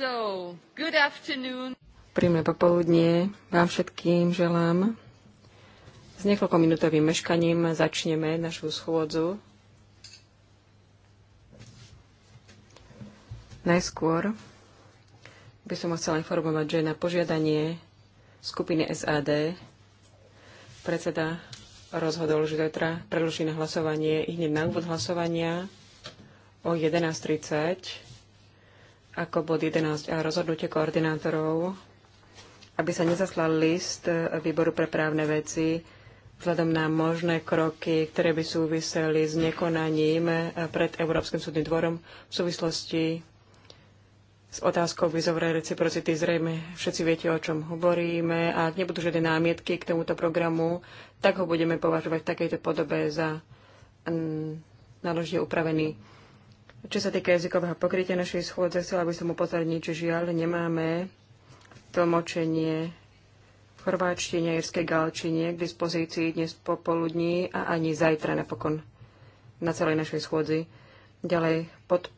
So, good afternoon. Príjemné popoludnie vám všetkým želám. S niekoľkominútovým meškaním začneme našu schôdzu. Najskôr by som chcela informovať, že na požiadanie skupiny SAD predseda rozhodol, že zajtra predlží na hlasovanie i hneď na úvod hlasovania o 11.30 ako bod 11 a rozhodnutie koordinátorov, aby sa nezaslal list výboru pre právne veci vzhľadom na možné kroky, ktoré by súviseli s nekonaním pred Európskym súdnym dvorom v súvislosti s otázkou vizovrej reciprocity. Zrejme všetci viete, o čom hovoríme a ak nebudú žiadne námietky k tomuto programu, tak ho budeme považovať v takejto podobe za mm, naložne upravený. Čo sa týka jazykového pokrytia našej schôdze, chcela by som upozorniť, že žiaľ nemáme tlmočenie v chorváčtine a jerskej galčine k dispozícii dnes popoludní a ani zajtra napokon na celej našej schôdzi. Ďalej pod,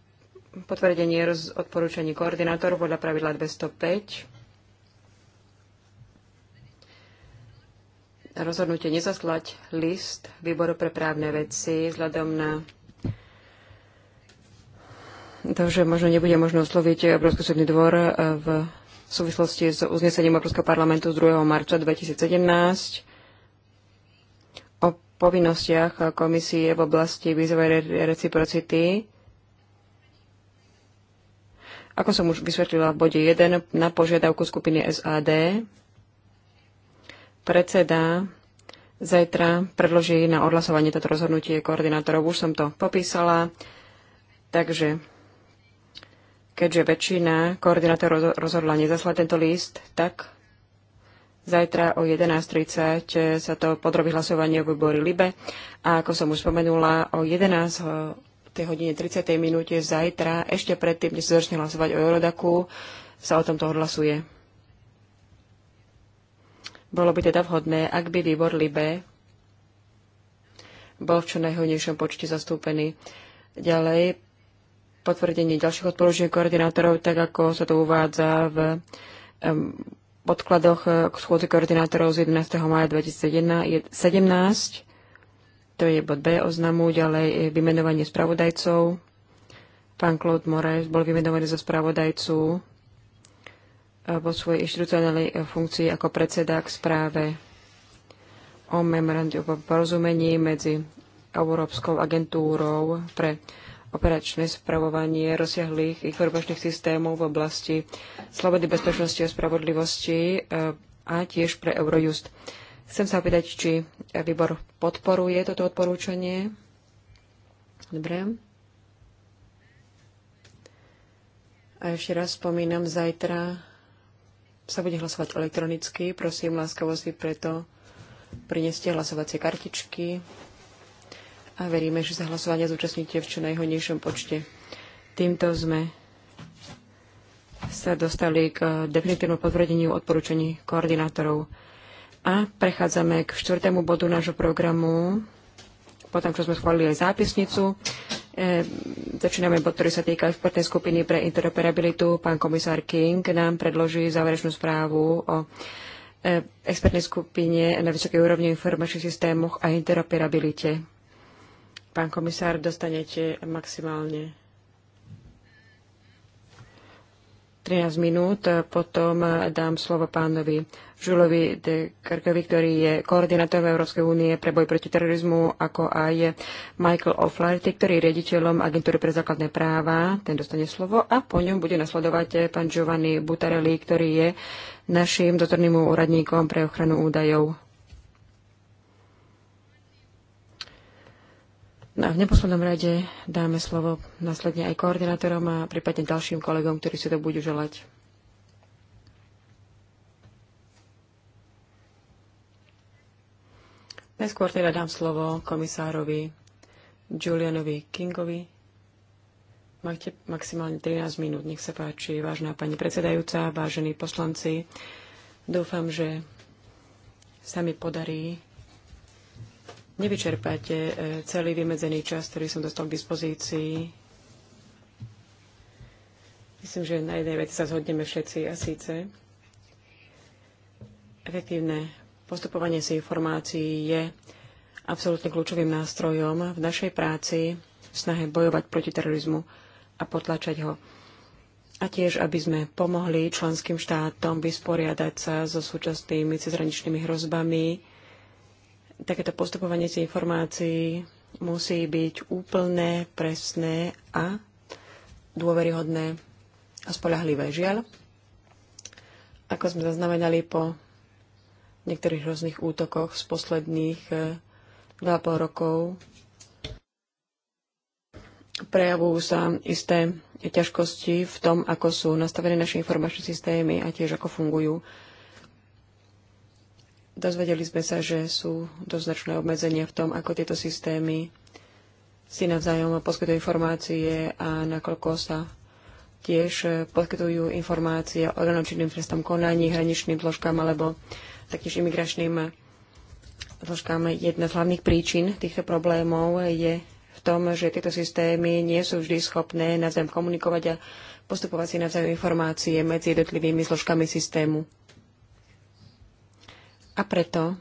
potvrdenie roz, odporúčaní koordinátorov podľa pravidla 205. Rozhodnutie nezaslať list výboru pre právne veci vzhľadom na to, že možno nebude možno osloviť Európsky eh, súdny dvor eh, v súvislosti s uznesením Európskeho parlamentu z 2. marca 2017 o povinnostiach komisie v oblasti vízovej reciprocity. Ako som už vysvetlila v bode 1, na požiadavku skupiny SAD predseda zajtra predloží na odhlasovanie toto rozhodnutie koordinátorov. Už som to popísala, takže Keďže väčšina koordinátorov rozhodla nezaslať tento list, tak Zajtra o 11.30 sa to podrobí hlasovanie o výbori LIBE a ako som už spomenula, o 11. tej hodine 30. minúte zajtra, ešte predtým, než sa začne hlasovať o Eurodaku, sa o tomto odhlasuje. Bolo by teda vhodné, ak by výbor LIBE bol v čo najhodnejšom počte zastúpený. Ďalej, potvrdenie ďalších odporúčení koordinátorov, tak ako sa to uvádza v podkladoch eh, k schôdzi koordinátorov z 11. maja 2017. To je bod B oznamu, ďalej eh, vymenovanie spravodajcov. Pán Claude Moraes bol vymenovaný za spravodajcu eh, vo svojej inštitucionálnej funkcii ako predseda k správe o memorandu o porozumení medzi Európskou agentúrou pre operačné spravovanie rozsiahlých informačných systémov v oblasti slobody, bezpečnosti a spravodlivosti eh, a tiež pre Eurojust. Chcem sa opýtať, či výbor podporuje toto odporúčanie. Dobre. A ešte raz spomínam, zajtra sa bude hlasovať elektronicky. Prosím, láskavo preto prineste hlasovacie kartičky a veríme, že sa hlasovania zúčastníte v čo najhodnejšom počte. Týmto sme sa dostali k definitívnu potvrdeniu odporúčaní koordinátorov. A prechádzame k štvrtému bodu nášho programu. Potom, čo sme schválili aj zápisnicu, e, začíname bod, ktorý sa týka expertnej skupiny pre interoperabilitu. Pán komisár King nám predloží záverečnú správu o eh, expertnej skupine na vysokej úrovni informačných systémoch a interoperabilite. Pán komisár, dostanete maximálne 13 minút, potom dám slovo pánovi Žulovi de Krkovi, ktorý je koordinátorom Európskej únie pre boj proti terorizmu, ako aj Michael O'Flaherty, ktorý je riaditeľom agentúry pre základné práva. Ten dostane slovo a po ňom bude nasledovať pán Giovanni Butarelli, ktorý je našim dotorným úradníkom pre ochranu údajov. No a v neposlednom rade dáme slovo následne aj koordinátorom a prípadne ďalším kolegom, ktorí si to budú želať. Najskôr teda dám slovo komisárovi Julianovi Kingovi. Máte maximálne 13 minút, nech sa páči, vážna pani predsedajúca, vážení poslanci. Dúfam, že sa mi podarí nevyčerpáte eh, celý vymedzený čas, ktorý som dostal k dispozícii. Myslím, že na jednej veci sa zhodneme všetci a síce efektívne postupovanie si informácií je absolútne kľúčovým nástrojom v našej práci v snahe bojovať proti terorizmu a potlačať ho. A tiež, aby sme pomohli členským štátom vysporiadať sa so súčasnými cezhraničnými hrozbami, takéto postupovanie z informácií musí byť úplné, presné a dôveryhodné a spolahlivé. Žiaľ, ako sme zaznamenali po niektorých rôznych útokoch z posledných 2,5 eh, rokov, prejavujú sa isté ťažkosti v tom, ako sú nastavené naše informačné systémy a tiež ako fungujú Dozvedeli sme sa, že sú doznačné obmedzenia v tom, ako tieto systémy si navzájom poskytujú informácie a nakoľko sa tiež eh, poskytujú informácie o organočinným trestom konaní, hraničným zložkám alebo taktiež imigračným eh, zložkám. Jedna z hlavných príčin týchto problémov je v tom, že tieto systémy nie sú vždy schopné navzájom komunikovať a postupovať si navzájom informácie medzi jednotlivými zložkami systému. A preto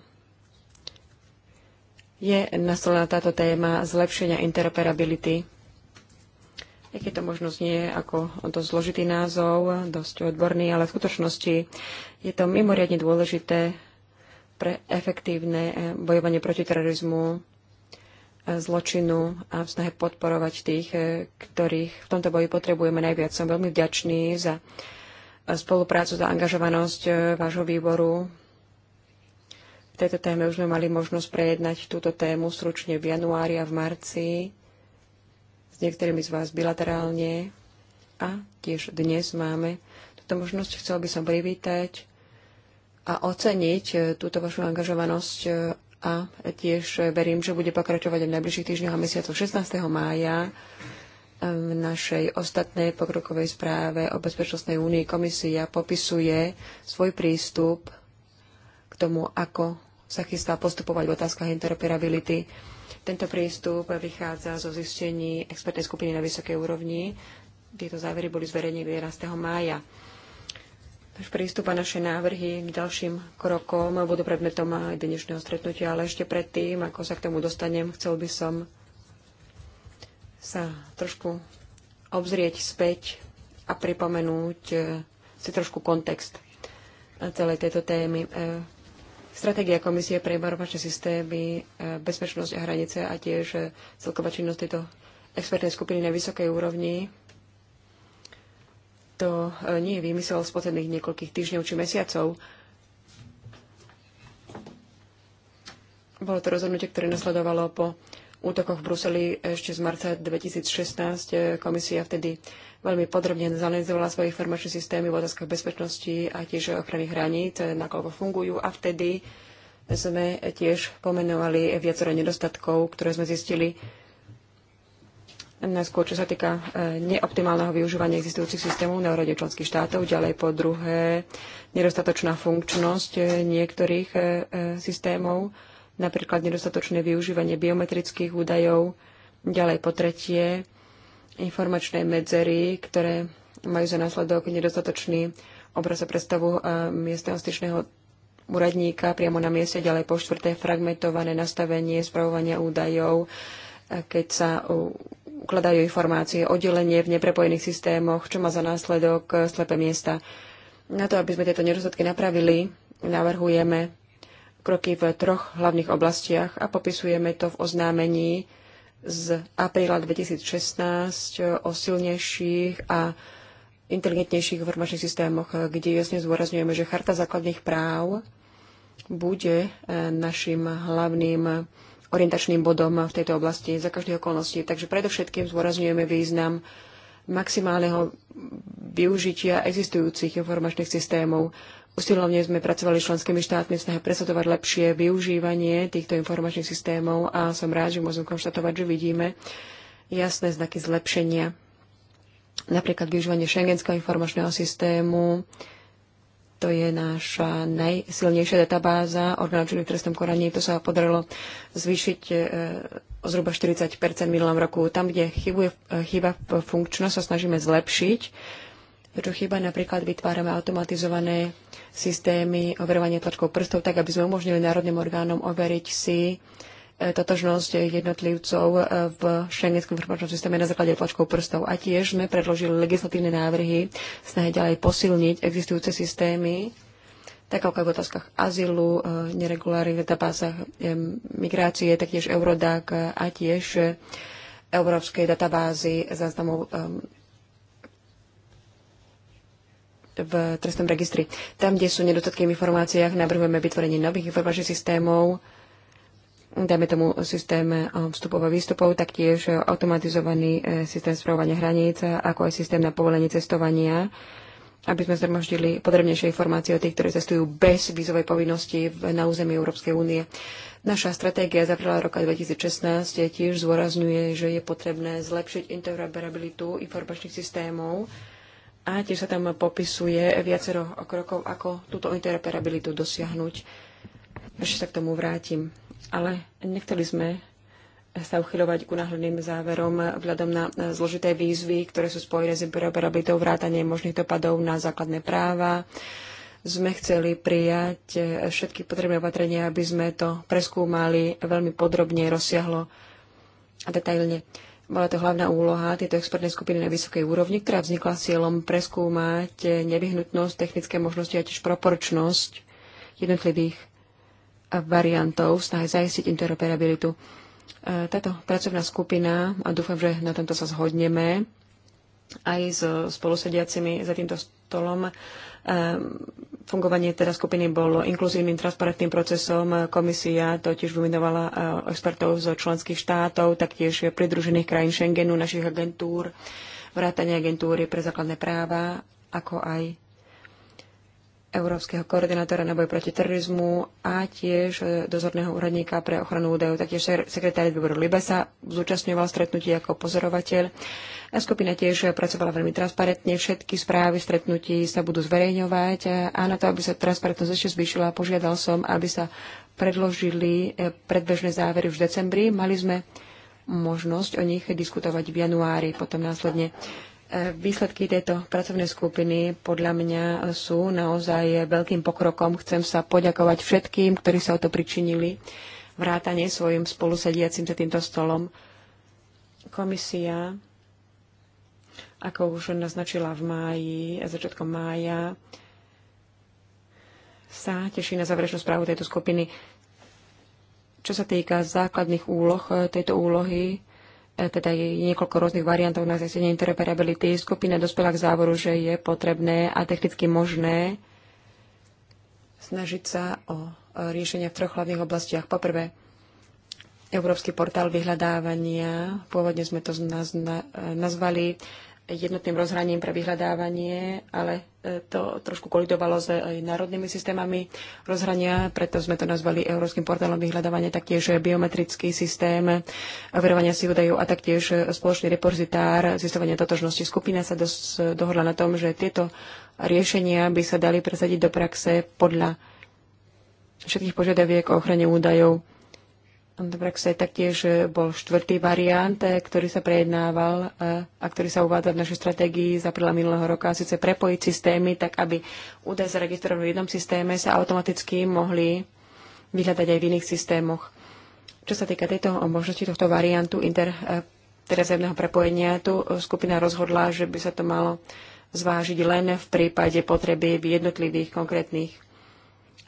je nastolená táto téma zlepšenia interoperability. Aj to možno znie ako dosť zložitý názov, dosť odborný, ale v skutočnosti je to mimoriadne dôležité pre efektívne eh, bojovanie proti terorizmu, eh, zločinu a v snahe podporovať tých, eh, ktorých v tomto boji potrebujeme najviac. Som veľmi vďačný za spoluprácu, za angažovanosť vášho výboru tejto téme už sme mali možnosť prejednať túto tému stručne v januári a v marci s niektorými z vás bilaterálne a tiež dnes máme túto možnosť. Chcel by som privítať a oceniť e, túto vašu angažovanosť e, a tiež verím, že bude pokračovať aj v najbližších týždňoch a mesiacoch 16. mája e, v našej ostatnej pokrokovej správe o Bezpečnostnej únii komisia popisuje svoj prístup k tomu, ako sa chystá postupovať v otázkach interoperability. Tento prístup vychádza zo zistení expertnej skupiny na vysokej úrovni. Tieto závery boli zverejnené 11. mája. Náš prístup a naše návrhy k ďalším krokom budú predmetom aj dnešného stretnutia, ale ešte predtým, ako sa k tomu dostanem, chcel by som sa trošku obzrieť späť a pripomenúť si trošku kontext celej tejto témy. E, Stratégia Komisie pre informačné systémy, e, bezpečnosť a hranice a tiež e, celková činnosť tejto expertnej skupiny na vysokej úrovni to e, nie je vymysel z posledných niekoľkých týždňov či mesiacov. Bolo to rozhodnutie, ktoré nasledovalo po útokoch v Bruseli ešte z marca 2016. Komisia vtedy veľmi podrobne zanalizovala svoje informačné systémy v otázkach bezpečnosti a tiež ochrany hraníc, nakoľko fungujú a vtedy sme tiež pomenovali viacero nedostatkov, ktoré sme zistili najskôr, čo sa týka e, neoptimálneho využívania existujúcich systémov na úrade členských štátov, ďalej po druhé nedostatočná funkčnosť e, niektorých e, systémov, napríklad nedostatočné využívanie biometrických údajov, ďalej po tretie informačné medzery, ktoré majú za následok nedostatočný obraz a predstavu eh, miestneho styčného úradníka priamo na mieste, ďalej po štvrté fragmentované nastavenie spravovania údajov, eh, keď sa ukladajú informácie, oddelenie v neprepojených systémoch, čo má za následok eh, slepé miesta. Na to, aby sme tieto nedostatky napravili, navrhujeme kroky v troch hlavných oblastiach a popisujeme to v oznámení z apríla 2016 o silnejších a inteligentnejších informačných systémoch, kde jasne zdôrazňujeme, že Charta základných práv bude e, našim hlavným orientačným bodom v tejto oblasti za každých okolností. Takže predovšetkým zdôrazňujeme význam maximálneho využitia existujúcich informačných systémov. Usilovne sme pracovali s členskými štátmi v snahe presadovať lepšie využívanie týchto informačných systémov a som rád, že môžem konštatovať, že vidíme jasné znaky zlepšenia. Napríklad využívanie šengenského informačného systému, to je naša najsilnejšia databáza orgánov trestnom konaní. To sa podarilo zvýšiť e, zhruba 40 minulom roku. Tam, kde chybuje, e, chyba funkčnosť, sa snažíme zlepšiť. Čo chyba napríklad vytvárame automatizované systémy overovania tlačkov prstov, tak aby sme umožnili národným orgánom overiť si e, totožnosť jednotlivcov e, v šengenskom informačnom systéme na základe tlačkov prstov. A tiež sme predložili legislatívne návrhy snahe ďalej posilniť existujúce systémy tak ako v otázkach azylu, e, neregulárnych databázach e, migrácie, taktiež Eurodac e, a tiež Európskej databázy záznamov v trestnom registri. Tam, kde sú nedostatky v informáciách, navrhujeme vytvorenie nových informačných systémov, dajme tomu systém vstupov a výstupov, taktiež automatizovaný systém spravovania hraníc, ako aj systém na povolenie cestovania aby sme zhromaždili podrobnejšie informácie o tých, ktorí cestujú bez vízovej povinnosti na území Európskej únie. Naša stratégia z apríla roka 2016 tiež zdôrazňuje, že je potrebné zlepšiť interoperabilitu informačných systémov a tiež sa tam popisuje viacero krokov, ako túto interoperabilitu dosiahnuť. Ešte sa k tomu vrátim. Ale nechceli sme sa uchyľovať ku náhľadným záverom vzhľadom na e, zložité výzvy, ktoré sú spojené s interoperabilitou vrátanie možných dopadov na základné práva. Sme chceli prijať e, všetky potrebné opatrenia, aby sme to preskúmali veľmi podrobne, rozsiahlo a detailne. Bola to hlavná úloha tejto expertnej skupiny na vysokej úrovni, ktorá vznikla s cieľom preskúmať e, nevyhnutnosť, technické možnosti a tiež proporčnosť jednotlivých variantov v snahe zajistiť interoperabilitu. E, táto pracovná skupina, a dúfam, že na tomto sa zhodneme, aj s spolusediacimi za týmto stolom. E, fungovanie teda skupiny bolo inkluzívnym, transparentným procesom. Komisia totiž vymenovala e, expertov zo členských štátov, taktiež pridružených krajín Schengenu, našich agentúr, vrátanie agentúry pre základné práva, ako aj európskeho koordinátora na boj proti terorizmu a tiež e, dozorného úradníka pre ochranu údajov. Taktiež sekretár výboru Libesa sa zúčastňoval stretnutí ako pozorovateľ. A skupina tiež pracovala veľmi transparentne. Všetky správy stretnutí sa budú zverejňovať e, a na to, aby sa transparentnosť ešte zvýšila, požiadal som, aby sa predložili e, predbežné závery už v decembri. Mali sme možnosť o nich diskutovať v januári, potom následne Výsledky tejto pracovnej skupiny podľa mňa sú naozaj veľkým pokrokom. Chcem sa poďakovať všetkým, ktorí sa o to pričinili, vrátane svojim spolusediacim za týmto stolom. Komisia, ako už naznačila v máji, začiatkom mája, sa teší na záverečnú správu tejto skupiny. Čo sa týka základných úloh tejto úlohy, E, teda je niekoľko rôznych variantov na zesenie interoperability. Skupina dospela k závoru, že je potrebné a technicky možné snažiť sa o e, riešenia v troch hlavných oblastiach. Poprvé, Európsky portál vyhľadávania, pôvodne sme to e, nazvali jednotným rozhraním pre vyhľadávanie, ale e, to trošku kolidovalo s aj e, národnými systémami rozhrania, preto sme to nazvali Európskym portálom vyhľadávania, taktiež biometrický systém e, overovania si údajov a taktiež spoločný repozitár zistovania totožnosti. Skupina sa dos- dohodla na tom, že tieto riešenia by sa dali presadiť do praxe podľa všetkých požiadaviek o ochrane údajov v praxe taktiež eh, bol štvrtý variant, eh, ktorý sa prejednával eh, a ktorý sa uvádza v našej stratégii z apríla minulého roka, a síce prepojiť systémy, tak aby údaje zaregistrované v jednom systéme sa automaticky mohli vyhľadať aj v iných systémoch. Čo sa týka tejto možnosti, tohto variantu inter, prepojenia, tu skupina rozhodla, že by sa to malo zvážiť len v prípade potreby v jednotlivých konkrétnych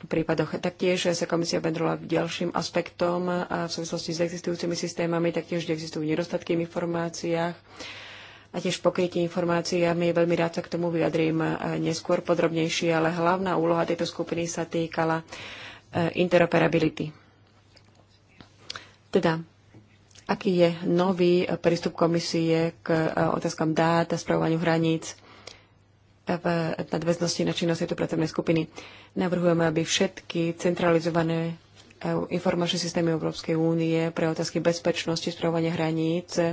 prípadoch. Taktiež sa komisia vedrola k ďalším aspektom a v súvislosti s existujúcimi systémami, taktiež existujú nedostatky v informáciách a tiež pokrytie informáciami. Veľmi rád sa k tomu vyjadrím neskôr podrobnejšie, ale hlavná úloha tejto skupiny sa týkala eh, interoperability. Teda, aký je nový eh, prístup komisie k eh, otázkam dát a spravovaniu hraníc? v nadväznosti na činnosť tejto pracovnej skupiny. Navrhujeme, aby všetky centralizované e, informačné systémy Európskej únie pre otázky bezpečnosti, spravovania hraníc a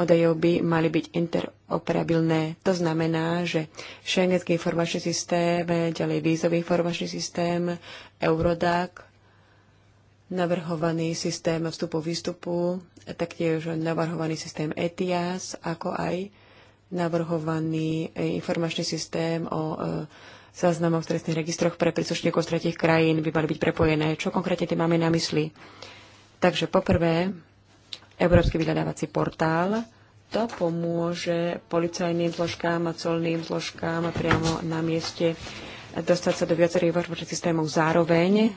údajov by mali byť interoperabilné. To znamená, že šengenský informačný systém, ďalej vízový informačný systém, Eurodac, navrhovaný systém vstupu-výstupu, taktiež navrhovaný systém ETIAS, ako aj navrhovaný e, informačný systém o e, záznamoch v trestných registroch pre príslušníkov z tretich krajín by mali byť prepojené. Čo konkrétne tým máme na mysli? Takže poprvé, Európsky vyhľadávací portál. To pomôže policajným zložkám a colným zložkám priamo na mieste dostať sa do viacerých informačných systémov zároveň.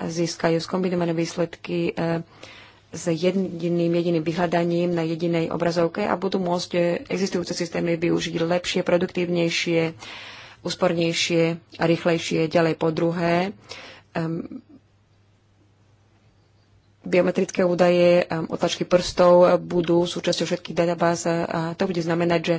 Získajú skombinované výsledky e, s jediným, jediným vyhľadaním na jedinej obrazovke a budú môcť existujúce systémy využiť lepšie, produktívnejšie, úspornejšie a rýchlejšie. Ďalej po druhé, um, biometrické údaje, otlačky prstov budú súčasťou všetkých databáz a to bude znamenať, že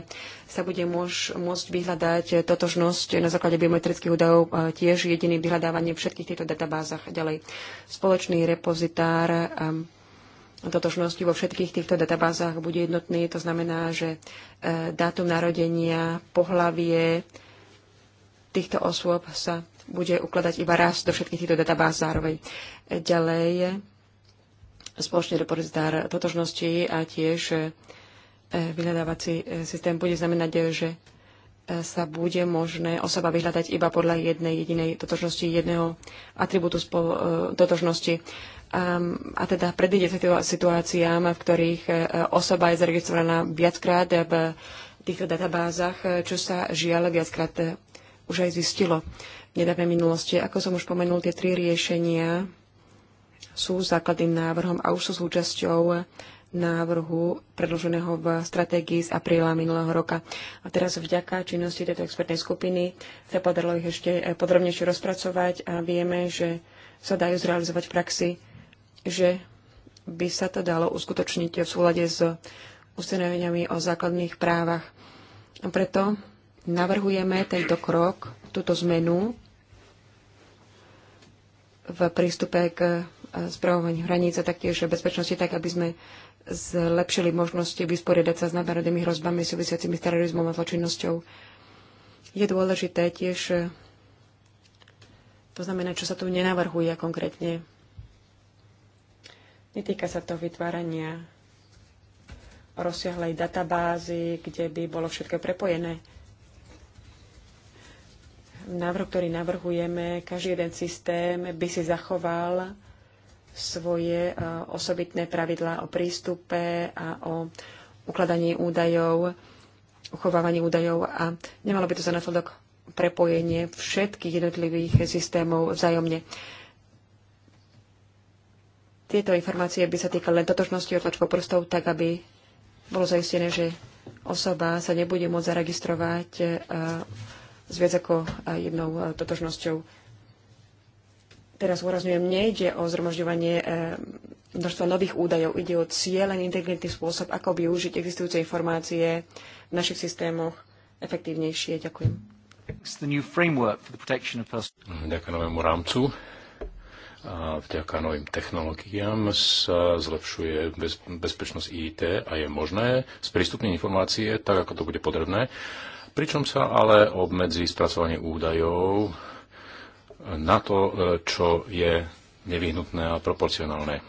sa bude môž, môcť vyhľadať totožnosť na základe biometrických údajov tiež jediným vyhľadávaním všetkých týchto databázach. Ďalej spoločný repozitár totožnosti vo všetkých týchto databázach bude jednotný. To znamená, že e, dátum narodenia, pohlavie týchto osôb sa bude ukladať iba raz do všetkých týchto databáz zároveň. E, ďalej spoločný repozitár totožnosti a tiež e, vyhľadávací systém bude znamenať, že sa bude možné osoba vyhľadať iba podľa jednej jedinej totožnosti, jedného atribútu e, totožnosti. A, a teda sa situáciám, v ktorých e, osoba je zaregistrovaná viackrát v týchto databázach, e, čo sa žiaľ viackrát už aj zistilo v nedávnej minulosti. Ako som už pomenul, tie tri riešenia sú základným návrhom a už sú súčasťou návrhu predloženého v stratégii z apríla minulého roka. A teraz vďaka činnosti tejto expertnej skupiny sa podarilo ich ešte eh, podrobnejšie rozpracovať a vieme, že sa dajú zrealizovať v praxi, že by sa to dalo uskutočniť v súlade s ustanoveniami o základných právach. A preto navrhujeme tento krok, túto zmenu v prístupe k eh, spravovaniu hraníc a taktiež bezpečnosti, tak aby sme zlepšili možnosti vysporiadať sa s nadnárodnými hrozbami súvisiacimi s terorizmom a zločinnosťou. Je dôležité tiež, to znamená, čo sa tu nenavrhuje konkrétne. Netýka sa to vytvárania rozsiahlej databázy, kde by bolo všetko prepojené. Návrh, ktorý navrhujeme, každý jeden systém by si zachoval svoje e, osobitné pravidlá o prístupe a o ukladaní údajov, uchovávaní údajov a nemalo by to za následok prepojenie všetkých jednotlivých systémov vzájomne. Tieto informácie by sa týkali len totožnosti otlačkov prstov, tak aby bolo zaistené, že osoba sa nebude môcť zaregistrovať e, s viac ako e, jednou totožnosťou Teraz úrazňujem, nejde o zhromažďovanie eh, množstva nových údajov, ide o cieľený inteligentný spôsob, ako využiť existujúce informácie v našich systémoch efektívnejšie. Ďakujem. Vďaka novému rámcu a vďaka novým technológiám sa zlepšuje bez, bezpečnosť IT a je možné sprístupniť informácie tak, ako to bude potrebné, pričom sa ale obmedzí spracovanie údajov na to, e, čo je nevyhnutné a proporcionálne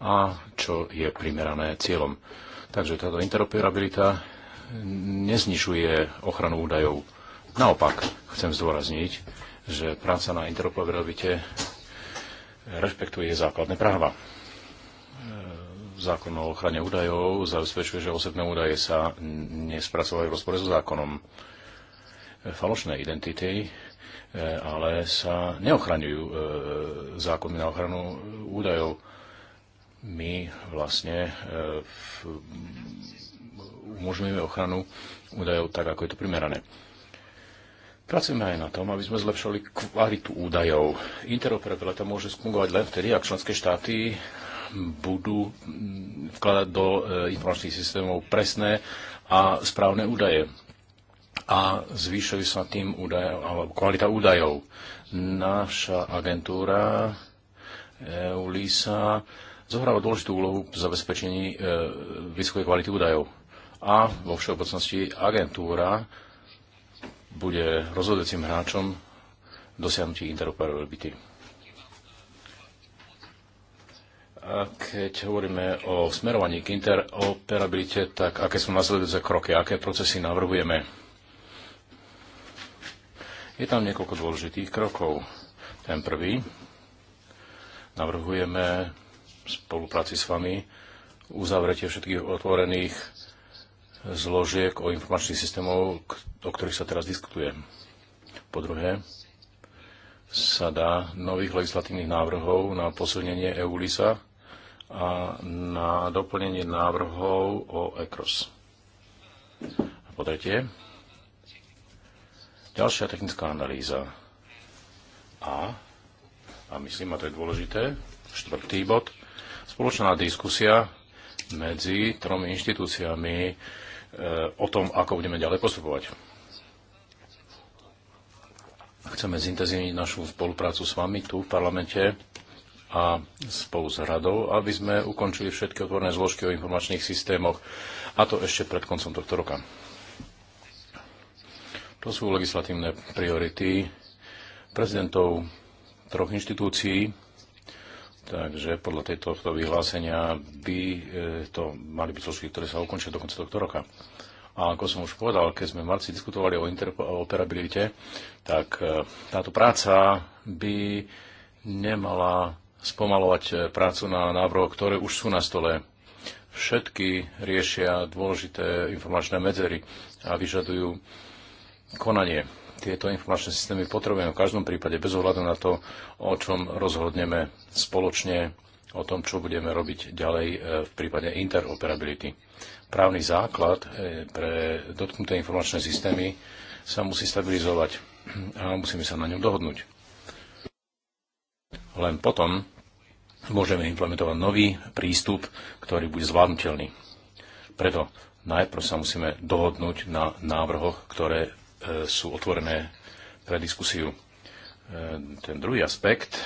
a čo je primerané cieľom. Takže táto interoperabilita neznižuje ochranu údajov. Naopak, chcem zdôrazniť, že práca na interoperabilite rešpektuje základné práva. E, zákon o ochrane údajov zabezpečuje, že osobné údaje sa nespracovajú v rozpore so zákonom falošné identity, e, ale sa neochraňujú e, zákonmi na ochranu údajov. My vlastne e, umožňujeme ochranu údajov tak, ako je to primerané. Pracujeme aj na tom, aby sme zlepšili kvalitu údajov. Interoperabilita môže fungovať len vtedy, ak členské štáty budú vkladať do informačných systémov presné a správne údaje a zvýšili sa tým údaj, alebo kvalita údajov. Naša agentúra EULISA zohráva dôležitú úlohu v zabezpečení e, vysokej kvality údajov. A vo všeobecnosti agentúra bude rozhodujúcim hráčom dosiahnutí interoperability. A keď hovoríme o smerovaní k interoperabilite, tak aké sú nasledujúce kroky, aké procesy navrhujeme? Je tam niekoľko dôležitých krokov. Ten prvý navrhujeme v spolupráci s vami uzavretie všetkých otvorených zložiek o informačných systémov, o ktorých sa teraz diskutuje. Po druhé, sa dá nových legislatívnych návrhov na posilnenie EULISA a na doplnenie návrhov o ECROS. A po tretie, Ďalšia technická analýza. A, a myslím, a to je dôležité, štvrtý bod, spoločná diskusia medzi tromi inštitúciami e, o tom, ako budeme ďalej postupovať. Chceme zintenzívniť našu spoluprácu s vami tu v parlamente a spolu s radou, aby sme ukončili všetky otvorené zložky o informačných systémoch, a to ešte pred koncom tohto roka. To sú legislatívne priority prezidentov troch inštitúcií, takže podľa tejto vyhlásenia by e, to mali byť zložky, ktoré sa ukončia do konca tohto roka. A ako som už povedal, keď sme v marci diskutovali o interoperabilite, tak e, táto práca by nemala spomalovať e, prácu na návrhoch, ktoré už sú na stole. Všetky riešia dôležité informačné medzery a vyžadujú konanie. Tieto informačné systémy potrebujeme v každom prípade bez ohľadu na to, o čom rozhodneme spoločne, o tom, čo budeme robiť ďalej e, v prípade interoperability. Právny základ e, pre dotknuté informačné systémy sa musí stabilizovať a musíme sa na ňom dohodnúť. Len potom môžeme implementovať nový prístup, ktorý bude zvládnutelný. Preto najprv sa musíme dohodnúť na návrhoch, ktoré E, sú otvorené pre diskusiu. E, ten druhý aspekt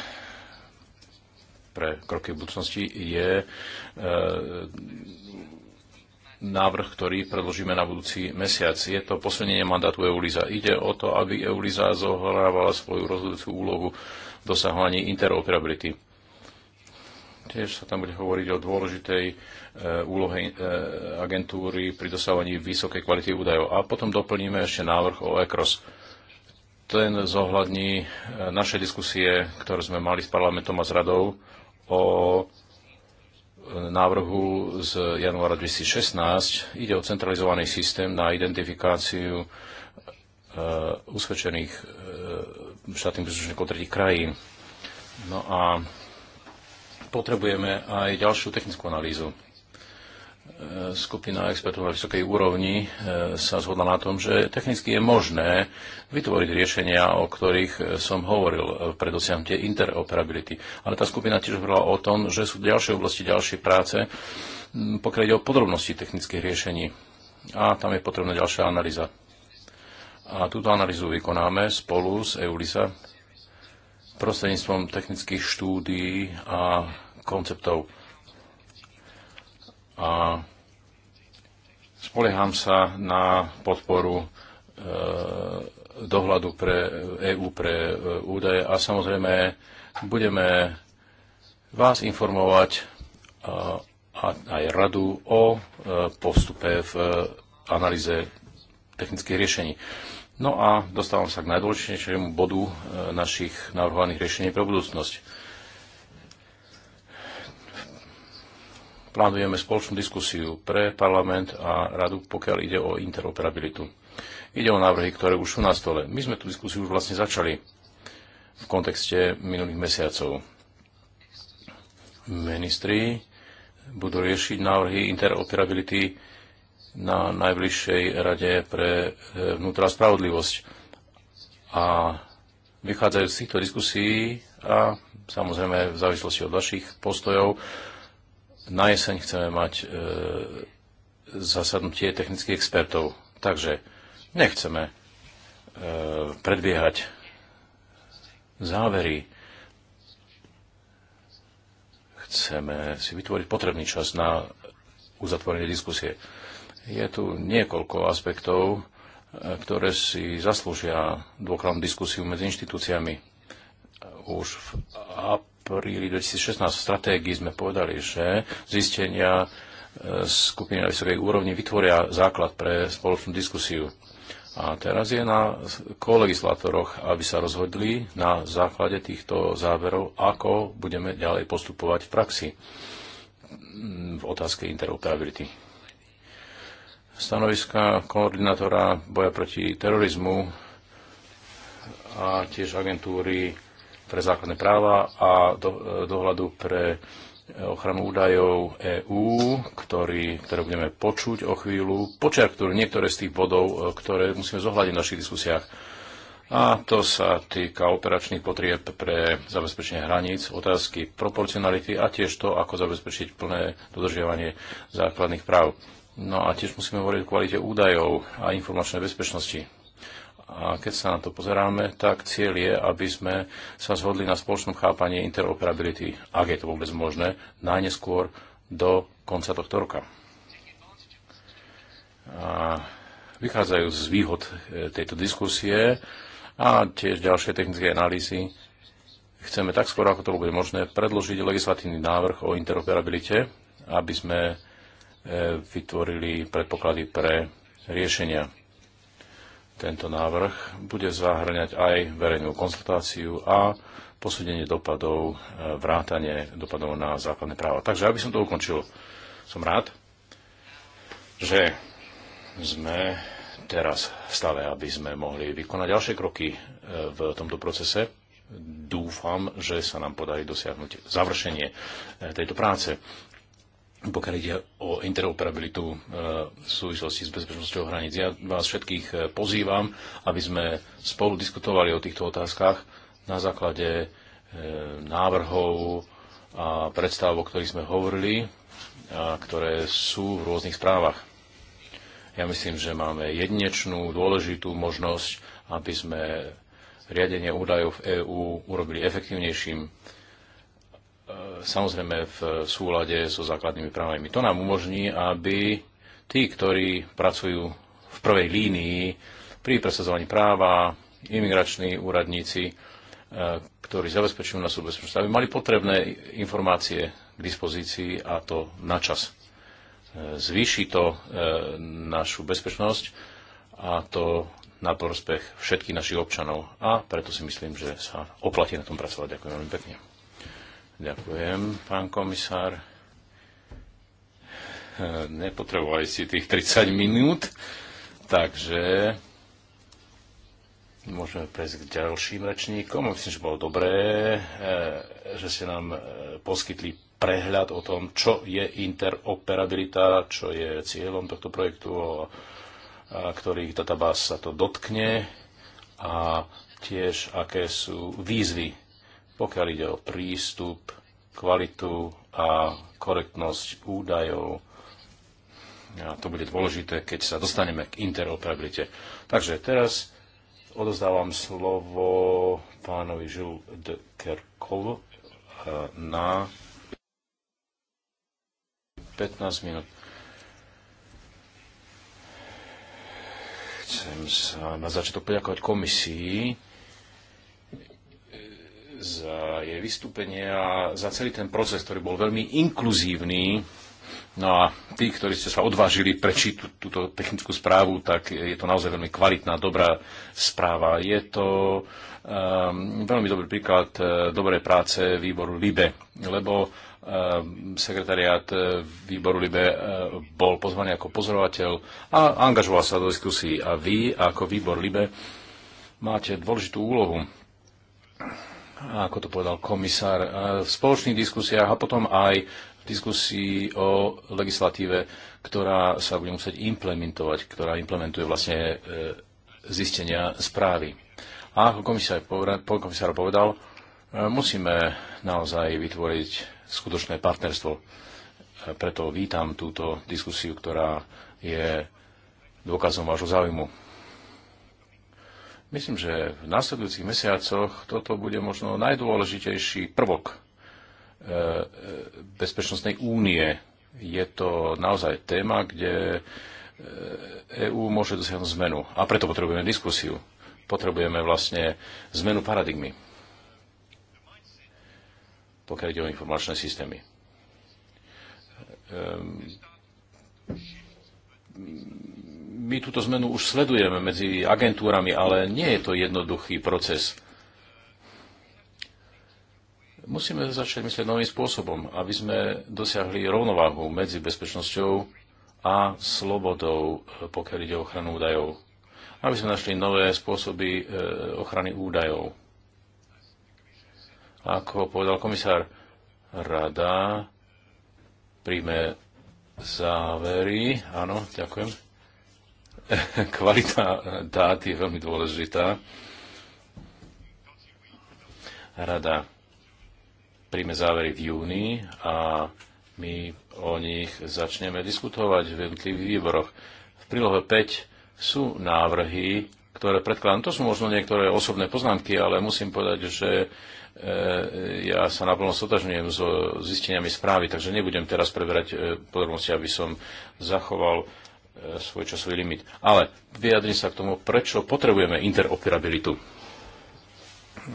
pre kroky v budúcnosti je e, návrh, ktorý predložíme na budúci mesiac. Je to posunenie mandátu EULIZA. Ide o to, aby EULIZA zohrávala svoju rozhodujúcu úlohu v dosahovaní interoperability. Tiež sa tam bude hovoriť o dôležitej Eh, úlohe eh, agentúry pri dosávaní vysokej kvality údajov. A potom doplníme ešte návrh o ECROS. Ten zohľadní eh, naše diskusie, ktoré sme mali s parlamentom a s radou o návrhu z januára 2016. Ide o centralizovaný systém na identifikáciu usvedčených štátnych príslušníkov tretich krajín. No a potrebujeme aj ďalšiu technickú analýzu skupina expertov na vysokej úrovni e, sa zhodla na tom, že technicky je možné vytvoriť riešenia, o ktorých e, som hovoril e, pre dosiahnutie interoperability. Ale tá skupina tiež hovorila o tom, že sú ďalšie oblasti, ďalšie práce, pokiaľ ide o podrobnosti technických riešení. A tam je potrebná ďalšia analýza. A túto analýzu vykonáme spolu s EULISA prostredníctvom technických štúdií a konceptov a spolieham sa na podporu e, dohľadu pre EÚ pre e, údaje a samozrejme budeme vás informovať e, a aj radu o postupe v analýze technických riešení. No a dostávam sa k najdôležitejšiemu bodu našich navrhovaných riešení pre budúcnosť. plánujeme spoločnú diskusiu pre parlament a radu, pokiaľ ide o interoperabilitu. Ide o návrhy, ktoré už sú na stole. My sme tú diskusiu už vlastne začali v kontexte minulých mesiacov. Ministri budú riešiť návrhy interoperability na najbližšej rade pre e, vnútra spravodlivosť. A vychádzajú z týchto diskusí a samozrejme v závislosti od vašich postojov na jeseň chceme mať e, zasadnutie technických expertov, takže nechceme e, predbiehať závery. Chceme si vytvoriť potrebný čas na uzatvorenie diskusie. Je tu niekoľko aspektov, e, ktoré si zaslúžia dôkladnú diskusiu medzi inštitúciami už v apríli 2016 v stratégii sme povedali, že zistenia e, skupiny na vysokej úrovni vytvoria základ pre spoločnú diskusiu. A teraz je na kolegislátoroch, aby sa rozhodli na základe týchto záverov, ako budeme ďalej postupovať v praxi v otázke interoperability. Stanoviska koordinátora boja proti terorizmu a tiež agentúry pre základné práva a do, e, dohľadu pre e, ochranu údajov EÚ, ktorý, ktoré budeme počuť o chvíľu, počiarknúť niektoré z tých bodov, e, ktoré musíme zohľadiť v našich diskusiách. A to sa týka operačných potrieb pre zabezpečenie hraníc, otázky proporcionality a tiež to, ako zabezpečiť plné dodržiavanie základných práv. No a tiež musíme hovoriť o kvalite údajov a informačnej bezpečnosti. A keď sa na to pozeráme, tak cieľ je, aby sme sa zhodli na spoločnom chápaní interoperability, ak je to vôbec možné, najneskôr do konca tohto roka. A vychádzajú z výhod e, tejto diskusie a tiež ďalšie technické analýzy. Chceme tak skoro, ako to bude možné, predložiť legislatívny návrh o interoperabilite, aby sme e, vytvorili predpoklady pre riešenia tento návrh bude zahrňať aj verejnú konzultáciu a posúdenie dopadov, e, vrátanie dopadov na základné práva. Takže aby som to ukončil, som rád, že sme teraz v stave, aby sme mohli vykonať ďalšie kroky e, v tomto procese. Dúfam, že sa nám podarí dosiahnuť završenie e, tejto práce pokiaľ ide o interoperabilitu e, v súvislosti s bezpečnosťou hraníc. Ja vás všetkých e, pozývam, aby sme spolu diskutovali o týchto otázkach na základe e, návrhov a predstav, o ktorých sme hovorili a ktoré sú v rôznych správach. Ja myslím, že máme jedinečnú, dôležitú možnosť, aby sme riadenie údajov v EÚ urobili efektívnejším E, samozrejme v súlade so základnými právami. To nám umožní, aby tí, ktorí pracujú v prvej línii pri presadzovaní práva, imigrační úradníci, e, ktorí zabezpečujú na bezpečnosť, aby mali potrebné informácie k dispozícii a to na čas. E, zvýši to našu bezpečnosť a to na prospech všetkých našich občanov a preto si myslím, že sa oplatí na tom pracovať. Ďakujem veľmi pekne. Ďakujem, pán komisár. Nepotrebovali si tých 30 minút, takže môžeme prejsť k ďalším rečníkom. Myslím, že bolo dobré, eh, že ste nám eh, poskytli prehľad o tom, čo je interoperabilita, čo je cieľom tohto projektu, o ktorých databáz sa to dotkne a tiež aké sú výzvy pokiaľ ide o prístup, kvalitu a korektnosť údajov. A to bude dôležité, keď sa dostaneme k interoperabilite. Takže teraz odozdávam slovo pánovi Žil de Kerkov eh, na 15 minút. Chcem sa na začiatok poďakovať komisii za jej vystúpenie a za celý ten proces, ktorý bol veľmi inkluzívny. No a tí, ktorí ste sa odvážili prečiť túto technickú správu, tak je to naozaj veľmi kvalitná, dobrá správa. Je to um, veľmi dobrý príklad uh, dobrej práce výboru LIBE, lebo ehm, sekretariát e, výboru Libe e, bol pozvaný ako pozorovateľ a angažoval sa do diskusí. A vy, ako výbor Libe, máte dôležitú úlohu ako to povedal komisár, eh, v spoločných diskusiách a potom aj v diskusii o legislatíve, ktorá sa bude musieť implementovať, ktorá implementuje vlastne eh, zistenia správy. A ako komisár, komisár povedal, eh, musíme naozaj vytvoriť skutočné partnerstvo. Preto vítam túto diskusiu, ktorá je dôkazom vášho záujmu. Myslím, že v následujúcich mesiacoch toto bude možno najdôležitejší prvok e, e, bezpečnostnej únie. Je to naozaj téma, kde EÚ e môže dosiahnuť zmenu. A preto potrebujeme diskusiu. Potrebujeme vlastne zmenu paradigmy, pokiaľ ide o informačné systémy ehm, my túto zmenu už sledujeme medzi agentúrami, ale nie je to jednoduchý proces. Musíme začať myslieť novým spôsobom, aby sme dosiahli rovnováhu medzi bezpečnosťou a slobodou, e, pokiaľ ide o ochranu údajov. Aby sme našli nové spôsoby e, ochrany údajov. Ako povedal komisár, rada príjme závery. Áno, ďakujem kvalita dát je veľmi dôležitá. Rada príjme závery v júni a my o nich začneme diskutovať v jednotlivých výboroch. V prílohe 5 sú návrhy, ktoré predkladám. To sú možno niektoré osobné poznámky, ale musím povedať, že e, ja sa naplno sotažňujem so zisteniami správy, takže nebudem teraz preberať e, podrobnosti, aby som zachoval E, svoj časový limit. Ale vyjadrím sa k tomu, prečo potrebujeme interoperabilitu.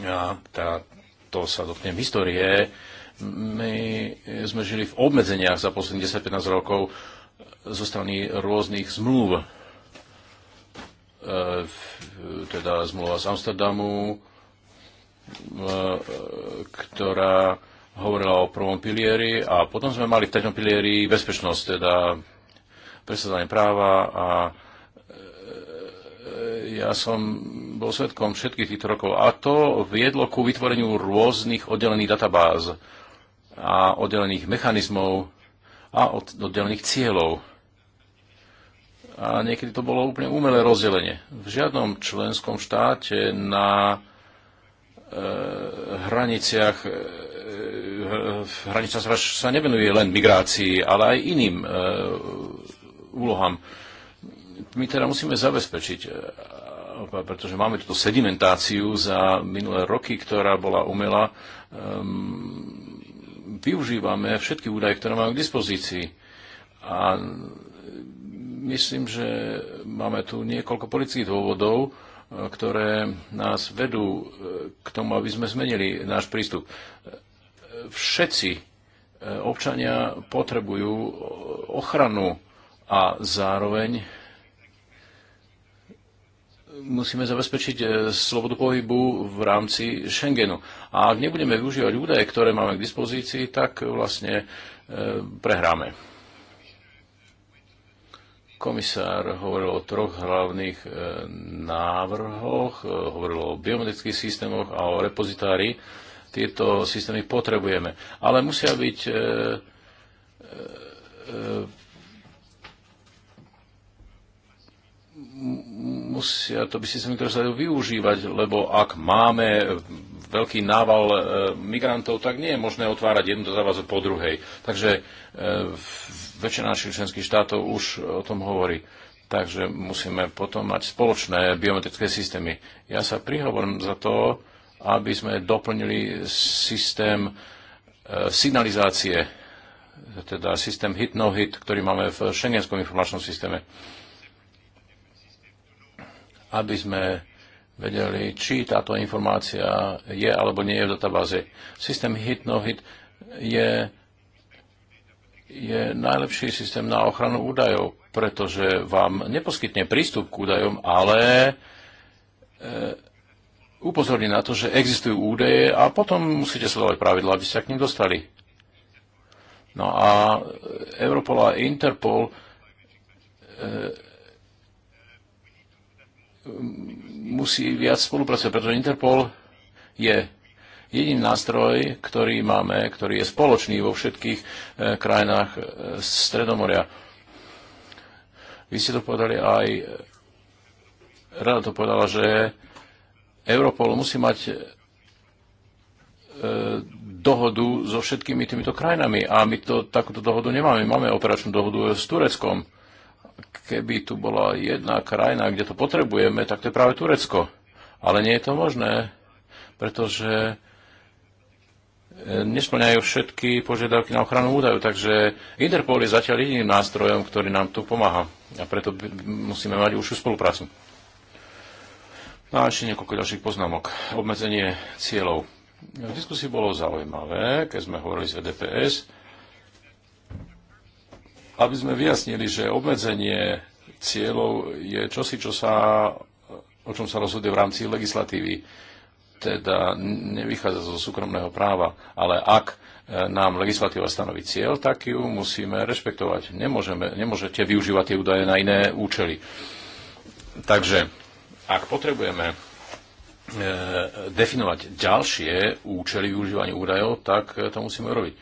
A tá, to sa dotknem histórie. My e, sme žili v obmedzeniach za posledných 10-15 rokov e, zo strany rôznych zmluv. E, teda zmluva z Amsterdamu, e, ktorá hovorila o prvom pilieri a potom sme mali v treťom pilieri bezpečnosť, teda presadzovanie práva a e, e, ja som bol svetkom všetkých týchto rokov a to viedlo ku vytvoreniu rôznych oddelených databáz a oddelených mechanizmov a oddelených cieľov. A niekedy to bolo úplne umelé rozdelenie. V žiadnom členskom štáte na e, hraniciach e, e hranica sa, nevenuje len migrácii, ale aj iným úlohám. My teda musíme zabezpečiť, e, pretože máme túto sedimentáciu za minulé roky, ktorá bola umelá. Ehm, využívame všetky údaje, ktoré máme k dispozícii. A myslím, že máme tu niekoľko politických dôvodov, e, ktoré nás vedú e, k tomu, aby sme zmenili náš prístup. Všetci občania potrebujú ochranu a zároveň musíme zabezpečiť e, slobodu pohybu v rámci Schengenu. A ak nebudeme využívať údaje, ktoré máme k dispozícii, tak vlastne e, prehráme. Komisár hovoril o troch hlavných e, návrhoch, hovoril o biometrických systémoch a o repozitári. Tieto systémy potrebujeme, ale musia byť musia to by si sa mikrozádu využívať, lebo ak máme veľký nával e, migrantov, tak nie je možné otvárať jednu závazu po druhej. Takže e, väčšina našich členských štátov už o tom hovorí. Takže musíme potom mať spoločné biometrické systémy. Ja sa prihovorím za to, aby sme doplnili systém e, signalizácie, teda systém hit-no-hit, -no -hit, ktorý máme v šengenskom informačnom systéme aby sme vedeli, či táto informácia je alebo nie je v databáze. Systém hit-no-hit no je, je najlepší systém na ochranu údajov, pretože vám neposkytne prístup k údajom, ale e, upozorní na to, že existujú údaje a potom musíte sledovať pravidla, aby ste k ním dostali. No a Europol a Interpol e, musí viac spolupracovať, pretože Interpol je jediný nástroj, ktorý máme, ktorý je spoločný vo všetkých e, krajinách e, Stredomoria. Vy ste to povedali aj, rada to povedala, že Europol musí mať e, dohodu so všetkými týmito krajinami. A my to, takúto dohodu nemáme. Máme operačnú dohodu s Tureckom keby tu bola jedna krajina, kde to potrebujeme, tak to je práve Turecko. Ale nie je to možné, pretože e, nesplňajú všetky požiadavky na ochranu údajov, takže Interpol je zatiaľ jediným nástrojom, ktorý nám tu pomáha a preto musíme mať užšiu spoluprácu. No a ešte niekoľko ďalších poznámok. Obmedzenie cieľov. V diskusii bolo zaujímavé, keď sme hovorili z VDPS aby sme vyjasnili, že obmedzenie cieľov je čosi, čo sa, o čom sa rozhoduje v rámci legislatívy. Teda nevychádza zo súkromného práva, ale ak e, nám legislatíva stanoví cieľ, tak ju musíme rešpektovať. Nemôžeme, nemôžete využívať tie údaje na iné účely. Takže ak potrebujeme e, definovať ďalšie účely využívania údajov, tak e, to musíme robiť.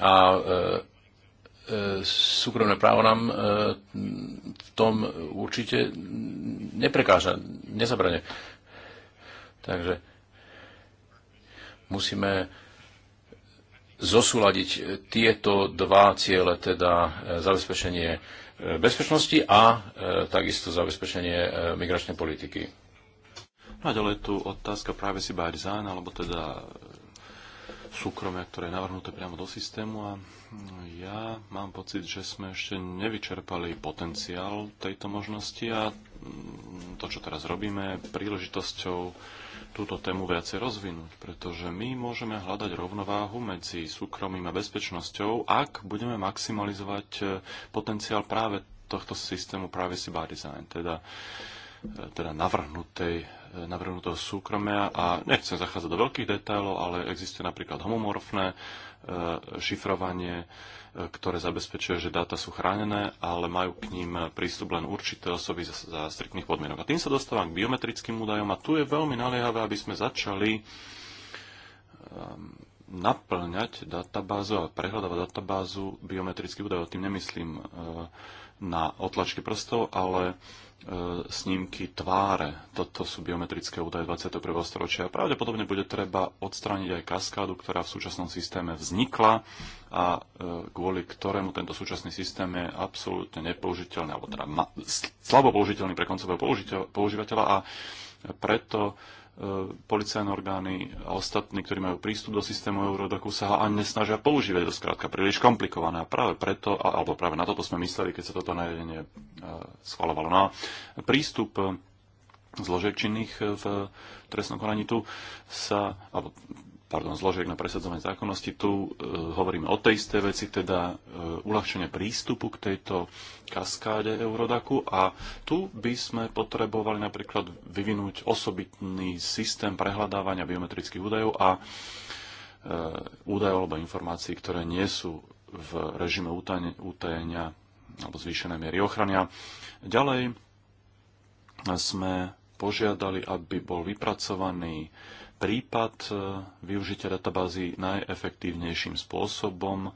A súkromné právo nám v e, tom určite neprekáža, nezabrane. Takže musíme zosúľadiť tieto dva ciele, teda e, zabezpečenie e, bezpečnosti a takisto zabezpečenie migračnej politiky. No a ďalej tu otázka práve si Barzán, alebo teda súkromia, ktoré je navrhnuté priamo do systému a ja mám pocit, že sme ešte nevyčerpali potenciál tejto možnosti a to, čo teraz robíme, je príležitosťou túto tému viacej rozvinúť, pretože my môžeme hľadať rovnováhu medzi súkromím a bezpečnosťou, ak budeme maximalizovať e, potenciál práve tohto systému Privacy by Design, teda, e, teda navrhnutej navrhnutého súkromia a nechcem zachádzať do veľkých detailov, ale existuje napríklad homomorfné e, šifrovanie, e, ktoré zabezpečuje, že dáta sú chránené, ale majú k ním prístup len určité osoby za, za striktných podmienok. A tým sa dostávam k biometrickým údajom a tu je veľmi naliehavé, aby sme začali e, naplňať databázu a prehľadávať databázu biometrických údajov. Tým nemyslím na otlačky prstov, ale E, snímky tváre. Toto sú biometrické údaje 21. storočia. Pravdepodobne bude treba odstrániť aj kaskádu, ktorá v súčasnom systéme vznikla a e, kvôli ktorému tento súčasný systém je absolútne nepoužiteľný, alebo teda slabo použiteľný pre koncového použiteľ, používateľa a preto E, policajné orgány a ostatní, ktorí majú prístup do systému Eurodoku sa ho ani nesnažia používať. To skrátka príliš komplikované. A práve preto, alebo práve na toto sme mysleli, keď sa toto nariadenie e, schvalovalo. No a prístup e, zložiek činných v trestnom konaní tu sa, alebo pardon, zložiek na presadzovanie zákonnosti. Tu e, hovoríme o tej isté veci, teda e, uľahčenie prístupu k tejto kaskáde Eurodaku a tu by sme potrebovali napríklad vyvinúť osobitný systém prehľadávania biometrických údajov a e, údajov alebo informácií, ktoré nie sú v režime utajenia alebo zvýšenej miery ochrania. Ďalej sme požiadali, aby bol vypracovaný prípad e, využitia databázy najefektívnejším spôsobom. E,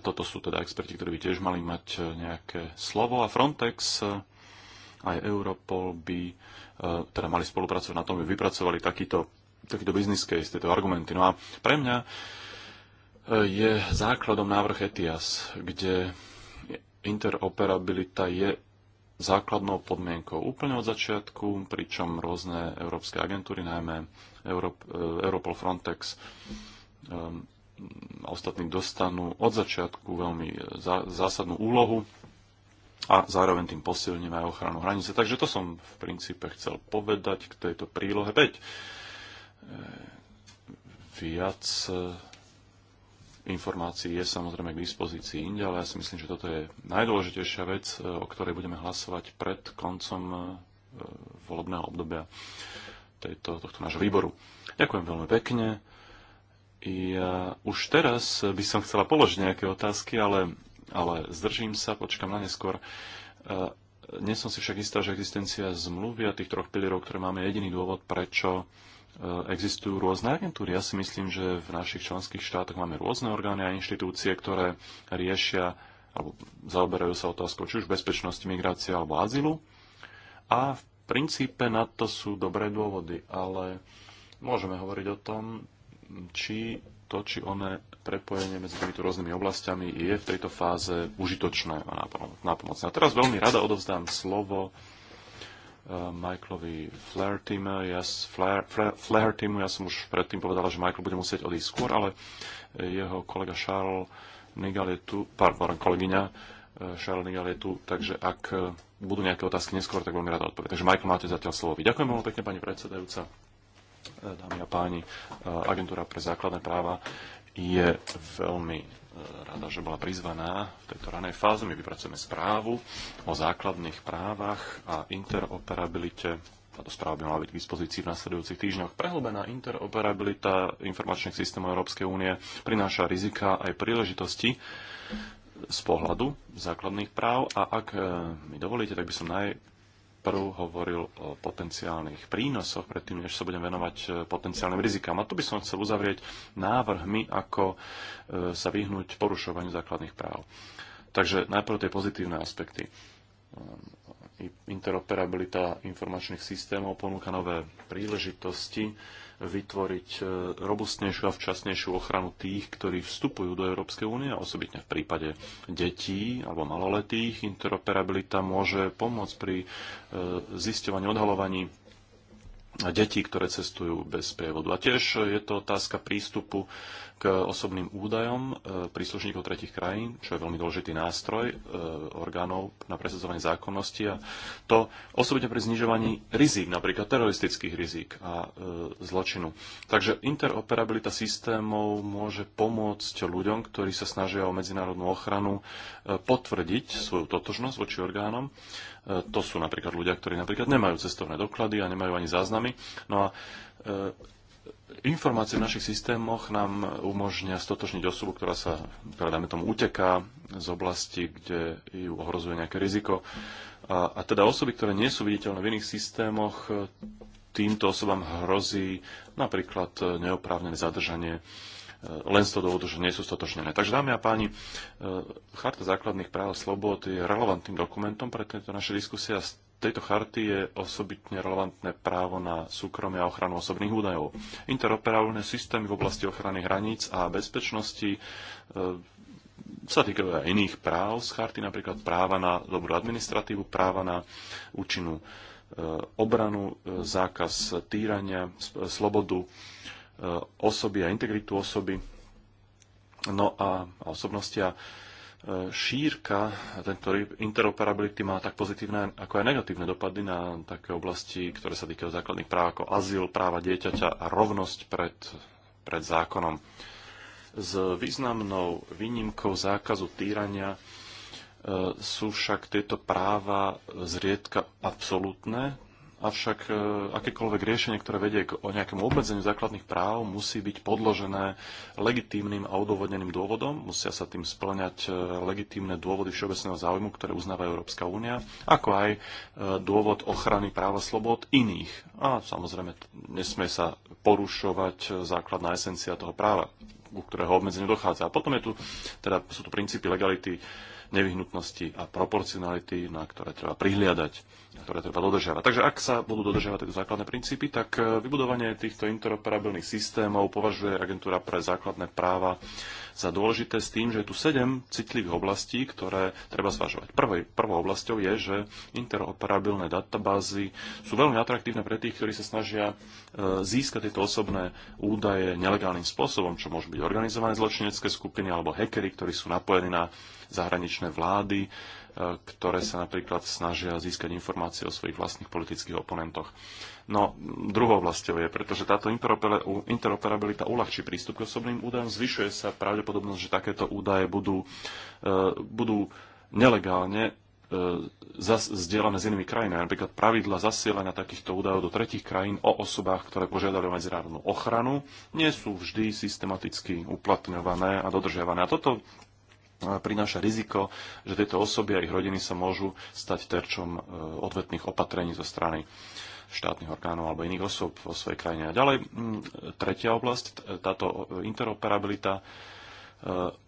toto sú teda experti, ktorí by tiež mali mať e, nejaké slovo. A Frontex aj Europol by teda mali spolupracovať na tom, aby vypracovali takýto, takýto business case, tieto argumenty. No a pre mňa je základom návrh ETIAS, kde interoperabilita je základnou podmienkou úplne od začiatku, pričom rôzne európske agentúry, najmä e, Europol Frontex a ostatní dostanú od začiatku veľmi e, zásadnú úlohu a zároveň tým posilníme aj ochranu hranice. Takže to som v princípe chcel povedať k tejto prílohe 5. E, viac informácií je samozrejme k dispozícii inde, ale ja si myslím, že toto je najdôležitejšia vec, e, o ktorej budeme hlasovať pred koncom e, volebného obdobia tejto, tohto nášho výboru. Ďakujem veľmi pekne. Ja už teraz by som chcela položiť nejaké otázky, ale, ale zdržím sa, počkam na neskôr. E, nie som si však istá, že existencia zmluvy a tých troch pilierov, ktoré máme, je jediný dôvod, prečo E, existujú rôzne agentúry. Ja si myslím, že v našich členských štátoch máme rôzne orgány a inštitúcie, ktoré riešia alebo zaoberajú sa otázkou či už bezpečnosti, migrácie alebo azylu. A v princípe na to sú dobré dôvody, ale môžeme hovoriť o tom, či to, či oné prepojenie medzi týmito rôznymi oblastiami je v tejto fáze užitočné a nápomocné. A teraz veľmi rada odovzdám slovo Eh, Michaelovi Flahertymu. Ja, Flair, Flahertymu. ja som už predtým povedala, že Michael bude musieť odísť skôr, ale jeho kolega Charles Nigal je tu, pardon, kolegyňa eh, Charles Nigal je tu, takže ak eh, budú nejaké otázky neskôr, tak veľmi rada odpoviem. Takže Michael, máte zatiaľ slovo. Vy. Ďakujem veľmi pekne, pani predsedajúca, dámy a páni. Agentúra pre základné práva je veľmi E, rada, že bola prizvaná v tejto ranej fáze. My vypracujeme správu o základných právach a interoperabilite. Táto správa by mala byť k dispozícii v nasledujúcich týždňoch. Prehlbená interoperabilita informačných systémov Európskej únie prináša rizika aj príležitosti z pohľadu základných práv a ak e, mi dovolíte, tak by som naj, prv hovoril o potenciálnych prínosoch, predtým, než sa budem venovať e, potenciálnym rizikám. A tu by som chcel uzavrieť návrhmi, ako e, sa vyhnúť porušovaniu základných práv. Takže najprv tie pozitívne aspekty. Ehm, interoperabilita informačných systémov ponúka nové príležitosti vytvoriť e, robustnejšiu a včasnejšiu ochranu tých, ktorí vstupujú do Európskej únie a osobitne v prípade detí alebo maloletých. Interoperabilita môže pomôcť pri e, zisťovaní, odhalovaní detí, ktoré cestujú bez prievodu. A tiež je to otázka prístupu k osobným údajom e, príslušníkov tretich krajín, čo je veľmi dôležitý nástroj e, orgánov na presadzovanie zákonnosti a to osobitne pri znižovaní rizik, napríklad teroristických rizik a e, zločinu. Takže interoperabilita systémov môže pomôcť ľuďom, ktorí sa snažia o medzinárodnú ochranu, potvrdiť svoju totožnosť voči orgánom. To sú napríklad ľudia, ktorí napríklad nemajú cestovné doklady a nemajú ani záznamy. No a informácie v našich systémoch nám umožnia stotočniť osobu, ktorá sa, ktorá dáme tomu, uteká z oblasti, kde ju ohrozuje nejaké riziko. A, a teda osoby, ktoré nie sú viditeľné v iných systémoch, týmto osobám hrozí napríklad neoprávnené zadržanie e, len z toho dôvodu, že nie sú stotočnené. Takže, dámy a páni, e, Charta základných práv a slobod je relevantným dokumentom pre tieto naše diskusie a tejto charty je osobitne relevantné právo na súkromie a ochranu osobných údajov. Interoperálne systémy v oblasti ochrany hraníc a bezpečnosti e, sa týkajú aj iných práv z charty, napríklad práva na dobrú administratívu, práva na účinnú e, obranu, e, zákaz týrania, slobodu osoby a integritu osoby, no a, a osobnosti. A šírka, tento interoperability má tak pozitívne ako aj negatívne dopady na také oblasti, ktoré sa týkajú základných práv ako azyl, práva dieťaťa a rovnosť pred, pred zákonom. S významnou výnimkou zákazu týrania e, sú však tieto práva zriedka absolútne, Avšak e, akékoľvek riešenie, ktoré vedie k o nejakému obmedzeniu základných práv, musí byť podložené legitímnym a odôvodneným dôvodom. Musia sa tým splňať e, legitímne dôvody všeobecného záujmu, ktoré uznáva Európska únia, ako aj e, dôvod ochrany práva slobod iných. A samozrejme, nesmie sa porušovať základná esencia toho práva, ku ktorého obmedzeniu dochádza. A potom je tu, teda sú tu princípy legality, nevyhnutnosti a proporcionality, na ktoré treba prihliadať ktoré treba dodržiavať. Takže ak sa budú dodržiavať tieto základné princípy, tak e, vybudovanie týchto interoperabilných systémov považuje agentúra pre základné práva za dôležité s tým, že je tu sedem citlivých oblastí, ktoré treba zvažovať. Prvý, prvou oblasťou je, že interoperabilné databázy sú veľmi atraktívne pre tých, ktorí sa snažia e, získať tieto osobné údaje nelegálnym spôsobom, čo môžu byť organizované zločinecké skupiny alebo hekery, ktorí sú napojení na zahraničné vlády ktoré sa napríklad snažia získať informácie o svojich vlastných politických oponentoch. No, druhou vlastou je, pretože táto interoperabilita uľahčí prístup k osobným údajom, zvyšuje sa pravdepodobnosť, že takéto údaje budú, e, budú nelegálne e, zdieľané s inými krajinami. Napríklad pravidla zasielania takýchto údajov do tretich krajín o osobách, ktoré požiadali o medzinárodnú ochranu, nie sú vždy systematicky uplatňované a dodržiavané. A toto prináša riziko, že tieto osoby a ich rodiny sa môžu stať terčom e, odvetných opatrení zo strany štátnych orgánov alebo iných osôb vo svojej krajine. A ďalej, tretia oblasť, táto interoperabilita e,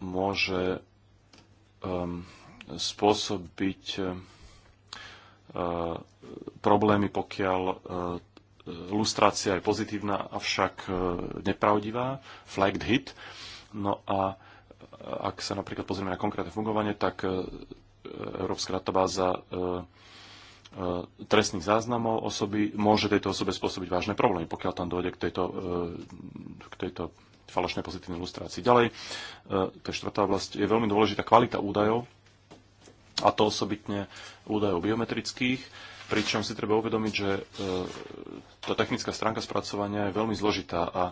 môže spôsobiť e, problémy, pokiaľ lustrácia je pozitívna, avšak nepravdivá, flagged hit. No a ak sa napríklad pozrieme na konkrétne fungovanie, tak e, Európska databáza e, e, trestných záznamov osoby môže tejto osobe spôsobiť vážne problémy, pokiaľ tam dojde k tejto, k tejto falošnej pozitívnej ilustrácii. Ďalej, to je štvrtá oblasť, je veľmi dôležitá kvalita údajov, a to osobitne údajov biometrických, pričom si treba uvedomiť, že tá technická stránka spracovania je veľmi zložitá a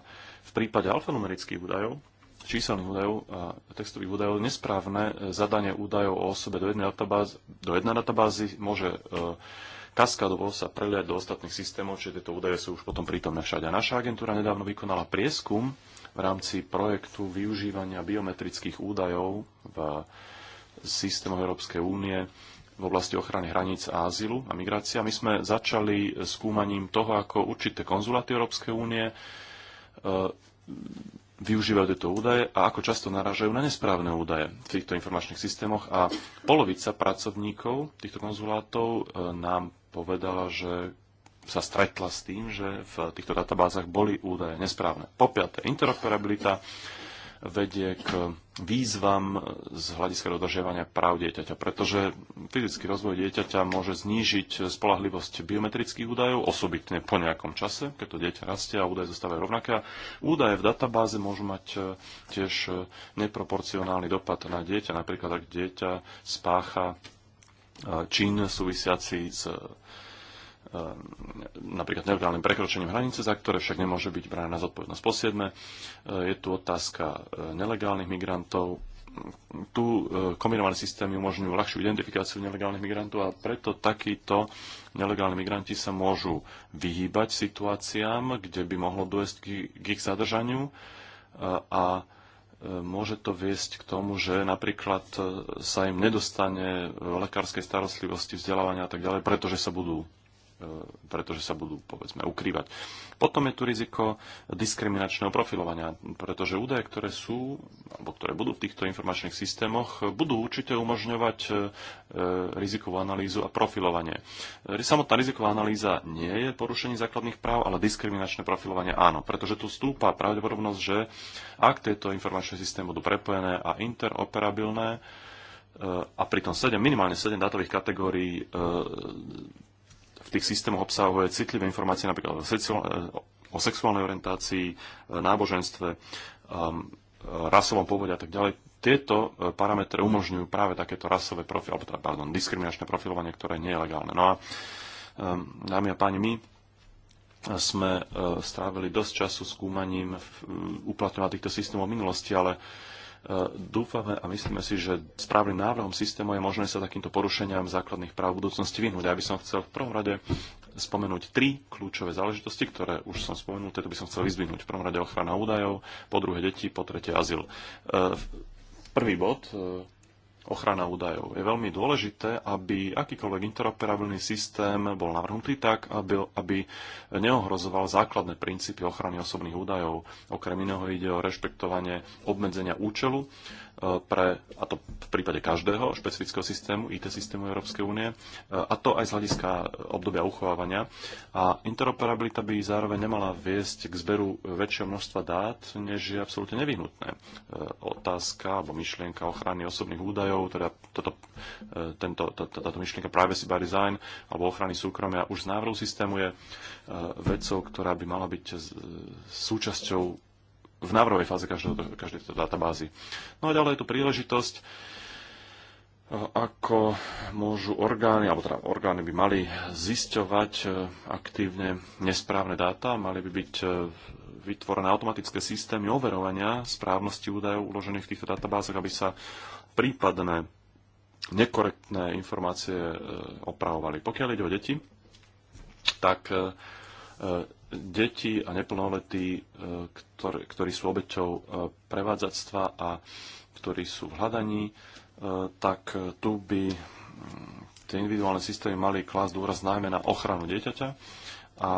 v prípade alfanumerických údajov číselných údajov a textových údajov, nesprávne e, zadanie údajov o osobe do jednej databázy, do jednej databázy môže e, kaskadovo sa preliať do ostatných systémov, čiže tieto údaje sú už potom prítomné všade. A naša agentúra nedávno vykonala prieskum v rámci projektu využívania biometrických údajov v systémoch Európskej únie v oblasti ochrany hraníc a azylu a migrácia. My sme začali skúmaním toho, ako určité konzuláty Európskej únie e, využívajú tieto údaje a ako často naražajú na nesprávne údaje v týchto informačných systémoch. A polovica pracovníkov týchto konzulátov e, nám povedala, že sa stretla s tým, že v týchto databázach boli údaje nesprávne. Po piaté, interoperabilita vedie k výzvam z hľadiska dodržiavania práv dieťaťa, pretože fyzický rozvoj dieťaťa môže znížiť spolahlivosť biometrických údajov, osobitne po nejakom čase, keď to dieťa rastie a údaje zostávajú rovnaké. Údaje v databáze môžu mať e, tiež e, neproporcionálny dopad na dieťa, napríklad ak dieťa spácha e, čin súvisiaci s Ehm, napríklad nelegálnym prekročením hranice, za ktoré však nemôže byť na zodpovednosť. posiedme. Eh, je tu otázka eh, nelegálnych migrantov. Tu eh, kombinované systémy umožňujú ľahšiu identifikáciu nelegálnych migrantov a preto takíto nelegálni migranti sa môžu vyhýbať situáciám, kde by mohlo dojsť k ich zadržaniu a môže to viesť k tomu, že napríklad sa im nedostane lekárskej starostlivosti, vzdelávania a tak ďalej, pretože sa budú E, pretože sa budú, povedzme, ukrývať. Potom je tu riziko diskriminačného profilovania, pretože údaje, ktoré sú, alebo ktoré budú v týchto informačných systémoch, budú určite umožňovať e, e, rizikovú analýzu a profilovanie. Samotná riziková analýza nie je porušenie základných práv, ale diskriminačné profilovanie áno, pretože tu stúpa pravdepodobnosť, že ak tieto informačné systémy budú prepojené a interoperabilné, a pritom 7, minimálne 7 dátových kategórií tých systémoch obsahuje citlivé informácie napríklad o, o sexuálnej orientácii, náboženstve, um, rasovom pôvode a tak ďalej. Tieto uh, parametre umožňujú práve takéto rasové profil, alebo teda, pardon, diskriminačné profilovanie, ktoré nie je legálne. No a um, dámy a páni, my sme uh, strávili dosť času skúmaním uh, uplatňovať týchto systémov v minulosti, ale E, dúfame a myslíme si, že správnym návrhom systému je možné sa takýmto porušeniam základných práv v budúcnosti vyhnúť. Ja by som chcel v prvom rade spomenúť tri kľúčové záležitosti, ktoré už som spomenul, tieto by som chcel vyzvihnúť. V prvom rade ochrana údajov, po druhé deti, po tretie azyl. E, prvý bod, e, ochrana údajov. Je veľmi dôležité, aby akýkoľvek interoperabilný systém bol navrhnutý tak, aby, aby neohrozoval základné princípy ochrany osobných údajov. Okrem iného ide o rešpektovanie obmedzenia účelu E, pre, a to v prípade každého špecifického systému, IT systému Európskej únie, e, a to aj z hľadiska e, obdobia uchovávania. A interoperabilita by zároveň nemala viesť k zberu väčšieho množstva dát, než je absolútne nevyhnutné. Otázka alebo myšlienka ochrany osobných údajov, teda toto, tento, táto myšlienka privacy by design alebo ochrany súkromia už z návrhu systému je vecou, ktorá by mala byť súčasťou v návrhovej fáze každého, každej tejto databázy. No a ďalej je tu príležitosť, eh, ako môžu orgány, alebo teda orgány by mali zisťovať eh, aktívne nesprávne dáta, mali by byť eh, vytvorené automatické systémy overovania správnosti údajov uložených v týchto databázach, aby sa prípadné nekorektné informácie opravovali. Pokiaľ ide o deti, tak deti a neplnoletí, e, ktorí, ktorí sú obeťou e, prevádzactva a ktorí sú v hľadaní, e, tak tu by tie individuálne systémy mali klásť dôraz najmä na ochranu dieťaťa a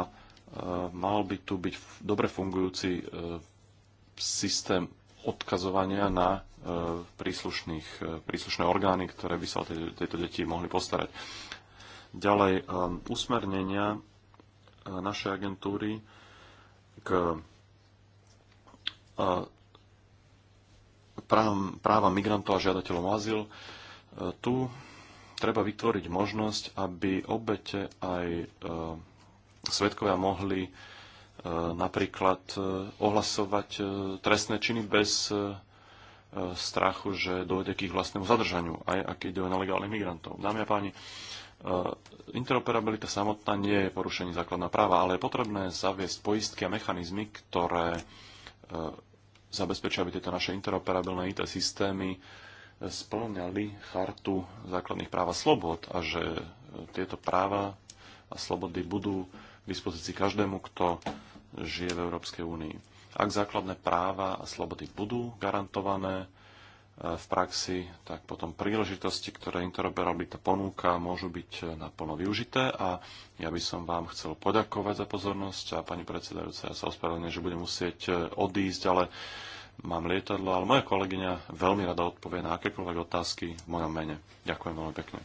mal by tu byť dobre fungujúci systém odkazovania na príslušných, príslušné orgány, ktoré by sa o tejto deti mohli postarať. Ďalej, usmernenia našej agentúry k právam, právam migrantov a žiadateľom azyl. E, tu treba vytvoriť možnosť, aby obete aj e, svetkovia mohli e, napríklad ohlasovať trestné činy bez strachu, že dojde k ich vlastnému zadržaniu, aj ak ide o nelegálnych migrantov. Dámy a páni, Eh, interoperabilita samotná nie je porušenie základná práva, ale je potrebné zaviesť poistky a mechanizmy, ktoré eh, zabezpečia, aby tieto naše interoperabilné IT systémy eh, splňali chartu základných práv a slobod a že tieto práva a slobody budú k dispozícii každému, kto žije v Európskej únii. Ak základné práva a slobody budú garantované, E, v praxi, tak potom príležitosti, ktoré interoperabilita ponúka, môžu byť e, naplno využité a ja by som vám chcel poďakovať za pozornosť a pani predsedajúca, ja sa ospravedlňujem, že budem musieť e, odísť, ale mám lietadlo, ale moja kolegyňa veľmi rada odpovie na akékoľvek otázky v mojom mene. Ďakujem veľmi pekne.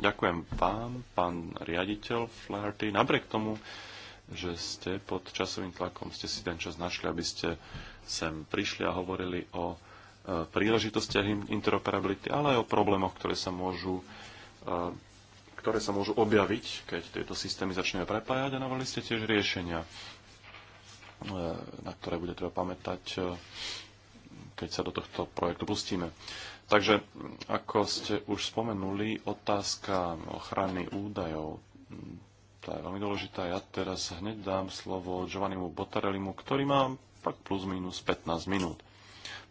Ďakujem vám, pán riaditeľ Flaherty. Napriek tomu, že ste pod časovým tlakom, ste si ten čas našli, aby ste sem prišli a hovorili o Eh, príležitostiach interoperability, ale aj o problémoch, ktoré sa môžu eh, ktoré sa môžu objaviť, keď tieto systémy začneme prepájať a navrhli ste tiež riešenia, eh, na ktoré bude treba pamätať, keď sa do tohto projektu pustíme. Takže, ako ste už spomenuli, otázka ochrany údajov, hm, tá je veľmi dôležitá. Ja teraz hneď dám slovo Giovannimu Botarelimu, ktorý má tak plus minus 15 minút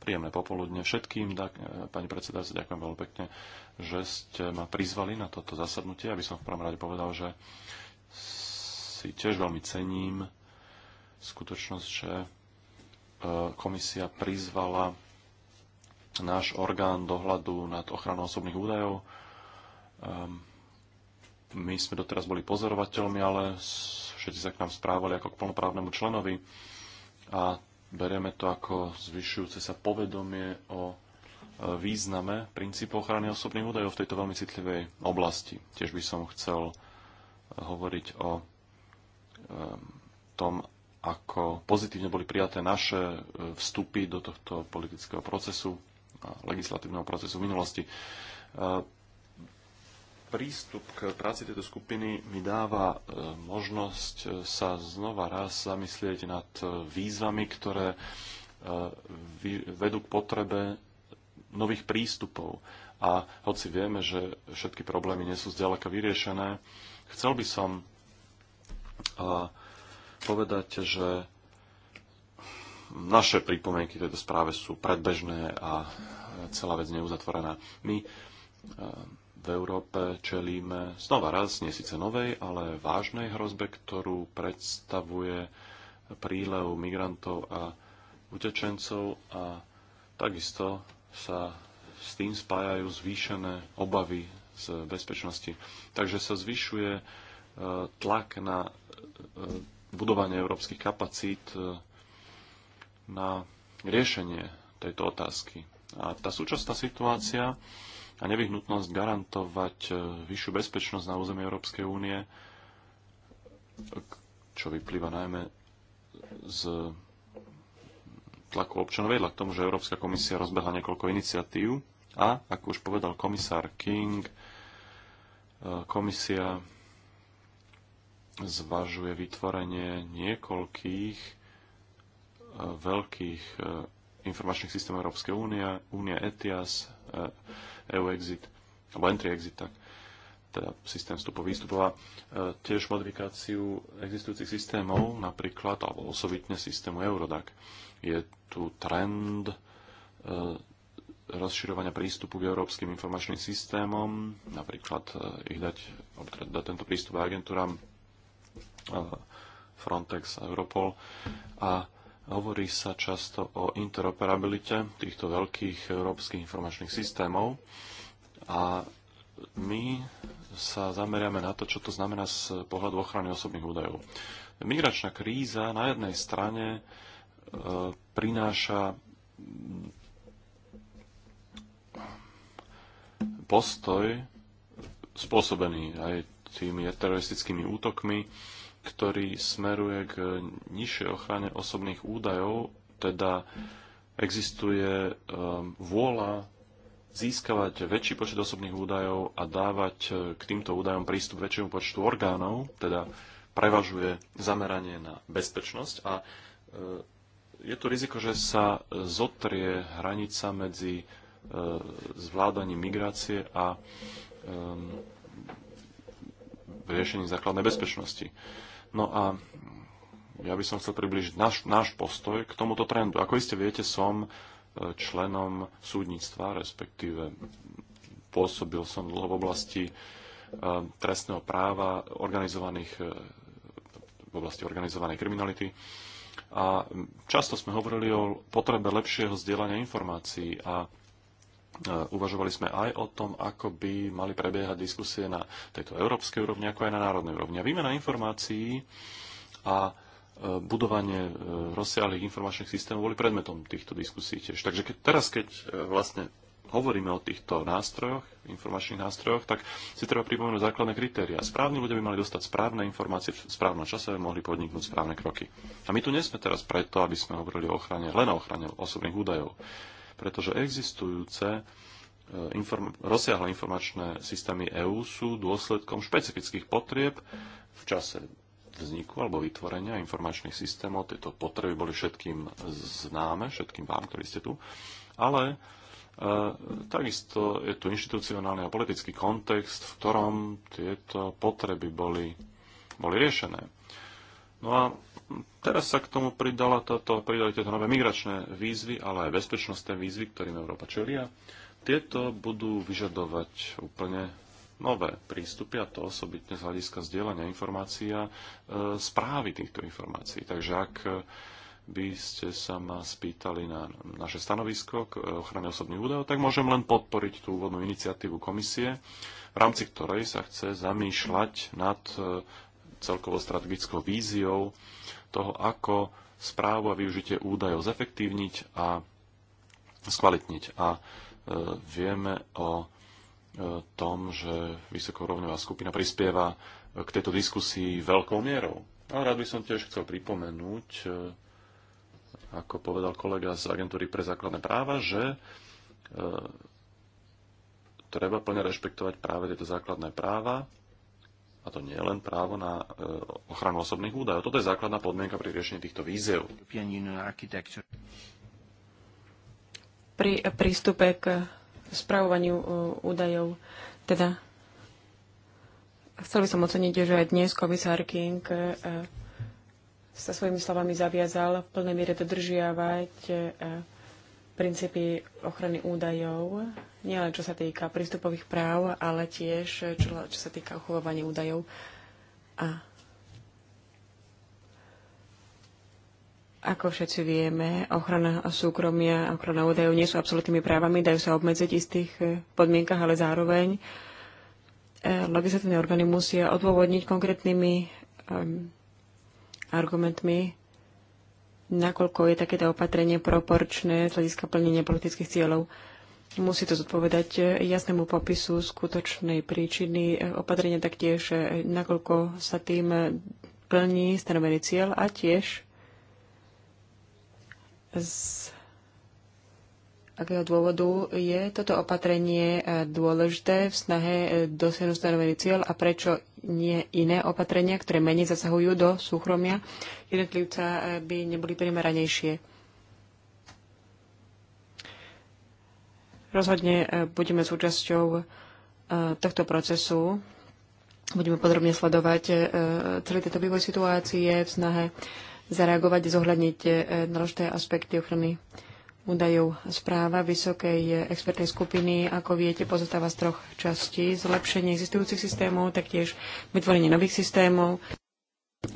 príjemné popoludne všetkým. E, pani predsedajúca, ďakujem veľmi pekne, že ste ma prizvali na toto zasadnutie, aby som v prvom rade povedal, že si tiež veľmi cením skutočnosť, že e, komisia prizvala náš orgán dohľadu nad ochranou osobných údajov. Ehm, my sme doteraz boli pozorovateľmi, ale všetci sa k nám správali ako k plnoprávnemu členovi. A Bereme to ako zvyšujúce sa povedomie o e, význame princípu ochrany osobných údajov v tejto veľmi citlivej oblasti. Tiež by som chcel e, hovoriť o e, tom, ako pozitívne boli prijaté naše vstupy do tohto politického procesu a legislatívneho procesu v minulosti prístup k práci tejto skupiny mi dáva e, možnosť e, sa znova raz zamyslieť nad e, výzvami, ktoré vedú k potrebe nových prístupov. A hoci vieme, že všetky problémy nie sú zďaleka vyriešené, chcel by som povedať, že naše pripomienky tejto správe sú predbežné a celá vec neuzatvorená. My v Európe čelíme znova raz, nie síce novej, ale vážnej hrozbe, ktorú predstavuje prílev migrantov a utečencov a takisto sa s tým spájajú zvýšené obavy z bezpečnosti. Takže sa zvyšuje e, tlak na e, budovanie európskych kapacít e, na riešenie tejto otázky. A tá súčasná situácia a nevyhnutnosť garantovať e, vyššiu bezpečnosť na území Európskej únie, čo vyplýva najmä z tlaku občanov, vedľa k tomu, že Európska komisia rozbehla niekoľko iniciatív a, ako už povedal komisár King, e, komisia zvažuje vytvorenie niekoľkých e, veľkých informačných systémov Európskej únie, únie ETIAS, EU exit, alebo entry exit, tak teda systém vstupov výstupov a e, tiež modifikáciu existujúcich systémov, napríklad, alebo osobitne systému Eurodac. Je tu trend e, rozširovania prístupu k európskym informačným systémom, napríklad e, ich dať, teda dať tento prístup agentúram Frontex a Europol. A Hovorí sa často o interoperabilite týchto veľkých európskych informačných systémov a my sa zameriame na to, čo to znamená z pohľadu ochrany osobných údajov. Migračná kríza na jednej strane e, prináša mm, postoj spôsobený aj tými teroristickými útokmi, ktorý smeruje k nižšej ochrane osobných údajov, teda existuje ehm, vôľa získavať väčší počet osobných údajov a dávať e, k týmto údajom prístup väčšiemu počtu orgánov, teda prevažuje zameranie na bezpečnosť a e, je tu riziko, že sa e, zotrie hranica medzi zvládaním migrácie a ehm, riešením základnej bezpečnosti. No a ja by som chcel približiť náš, náš postoj k tomuto trendu. Ako iste viete, som e, členom súdnictva, respektíve pôsobil som dlho v oblasti e, trestného práva organizovaných e, v oblasti organizovanej kriminality. A často sme hovorili o potrebe lepšieho zdieľania informácií a Uvažovali sme aj o tom, ako by mali prebiehať diskusie na tejto európskej úrovni, ako aj na národnej úrovni. A výmena informácií a e, budovanie e, rozsiahlých informačných systémov boli predmetom týchto diskusí tiež. Takže keď, teraz, keď e, vlastne hovoríme o týchto nástrojoch, informačných nástrojoch, tak si treba pripomenúť základné kritéria. Správni ľudia by mali dostať správne informácie v správnom čase a mohli podniknúť správne kroky. A my tu nesme teraz preto, aby sme hovorili o ochrane, len o ochrane osobných údajov pretože existujúce e, inform- rozsiahle informačné systémy EÚ sú dôsledkom špecifických potrieb v čase vzniku alebo vytvorenia informačných systémov. Tieto potreby boli všetkým známe, všetkým vám, ktorí ste tu, ale e, takisto je tu inštitucionálny a politický kontext, v ktorom tieto potreby boli, boli riešené. No a Teraz sa k tomu pridala táto, pridali tieto nové migračné výzvy, ale aj bezpečnostné výzvy, ktorým Európa čelia. Tieto budú vyžadovať úplne nové prístupy, a to osobitne z hľadiska zdieľania informácií a e, správy týchto informácií. Takže ak e, by ste sa ma spýtali na naše stanovisko k ochrane osobných údajov, tak môžem len podporiť tú úvodnú iniciatívu komisie, v rámci ktorej sa chce zamýšľať nad e, celkovou strategickou víziou toho, ako správu a využitie údajov zefektívniť a skvalitniť. A e, vieme o e, tom, že vysokorovňová skupina prispieva e, k tejto diskusii veľkou mierou. A rád by som tiež chcel pripomenúť, ako povedal kolega z agentúry pre základné práva, že treba plne rešpektovať práve tieto základné práva a to nie je len právo na e, ochranu osobných údajov. Toto je základná podmienka pri riešení týchto víziev. Pri prístupe k spravovaniu e, údajov, teda chcel by som oceniť, že aj dnes komisár King e, sa svojimi slovami zaviazal v plnej miere dodržiavať princípy ochrany údajov, nielen čo sa týka prístupových práv, ale tiež čo, čo sa týka uchovávania údajov. A ako všetci vieme, ochrana súkromia a ochrana údajov nie sú absolútnymi právami, dajú sa obmedziť v istých podmienkach, ale zároveň eh, legislatívne orgány musia odôvodniť konkrétnymi um, argumentmi nakoľko je takéto opatrenie proporčné z hľadiska plnenia politických cieľov. Musí to zodpovedať e, jasnému popisu skutočnej príčiny e, opatrenia taktiež, e, nakoľko sa tým plní stanovený cieľ a tiež z akého dôvodu je toto opatrenie e, dôležité v snahe e, dosiahnuť stanovený cieľ a prečo nie iné opatrenia, ktoré menej zasahujú do súkromia jednotlivca, e, by neboli primeranejšie. Rozhodne budeme súčasťou tohto procesu. Budeme podrobne sledovať celý tieto vývoj situácie v snahe zareagovať, zohľadniť naložité aspekty ochrany údajov. Správa vysokej expertnej skupiny, ako viete, pozostáva z troch častí. Zlepšenie existujúcich systémov, taktiež vytvorenie nových systémov,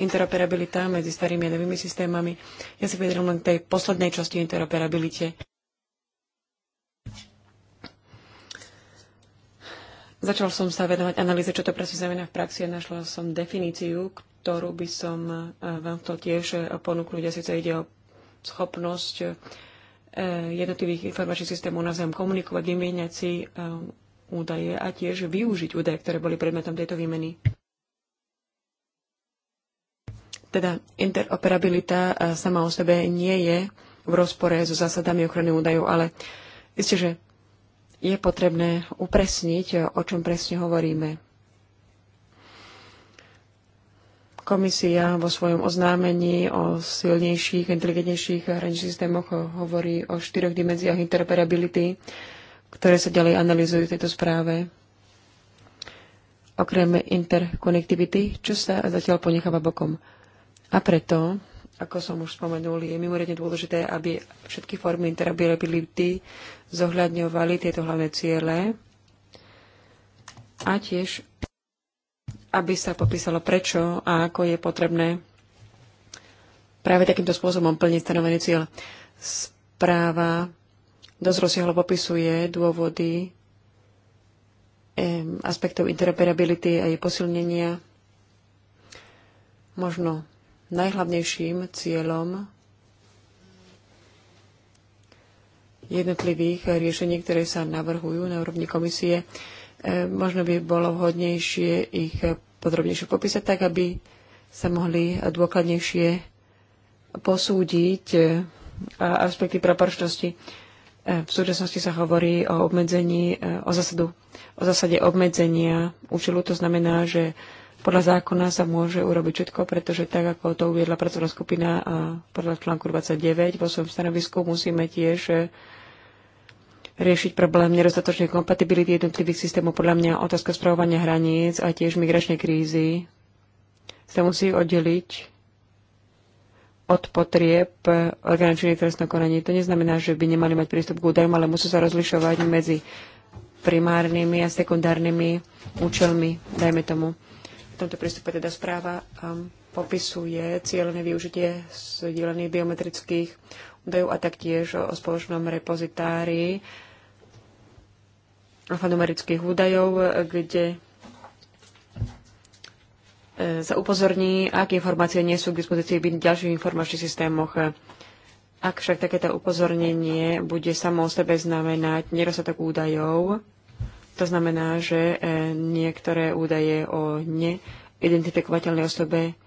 interoperabilita medzi starými a novými systémami. Ja sa vyjadrím len k tej poslednej časti interoperabilite. Začal som sa venovať analýze, čo to presne znamená v praxi a našla som definíciu, ktorú by som eh, vám chcel tiež eh, ponúknuť. A síce ide o schopnosť eh, Eh, jednotlivých informačných systémov navzájom komunikovať, vymieňať si eh, údaje a tiež využiť údaje, ktoré boli predmetom tejto výmeny. Teda interoperabilita eh, sama o sebe nie je v rozpore so zásadami ochrany údajov, ale isté, že je potrebné upresniť, o čom presne hovoríme. Komisia vo svojom oznámení o silnejších, inteligentnejších hraničných systémoch hovorí o štyroch dimenziách interoperability, ktoré sa ďalej analýzujú v tejto správe. Okrem interconnectivity, čo sa zatiaľ ponecháva bokom. A preto, ako som už spomenul, je mimoriadne dôležité, aby všetky formy interoperability zohľadňovali tieto hlavné ciele a tiež aby sa popísalo prečo a ako je potrebné práve takýmto spôsobom plniť stanovený cieľ. Správa dosť rozsiahlo popisuje dôvody aspektov interoperability a jej posilnenia. Možno najhlavnejším cieľom jednotlivých riešení, ktoré sa navrhujú na úrovni komisie, možno by bolo vhodnejšie ich podrobnejšie popísať, tak aby sa mohli dôkladnejšie posúdiť eh, aspekty proporčnosti. Eh, v súčasnosti sa hovorí o obmedzení, eh, o, zásadu, o zásade obmedzenia účelu. To znamená, že podľa zákona sa môže urobiť všetko, pretože tak, ako to uviedla pracovná skupina podľa článku 29 vo svojom stanovisku, musíme tiež riešiť problém nedostatočnej kompatibility jednotlivých systémov. Podľa mňa otázka spravovania hraníc a tiež migračnej krízy sa musí oddeliť od potrieb organičnej trestného konania. To neznamená, že by nemali mať prístup k údajom, ale musí sa rozlišovať medzi primárnymi a sekundárnymi účelmi, dajme tomu. V tomto prístupe teda správa um, popisuje cieľné využitie sdielených biometrických údajov a taktiež o, o spoločnom repozitári alfanumerických údajov, e, kde e, sa upozorní, aké informácie nie sú k dispozícii v ďalších informačných systémoch. Ak však takéto upozornenie bude samo o sebe znamenať nedostatok údajov, to znamená, že e, niektoré údaje o neidentifikovateľnej osobe,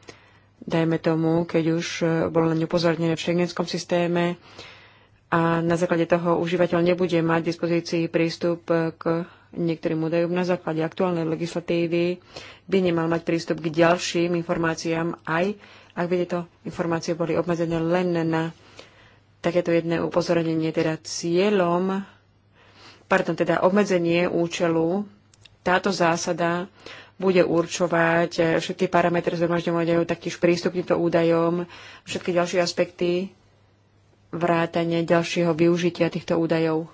dajme tomu, keď už bolo na ňu upozornené v šengenskom systéme, a na základe toho užívateľ nebude mať v dispozícii prístup k niektorým údajom na základe aktuálnej legislatívy by nemal mať prístup k ďalším informáciám, aj ak by tieto informácie boli obmedzené len na takéto jedné upozornenie, teda cieľom, pardon, teda obmedzenie účelu, táto zásada bude určovať všetky parametre zhromažďovania údajov, taktiež prístup týmto údajom, všetky ďalšie aspekty vrátane ďalšieho využitia týchto údajov.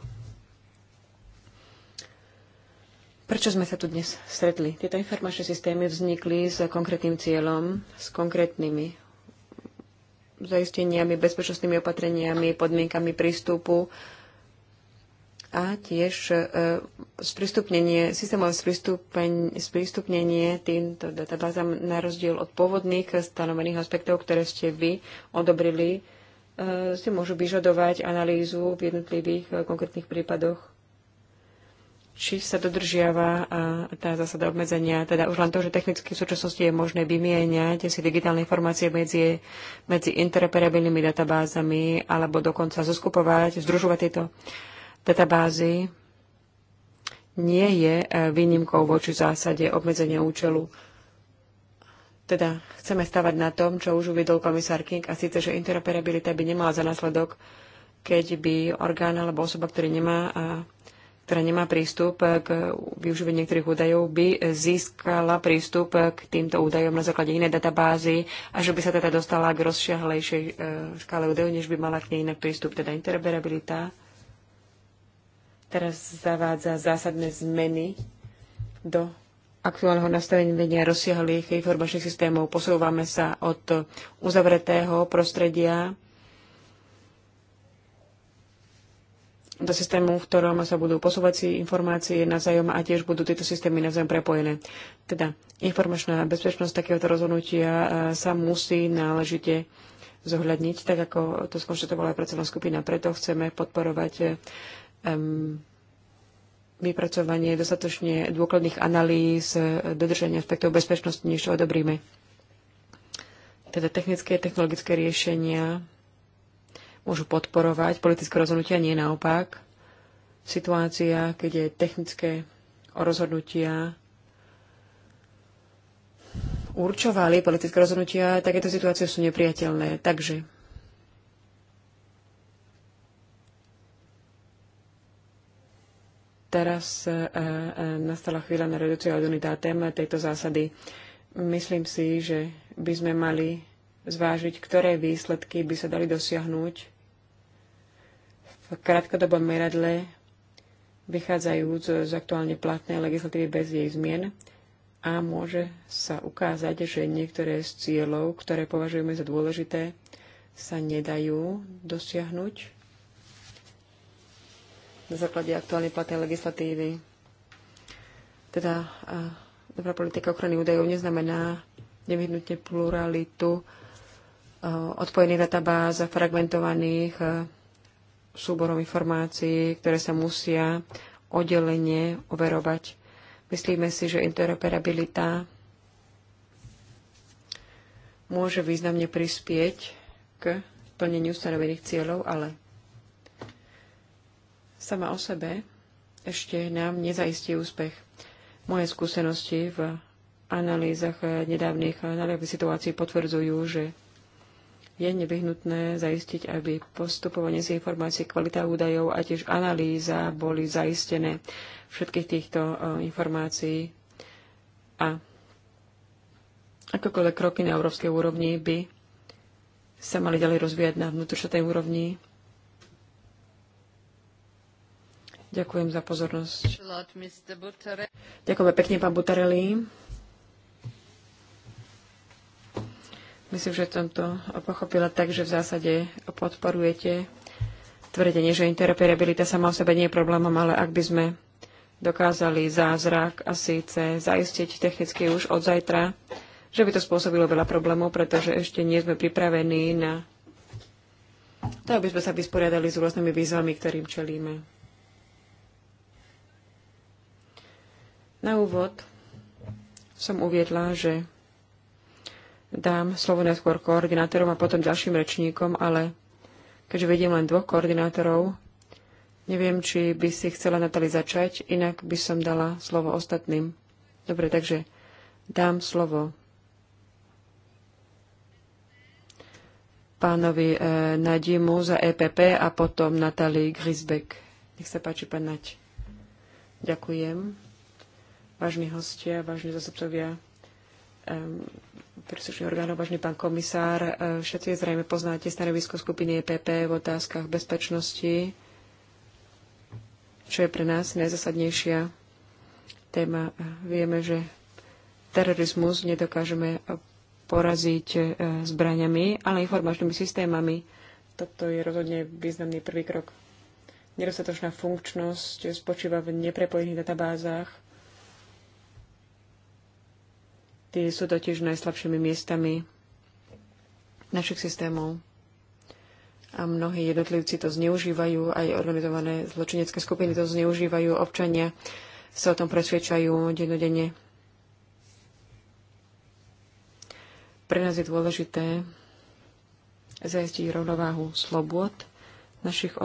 Prečo sme sa tu dnes stretli? Tieto informačné systémy vznikli s konkrétnym cieľom, s konkrétnymi zaisteniami, bezpečnostnými opatreniami, podmienkami prístupu a tiež e, sprístupnenie, systémové sprístupnenie týmto databázam na rozdiel od pôvodných stanovených aspektov, ktoré ste vy odobrili E, si môžu vyžadovať analýzu v jednotlivých e, konkrétnych prípadoch, či sa dodržiava tá zásada obmedzenia. Teda už len to, že technicky v súčasnosti je možné vymieňať si digitálne informácie medzi, medzi interoperabilnými databázami alebo dokonca zoskupovať, združovať tieto databázy nie je e, výnimkou voči zásade obmedzenia účelu teda chceme stavať na tom, čo už uviedol komisár King, a síce, že interoperabilita by nemala za následok, keď by orgán alebo osoba, ktorý nemá, a, ktorá nemá prístup k využívaniu niektorých údajov, by získala prístup k týmto údajom na základe inej databázy a že by sa teda dostala k rozšiahlejšej e, škále údajov, než by mala k nej inak prístup. Teda interoperabilita teraz zavádza zásadné zmeny do aktuálneho nastavenia rozsiahlých informačných systémov. Posúvame sa od uzavretého prostredia do systému, v ktorom sa budú posúvať si informácie navzájom a tiež budú tieto systémy navzájom prepojené. Teda informačná bezpečnosť takéhoto rozhodnutia e, sa musí náležite zohľadniť, tak ako to skonštatovala aj pracovná skupina. Preto chceme podporovať um, vypracovanie dostatočne dôkladných analýz, e, dodržanie aspektov bezpečnosti, než odobríme. Teda technické a technologické riešenia môžu podporovať politické rozhodnutia, nie naopak. Situácia, keď je technické rozhodnutia určovali politické rozhodnutia, takéto situácie sú nepriateľné. Takže Teraz e, e, nastala chvíľa na redukciu ad téma tejto zásady. Myslím si, že by sme mali zvážiť, ktoré výsledky by sa dali dosiahnuť v krátkodobom meradle, vychádzajúc z aktuálne platnej legislatívy bez jej zmien a môže sa ukázať, že niektoré z cieľov, ktoré považujeme za dôležité, sa nedajú dosiahnuť na základe aktuálnej platnej legislatívy. Teda dobrá politika ochrany údajov neznamená nevyhnutne pluralitu odpojených databáz a fragmentovaných súborov informácií, ktoré sa musia oddelenie overovať. Myslíme si, že interoperabilita môže významne prispieť k plneniu stanovených cieľov, ale sama o sebe ešte nám nezaistí úspech. Moje skúsenosti v analýzach nedávnych naliehavých situácií potvrdzujú, že je nevyhnutné zaistiť, aby postupovanie z informácií, kvalita údajov a tiež analýza boli zaistené všetkých týchto e, informácií a akékoľvek kroky na európskej úrovni by sa mali ďalej rozvíjať na vnútroštátnej úrovni Ďakujem za pozornosť. Ďakujem pekne, pán Butarelli. Myslím, že som to pochopila tak, že v zásade podporujete tvrdenie, že interoperabilita sama o sebe nie je problémom, ale ak by sme dokázali zázrak a síce zaistiť technicky už od zajtra, že by to spôsobilo veľa problémov, pretože ešte nie sme pripravení na to, aby sme sa vysporiadali s rôznymi výzvami, ktorým čelíme. Na úvod som uviedla, že dám slovo najskôr koordinátorom a potom ďalším rečníkom, ale keďže vediem len dvoch koordinátorov, neviem, či by si chcela Natali začať, inak by som dala slovo ostatným. Dobre, takže dám slovo pánovi e, Nadimu za EPP a potom Natalii Grisbeck. Nech sa páči, pán Nať. Ďakujem vážni hostia, vážni zastupcovia príslušných orgánov, vážny pán komisár. E, všetci zrejme poznáte stanovisko skupiny EPP v otázkach bezpečnosti, čo je pre nás najzasadnejšia téma. Vieme, že terorizmus nedokážeme poraziť e, zbraniami, ale informačnými systémami. Toto je rozhodne významný prvý krok. Nedostatočná funkčnosť spočíva v neprepojených databázach, Tie sú totiž najslabšími miestami našich systémov. A mnohí jednotlivci to zneužívajú, aj organizované zločinecké skupiny to zneužívajú, občania sa o tom presvedčajú dennodenne. Pre nás je dôležité zajistiť rovnováhu slobod našich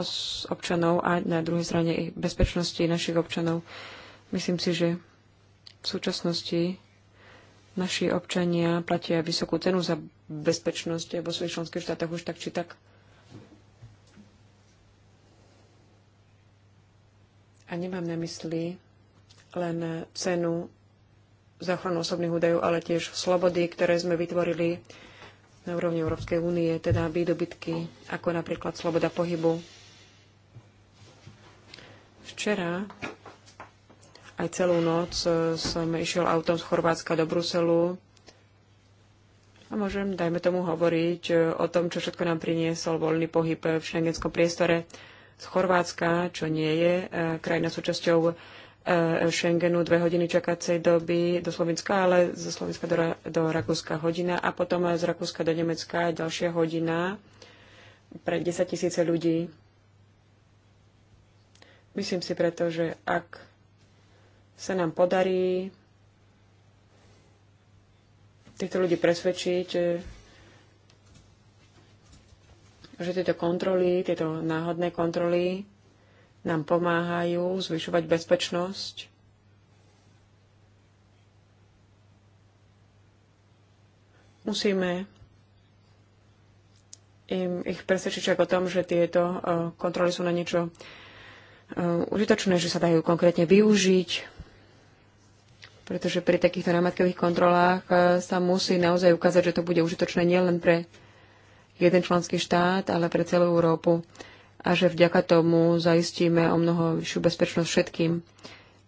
občanov a na druhej strane ich bezpečnosti našich občanov. Myslím si, že v súčasnosti Naši občania platia vysokú cenu za bezpečnosť vo svojich členských štátoch už tak či tak. A nemám na mysli len cenu za ochranu osobných údajov, ale tiež slobody, ktoré sme vytvorili na úrovni Európskej únie, teda výdobytky, ako napríklad sloboda pohybu. Včera aj celú noc e, som išiel autom z Chorvátska do Bruselu a môžem, dajme tomu, hovoriť e, o tom, čo všetko nám priniesol voľný pohyb v šengenskom priestore z Chorvátska, čo nie je e, krajina súčasťou Schengenu dve hodiny čakacej doby do Slovenska, ale zo Slovenska do, do Rakúska hodina a potom z Rakúska do Nemecka ďalšia hodina pre 10 tisíce ľudí. Myslím si preto, že ak sa nám podarí týchto ľudí presvedčiť, že tieto kontroly, tieto náhodné kontroly nám pomáhajú zvyšovať bezpečnosť. Musíme im, ich presvedčiť o tom, že tieto eh, kontroly sú na niečo E, užitočné, že sa dajú konkrétne využiť, pretože pri takýchto námatkových kontrolách e, sa musí naozaj ukázať, že to bude užitočné nielen pre jeden členský štát, ale pre celú Európu a že vďaka tomu zaistíme o mnoho vyššiu bezpečnosť všetkým.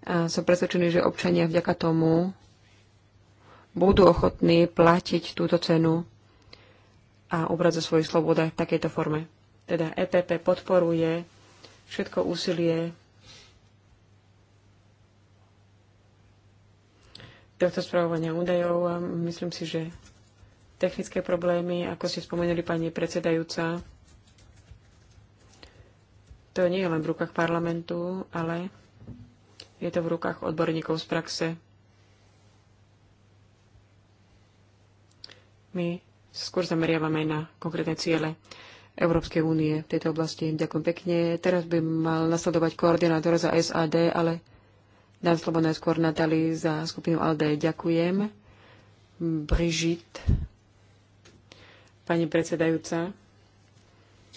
A som presvedčený, že občania vďaka tomu budú ochotní platiť túto cenu a obrať za svoju slobodu v takejto forme. Teda EPP podporuje všetko úsilie tohto spravovania údajov. Myslím si, že technické problémy, ako ste spomenuli pani predsedajúca, to nie je len v rukách parlamentu, ale je to v rukách odborníkov z praxe. My skôr zameriavame na konkrétne ciele. Európskej únie v tejto oblasti. Ďakujem pekne. Teraz by mal nasledovať koordinátor za SAD, ale dám slovo najskôr Natali za skupinu ALDE. Ďakujem. Brižit, pani predsedajúca,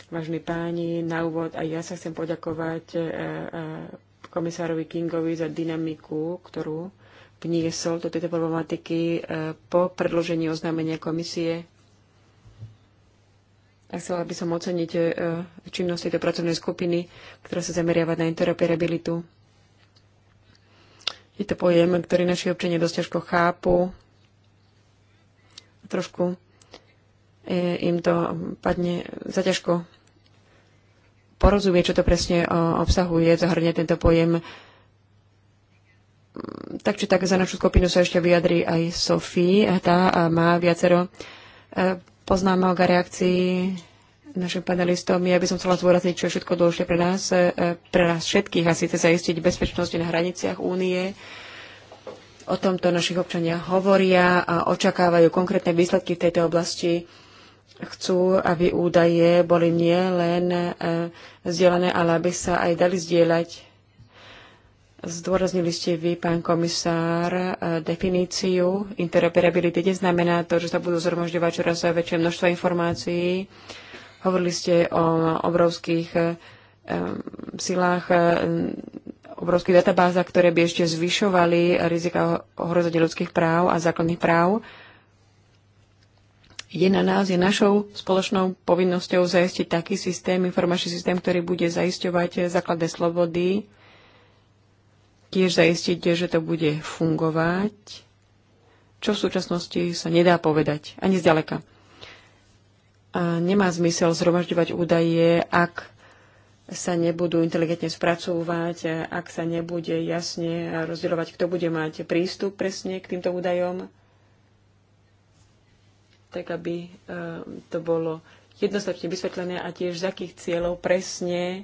vážni páni, na úvod aj ja sa chcem poďakovať e, e, komisárovi Kingovi za dynamiku, ktorú vniesol do tejto problematiky e, po predložení oznámenia komisie Chcela by som oceniť e, činnosti tejto pracovnej skupiny, ktorá sa zameriava na interoperabilitu. Je to pojem, ktorý naši občania dosť ťažko chápu. Trošku e, im to padne zaťažko porozumie, čo to presne e, obsahuje, zahrňa tento pojem. Tak či tak za našu skupinu sa ešte vyjadri aj Sofie. Tá má viacero poznámok a reakcií našim panelistom. Ja by som chcela zdôrazniť, čo je všetko dôležité pre nás, e, pre nás všetkých, a síce zaistiť bezpečnosť na hraniciach únie. O tomto našich občania hovoria a očakávajú konkrétne výsledky v tejto oblasti. Chcú, aby údaje boli nie len e, zdieľané, ale aby sa aj dali zdieľať Zdôraznili ste vy, pán komisár, e, definíciu interoperability. Neznamená to, že sa budú zhromažďovať čoraz väčšie množstvo informácií. Hovorili ste o obrovských e, silách, e, obrovských databázach, ktoré by ešte zvyšovali rizika ohrozenia ľudských práv a základných práv. Je na nás, je našou spoločnou povinnosťou zajistiť taký systém, informačný systém, ktorý bude zaisťovať základné slobody, tiež zaistíte, že to bude fungovať, čo v súčasnosti sa nedá povedať, ani zďaleka. A nemá zmysel zhromažďovať údaje, ak sa nebudú inteligentne spracovať, ak sa nebude jasne rozdeľovať, kto bude mať prístup presne k týmto údajom, tak aby eh, to bolo jednoznačne vysvetlené a tiež z akých cieľov presne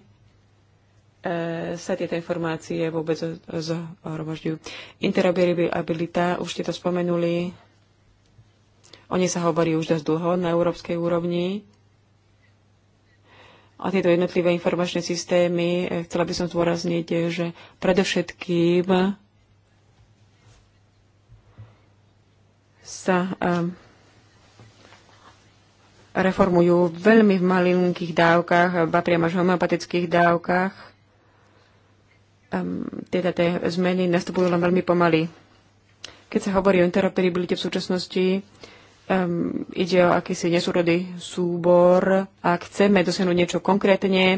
E, sa tieto informácie vôbec zhromažďujú. Interoperabilita, už ste to spomenuli, o nej sa hovorí už dosť dlho na európskej úrovni. A tieto jednotlivé informačné systémy, e, chcela by som zdôrazniť, e, že predovšetkým sa reformujú veľmi v malinkých dávkach, ba priam až homeopatických dávkach um, teda tie zmeny nastupujú len veľmi pomaly. Keď sa hovorí o interoperabilite v súčasnosti, um, ide o akýsi nesúrodý súbor. Ak chceme dosiahnuť niečo konkrétne, e,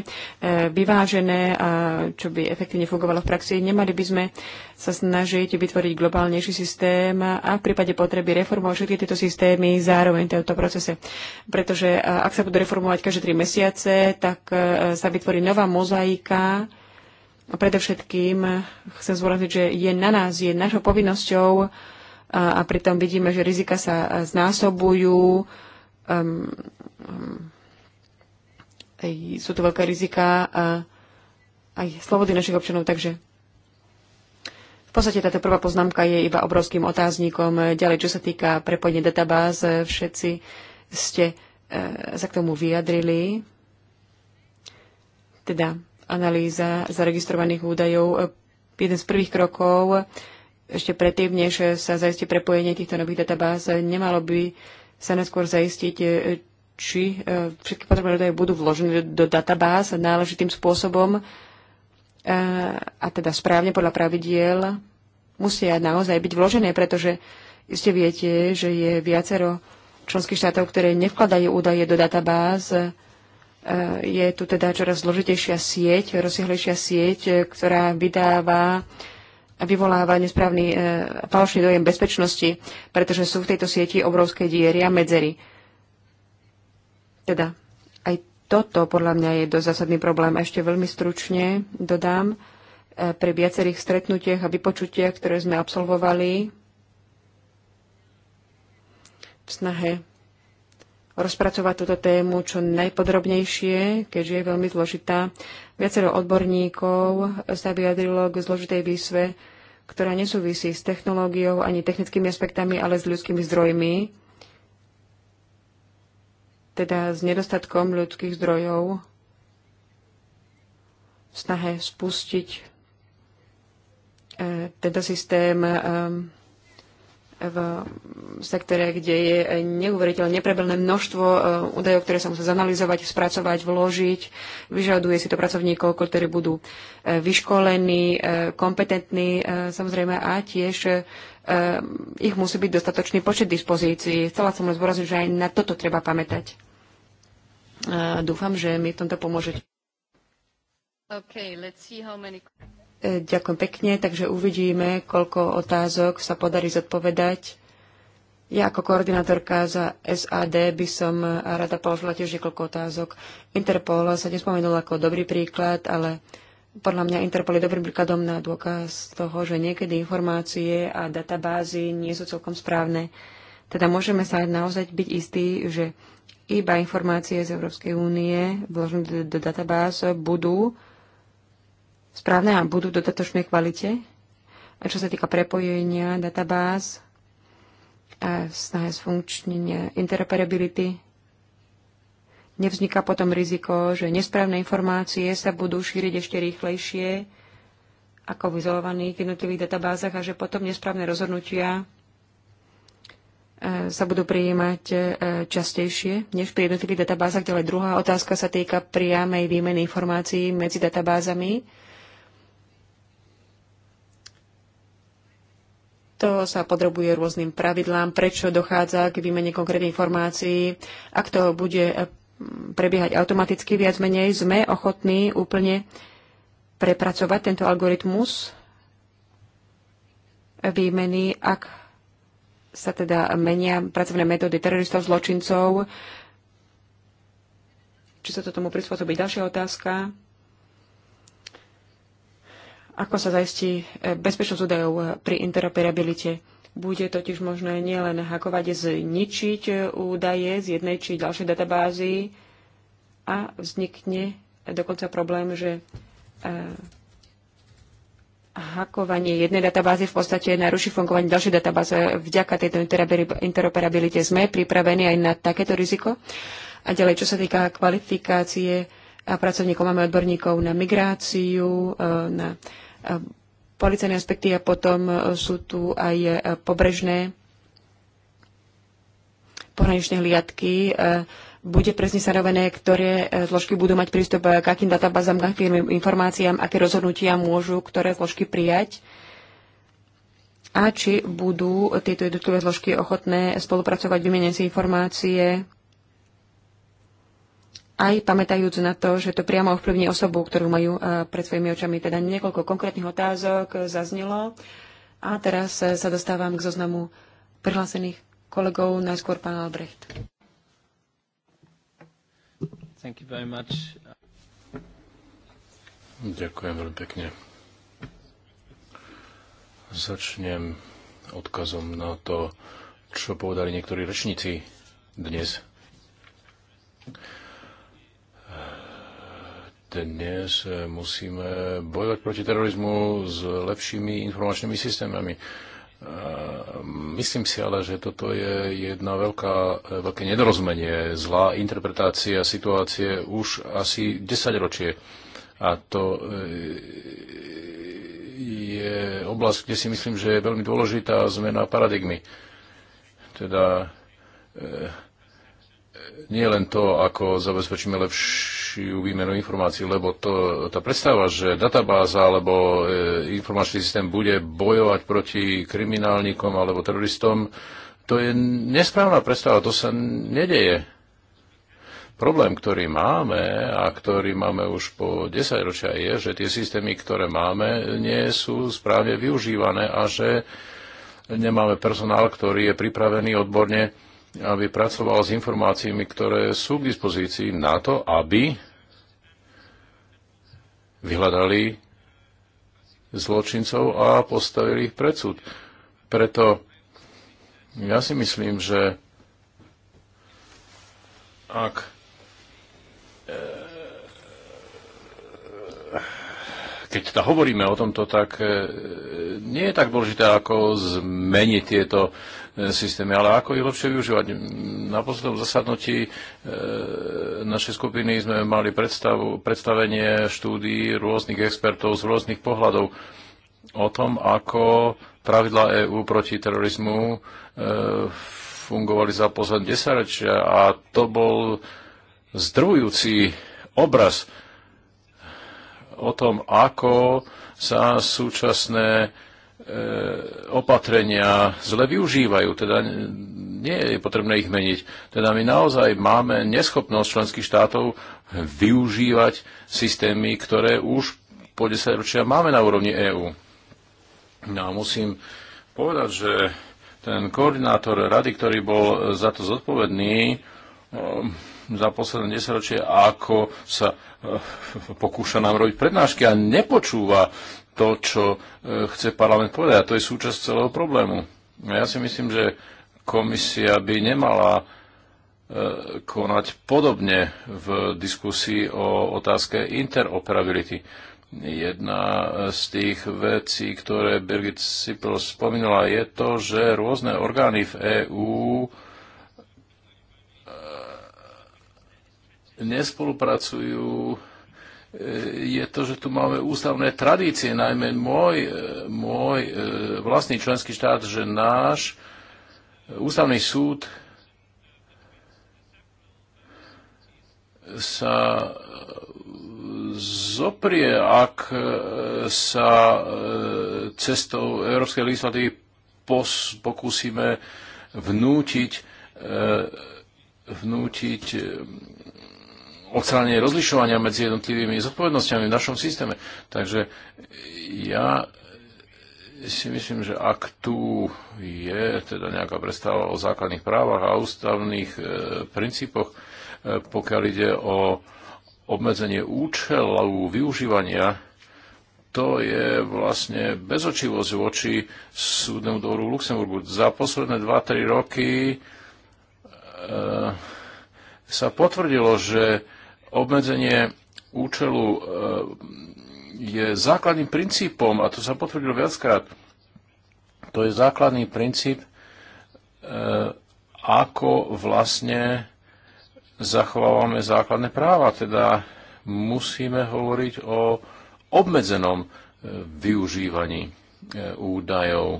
vyvážené a čo by efektívne fungovalo v praxi, nemali by sme sa snažiť vytvoriť globálnejší systém a v prípade potreby reformovať všetky tieto systémy zároveň v tomto procese. Pretože eh, ak sa budú reformovať každé tri mesiace, tak eh, sa vytvorí nová mozaika, Predovšetkým chcem zvorazniť, že je na nás, je našou povinnosťou a, a pritom vidíme, že rizika sa znásobujú. Um, um, sú to veľké rizika a aj slobody našich občanov, takže v podstate táto prvá poznámka je iba obrovským otáznikom. Ďalej, čo sa týka prepojenia databáz, všetci ste e, sa e, k tomu vyjadrili. Teda analýza zaregistrovaných údajov e, jeden z prvých krokov ešte predtým, než sa zaistí prepojenie týchto nových databáz, nemalo by sa neskôr zaistiť, e, či e, všetky potrebné údaje budú vložené do databáz náležitým spôsobom a teda správne podľa pravidiel musia naozaj byť vložené, pretože iste viete, že je viacero členských štátov, ktoré nevkladajú údaje do databáz je tu teda čoraz zložitejšia sieť, rozsiahlejšia sieť, ktorá vydáva a vyvoláva nesprávny e, falošný dojem bezpečnosti, pretože sú v tejto sieti obrovské diery a medzery. Teda aj toto podľa mňa je dosť zásadný problém. A ešte veľmi stručne dodám, e, pri viacerých stretnutiach a vypočutiach, ktoré sme absolvovali v snahe rozpracovať túto tému čo najpodrobnejšie, keďže je veľmi zložitá. Viacero odborníkov sa vyjadrilo k zložitej výsve, ktorá nesúvisí s technológiou ani technickými aspektami, ale s ľudskými zdrojmi, teda s nedostatkom ľudských zdrojov v snahe spustiť eh, tento systém eh, v sektore, kde je neuveriteľne neprebelné množstvo e, údajov, ktoré sa musí zanalizovať, spracovať, vložiť. Vyžaduje si to pracovníkov, ktorí budú e, vyškolení, e, kompetentní samozrejme a tiež ich musí byť dostatočný počet dispozícií. Chcela som len zborazniť, že aj na toto treba pamätať. Dúfam, že mi v tomto pomôžete. Okay, let's see how many... E, ďakujem pekne, takže uvidíme, koľko otázok sa podarí zodpovedať. Ja ako koordinátorka za SAD by som rada položila tiež niekoľko otázok. Interpol sa nespomenul ako dobrý príklad, ale podľa mňa Interpol je dobrým príkladom na dôkaz toho, že niekedy informácie a databázy nie sú celkom správne. Teda môžeme sa naozaj byť istí, že iba informácie z Európskej únie vložené do, do databáz budú správne a budú v dodatočnej kvalite. A čo sa týka prepojenia databáz, a snahe zfunkčnenia interoperability, nevzniká potom riziko, že nesprávne informácie sa budú šíriť ešte rýchlejšie ako v izolovaných jednotlivých databázach a že potom nesprávne rozhodnutia e, sa budú prijímať e, častejšie než pri jednotlivých databázach. Ďalej druhá otázka sa týka priamej výmeny informácií medzi databázami To sa podrobuje rôznym pravidlám, prečo dochádza k výmene konkrétnych informácií. Ak to bude eh, prebiehať automaticky, viac menej sme ochotní úplne prepracovať tento algoritmus výmeny, ak sa teda menia pracovné metódy teroristov, zločincov. Či sa to tomu prispôsobí? Ďalšia otázka ako sa zaistí e, bezpečnosť údajov e, pri interoperabilite? Bude totiž možné nielen hakovať, zničiť e, údaje z jednej či ďalšej databázy a vznikne dokonca problém, že hakovanie jednej databázy v podstate naruší fungovanie ďalšej databáze. Vďaka tejto interoperabilite sme pripravení aj na takéto riziko. A ďalej, čo sa týka kvalifikácie a pracovníkov, máme odborníkov na migráciu, na policajné aspekty a potom e, sú tu aj e, pobrežné pohraničné hliadky. E, bude presne stanovené, ktoré zložky budú mať prístup k akým databázam, k akým informáciám, aké rozhodnutia môžu, ktoré zložky prijať a či budú tieto jednotlivé zložky ochotné spolupracovať, vymeniať si informácie aj pamätajúc na to, že to priamo ovplyvní osobu, ktorú majú e, pred svojimi očami. Teda niekoľko konkrétnych otázok zaznelo. A teraz e, sa dostávam k zoznamu prihlásených kolegov, najskôr pán Albrecht. Thank you very much. Ďakujem veľmi pekne. Začnem odkazom na to, čo povedali niektorí rečníci dnes dnes e, musíme bojovať proti terorizmu s lepšími informačnými systémami. E, myslím si ale, že toto je jedna veľká, e, veľké nedorozumenie, zlá interpretácia situácie už asi 10 ročie. A to je oblasť, kde si myslím, že je veľmi dôležitá zmena paradigmy. Teda nie len to, ako zabezpečíme lepšie väčšiu výmenu informácií, lebo to, tá predstava, že databáza alebo e, informačný systém bude bojovať proti kriminálnikom alebo teroristom, to je nesprávna predstava, to sa nedeje. Problém, ktorý máme a ktorý máme už po 10 ročia je, že tie systémy, ktoré máme, nie sú správne využívané a že nemáme personál, ktorý je pripravený odborne aby pracoval s informáciami, ktoré sú k dispozícii na to, aby vyhľadali zločincov a postavili ich pred súd. Preto ja si myslím, že ak eh, keď teda hovoríme o tomto, tak eh, nie je tak dôležité, ako zmeniť tieto E, systémy, ale ako ich lepšie využívať. Na poslednom zasadnutí e, našej skupiny sme mali predstavu, predstavenie štúdií rôznych expertov z rôznych pohľadov o tom, ako pravidla EÚ proti terorizmu e, fungovali za posledné desaťročia a to bol zdrujúci obraz o tom, ako sa súčasné E, opatrenia zle využívajú, teda nie je potrebné ich meniť. Teda my naozaj máme neschopnosť členských štátov využívať systémy, ktoré už po 10 ročia máme na úrovni EÚ. No a musím povedať, že ten koordinátor rady, ktorý bol za to zodpovedný e, za posledné 10 ročie, ako sa e, pokúša nám robiť prednášky a nepočúva to, čo e, chce parlament povedať. A to je súčasť celého problému. Ja si myslím, že komisia by nemala e, konať podobne v diskusii o otázke interoperability. Jedna e, z tých vecí, ktoré Birgit Sipel spomínala, je to, že rôzne orgány v EÚ nespolupracujú E, je to, že tu máme ústavné tradície, najmä môj, e, môj e, vlastný členský štát, že náš ústavný súd sa zoprie, ak sa cestou európskej legislatívy pokúsime vnútiť, vnútiť odstránenie rozlišovania medzi jednotlivými zodpovednosťami v našom systéme. Takže ja si myslím, že ak tu je teda nejaká predstava o základných právach a ústavných e, princípoch, e, pokiaľ ide o obmedzenie účelu využívania, to je vlastne bezočivosť voči súdnemu dvoru v Luxemburgu. Za posledné 2-3 roky e, sa potvrdilo, že Obmedzenie účelu e, je základným princípom, a to sa potvrdilo viackrát, to je základný princíp, e, ako vlastne zachovávame základné práva. Teda musíme hovoriť o obmedzenom e, využívaní údajov.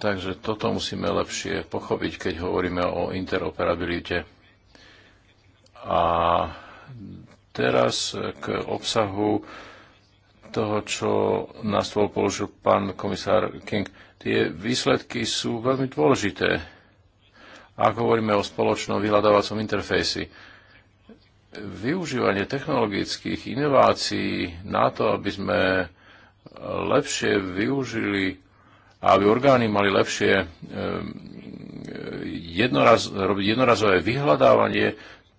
Takže toto musíme lepšie pochopiť, keď hovoríme o interoperabilite. A teraz k obsahu toho, čo na stôl položil pán komisár King. Tie výsledky sú veľmi dôležité. Ak hovoríme o spoločnom vyhľadávacom interfejsi, využívanie technologických inovácií na to, aby sme lepšie využili a aby orgány mali lepšie ehm, jednoraz, robiť jednorazové vyhľadávanie,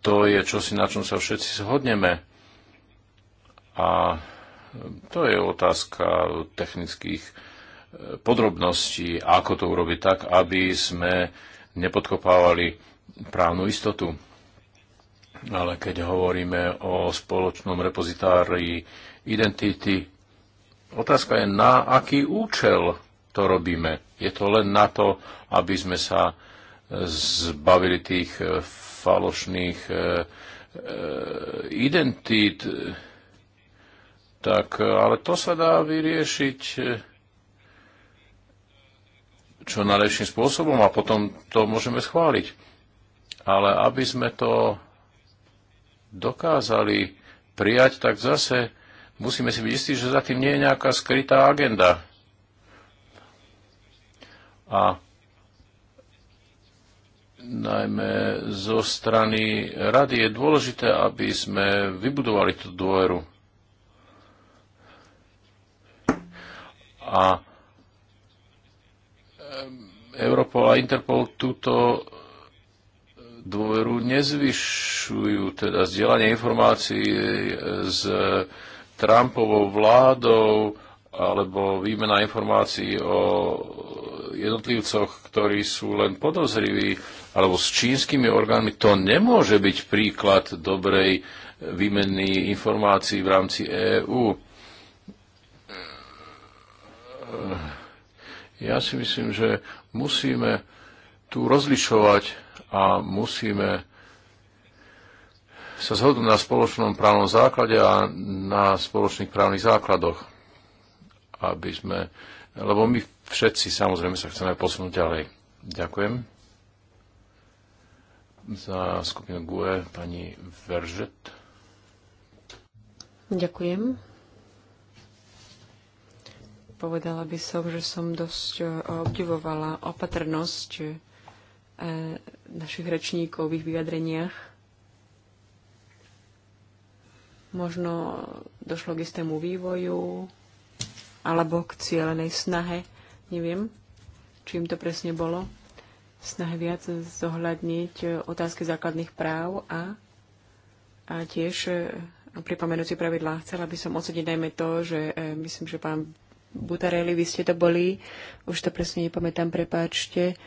to je čosi, na čom sa všetci zhodneme. A to je otázka technických e, podrobností, ako to urobiť tak, aby sme nepodkopávali právnu istotu. Ale keď hovoríme o spoločnom repozitári identity, otázka je, na aký účel to robíme. Je to len na to, aby sme sa zbavili tých falošných e, e, identít, e, tak ale to sa dá vyriešiť čo najlepším spôsobom a potom to môžeme schváliť. Ale aby sme to dokázali prijať, tak zase musíme si byť istí, že za tým nie je nejaká skrytá agenda. A najmä zo strany rady, je dôležité, aby sme vybudovali tú dôveru. A Europol a Interpol túto dôveru nezvyšujú, teda zdieľanie informácií e, s Trumpovou vládou alebo výmena informácií o jednotlivcoch, ktorí sú len podozriví, alebo s čínskymi orgánmi, to nemôže byť príklad dobrej výmeny informácií v rámci EÚ. Ja si myslím, že musíme tu rozlišovať a musíme sa zhodnúť na spoločnom právnom základe a na spoločných právnych základoch, aby sme, lebo my v všetci samozrejme sa chceme posunúť ďalej. Ďakujem. Za skupinu GUE pani Veržet. Ďakujem. Povedala by som, že som dosť e, obdivovala opatrnosť e, našich rečníkov v ich vyjadreniach. Možno došlo k istému vývoju alebo k cieľenej snahe neviem, čím to presne bolo, snahe viac zohľadniť e, otázky základných práv a, a tiež e, pripomenúci pravidlá. Chcela by som oceniť najmä to, že e, myslím, že pán Butarelli, vy ste to boli, už to presne nepamätám, prepáčte.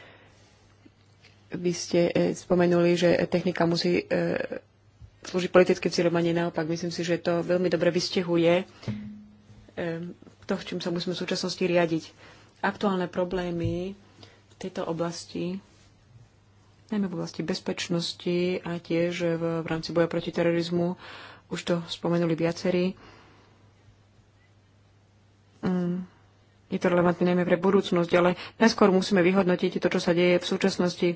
Vy ste spomenuli, že technika musí slúžiť politickým cieľom a nie naopak. Myslím si, že to veľmi dobre vystihuje to, čím sa musíme v súčasnosti riadiť aktuálne problémy v tejto oblasti, najmä v oblasti bezpečnosti a tiež v, v rámci boja proti terorizmu, už to spomenuli viacerí. Mm, je to relevantné najmä pre budúcnosť, ale najskôr musíme vyhodnotiť to, čo sa deje v súčasnosti.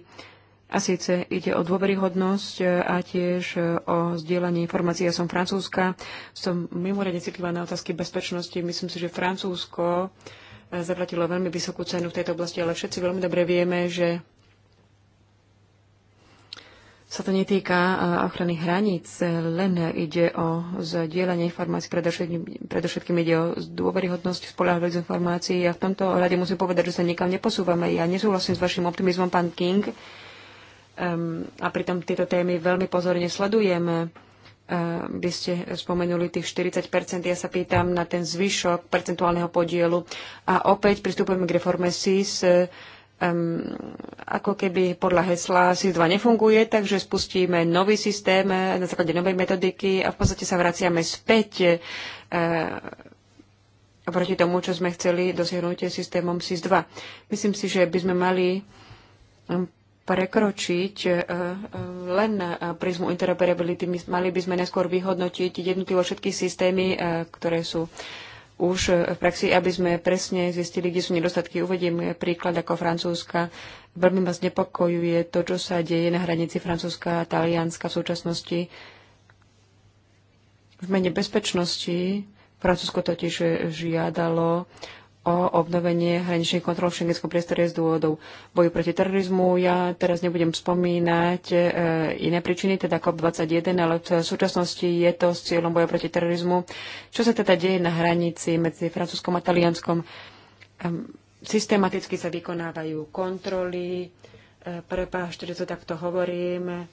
A síce ide o dôveryhodnosť a tiež o zdieľanie informácií. Ja som francúzska, som mimoriadne citlivá na otázky bezpečnosti. Myslím si, že Francúzsko uh, zaplatilo veľmi vysokú cenu v tejto oblasti, ale všetci veľmi dobre vieme, že sa to netýka ochrany hraníc, len ide o zdieľanie informácií, predovšetkým, ide o dôveryhodnosť, spolahlivosť informácií a v tomto ohľade musím povedať, že sa nikam neposúvame. Ja nesúhlasím s vašim optimizmom, pán King, um, a pritom tieto témy veľmi pozorne sledujeme by ste spomenuli tých 40 ja sa pýtam na ten zvyšok percentuálneho podielu. A opäť pristupujeme k reforme SIS, um, ako keby podľa hesla SIS 2 nefunguje, takže spustíme nový systém eh, na základe novej metodiky a v podstate sa vraciame späť uh, eh, proti tomu, čo sme chceli dosiahnuť systémom SIS 2. Myslím si, že by sme mali ehm, prekročiť e, e, len e, prízmu interoperability. my Mali by sme neskôr vyhodnotiť jednotlivo všetky systémy, ktoré sú už v praxi, aby sme presne zistili, kde sú nedostatky. Uvediem príklad ako Francúzska. Veľmi ma znepokojuje to, čo sa deje na hranici Francúzska a Talianska v súčasnosti. V mene bezpečnosti Francúzsko totiž žiadalo o obnovenie hraničných kontrol v šengenskom priestore z dôvodov boju proti terorizmu. Ja teraz nebudem spomínať e, iné príčiny, teda COP21, ale v súčasnosti je to s cieľom boja proti terorizmu. Čo sa teda deje na hranici medzi francúzskom a talianskom? E, systematicky sa vykonávajú kontroly, e, že to takto hovorím,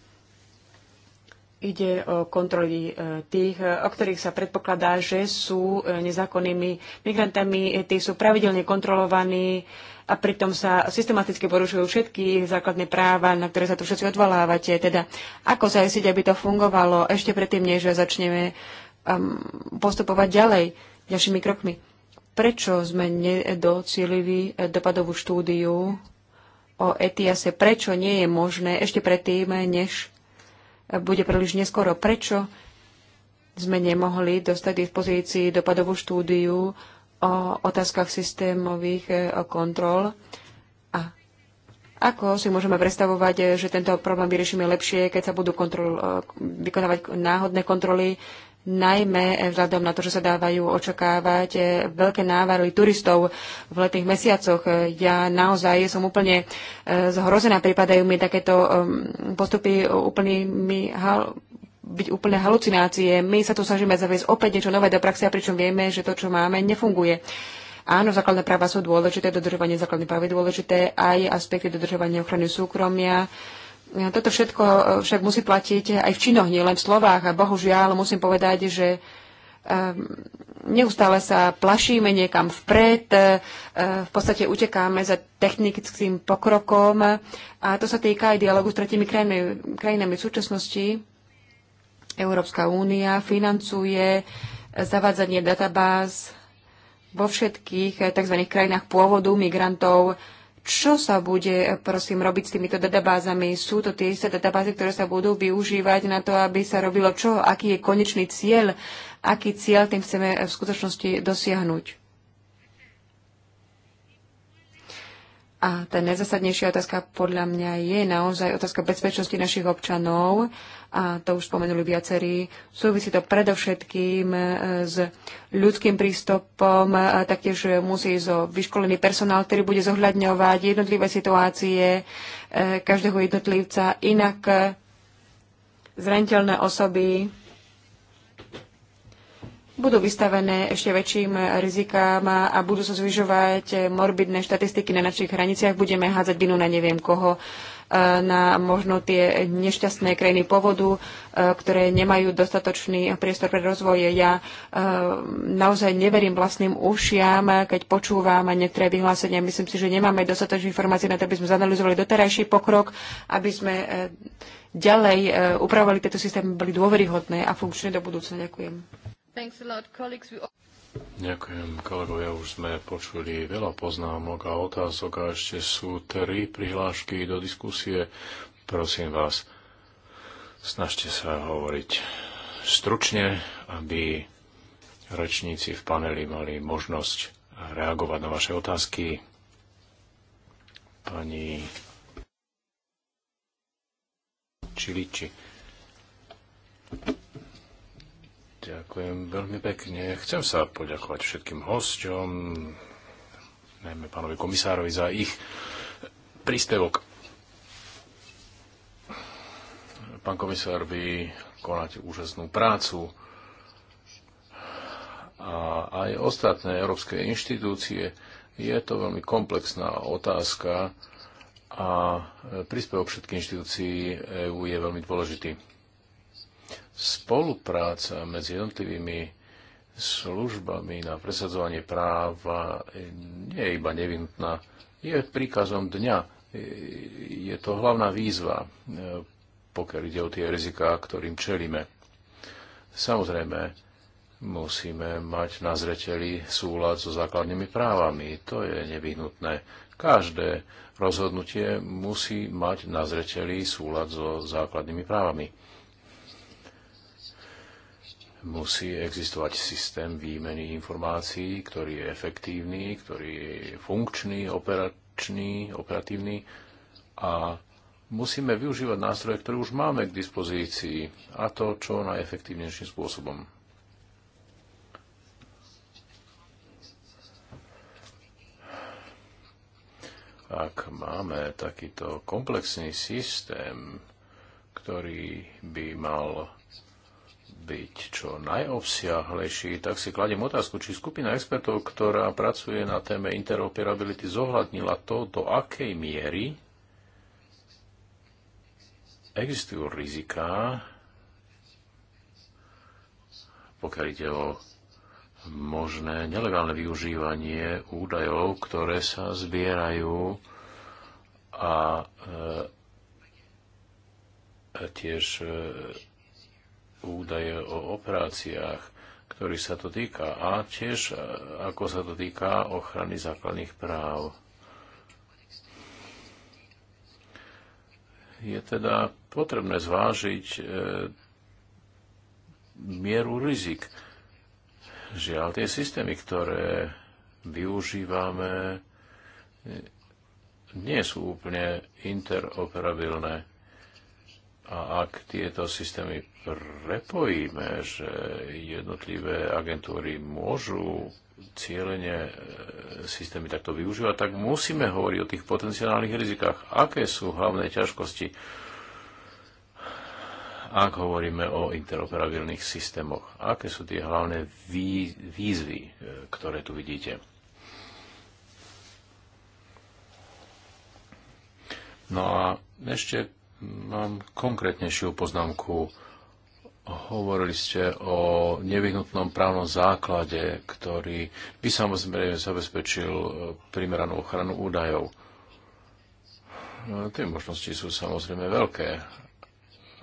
Ide o kontroly e, tých, e, o ktorých sa predpokladá, že sú e, nezákonnými migrantami. Tí sú pravidelne kontrolovaní a pritom sa systematicky porušujú všetky základné práva, na ktoré sa tu všetci odvolávate. Teda ako jesiť, aby to fungovalo ešte predtým, než začneme postupovať ďalej ďalšími krokmi. Prečo sme nedocielili dopadovú štúdiu o ETIASe? Prečo nie je možné ešte predtým, než bude príliš neskoro. Prečo sme nemohli dostať k pozícii dopadovú štúdiu o otázkach systémových e, kontrol a ako si môžeme predstavovať, e, že tento problém vyriešime lepšie, keď sa budú kontrol, e, vykonávať náhodné kontroly najmä vzhľadom na to, že sa dávajú očakávať eh, veľké návary turistov v letných mesiacoch. Ja naozaj som úplne eh, zhrozená, pripadajú mi takéto ehm, postupy úplnými byť úplne halucinácie. My sa tu snažíme zaviesť opäť niečo nové do praxe, pričom vieme, že to, čo máme, nefunguje. Áno, základné práva sú dôležité, dodržovanie základných práv je dôležité, aj aspekty dodržovania ochrany súkromia, toto všetko eh, však musí platiť aj v činoch, len v slovách. A bohužiaľ musím povedať, že ehm, neustále sa plašíme niekam vpred, eh, v podstate utekáme za technickým pokrokom a to sa týka aj dialogu s tretimi krajinami. krajinami. V súčasnosti Európska únia financuje zavádzanie databáz vo všetkých eh, tzv. krajinách pôvodu migrantov čo sa bude, prosím, robiť s týmito databázami? Sú to tie isté databázy, ktoré sa budú využívať na to, aby sa robilo čo? Aký je konečný cieľ? Aký cieľ tým chceme v skutočnosti dosiahnuť? A tá najzasadnejšia otázka podľa mňa je naozaj otázka bezpečnosti našich občanov a to už spomenuli viacerí. Súvisí to predovšetkým e, s ľudským prístupom, a taktiež musí ísť vyškolený personál, ktorý bude zohľadňovať jednotlivé situácie e, každého jednotlivca. Inak e, zraniteľné osoby budú vystavené ešte väčším rizikám a budú sa zvyžovať morbidné štatistiky na našich hraniciach. Budeme hádzať vinu na neviem koho, e, na možno tie nešťastné krajiny povodu, e, ktoré nemajú dostatočný priestor pre rozvoj. Ja e, naozaj neverím vlastným ušiam, keď počúvam niektoré vyhlásenia. Myslím si, že nemáme dostatočné informácie na to, aby sme zanalizovali doterajší pokrok, aby sme ďalej upravovali tieto systémy, boli dôveryhodné a funkčné do budúcna. Ďakujem. Ďakujem, kolegovia, už sme počuli veľa poznámok a otázok a ešte sú tri prihlášky do diskusie. Prosím vás, snažte sa hovoriť stručne, aby rečníci v paneli mali možnosť reagovať na vaše otázky. Pani Čiliči. Ďakujem veľmi pekne. Chcem sa poďakovať všetkým hosťom, najmä pánovi komisárovi za ich príspevok. Pán komisár, vy konáte úžasnú prácu a aj ostatné európske inštitúcie. Je to veľmi komplexná otázka a príspevok všetkých inštitúcií EÚ je veľmi dôležitý spolupráca medzi jednotlivými službami na presadzovanie práva nie je iba nevinutná, je príkazom dňa. Je to hlavná výzva, e, pokiaľ ide o tie riziká, ktorým čelíme. Samozrejme, musíme mať na zreteli súlad so základnými právami. To je nevyhnutné. Každé rozhodnutie musí mať na zreteli súlad so základnými právami musí existovať systém výmeny informácií, ktorý je efektívny, ktorý je funkčný, operačný, operatívny a musíme využívať nástroje, ktoré už máme k dispozícii a to čo najefektívnejším spôsobom. Ak máme takýto komplexný systém, ktorý by mal byť čo najobsiahlejší, tak si kladiem otázku, či skupina expertov, ktorá pracuje na téme interoperability, zohľadnila to, do akej miery existujú riziká, pokiaľ ide o možné nelegálne využívanie údajov, ktoré sa zbierajú a e, tiež e, údaje o operáciách, ktorý sa to týka a tiež e, ako sa to týka ochrany základných práv. Je teda potrebné zvážiť e, mieru rizik. Žiaľ, tie systémy, ktoré využívame, e, nie sú úplne interoperabilné. A ak tieto systémy prepojíme, že jednotlivé agentúry môžu cieľene e, systémy takto využívať, tak musíme hovoriť o tých potenciálnych rizikách. Aké sú hlavné ťažkosti, ak hovoríme o interoperabilných systémoch? Aké sú tie hlavné výzvy, e, ktoré tu vidíte? No a ešte Mám konkrétnejšiu poznámku. Hovorili ste o nevyhnutnom právnom základe, ktorý by samozrejme zabezpečil e, primeranú ochranu údajov. No, tie možnosti sú samozrejme veľké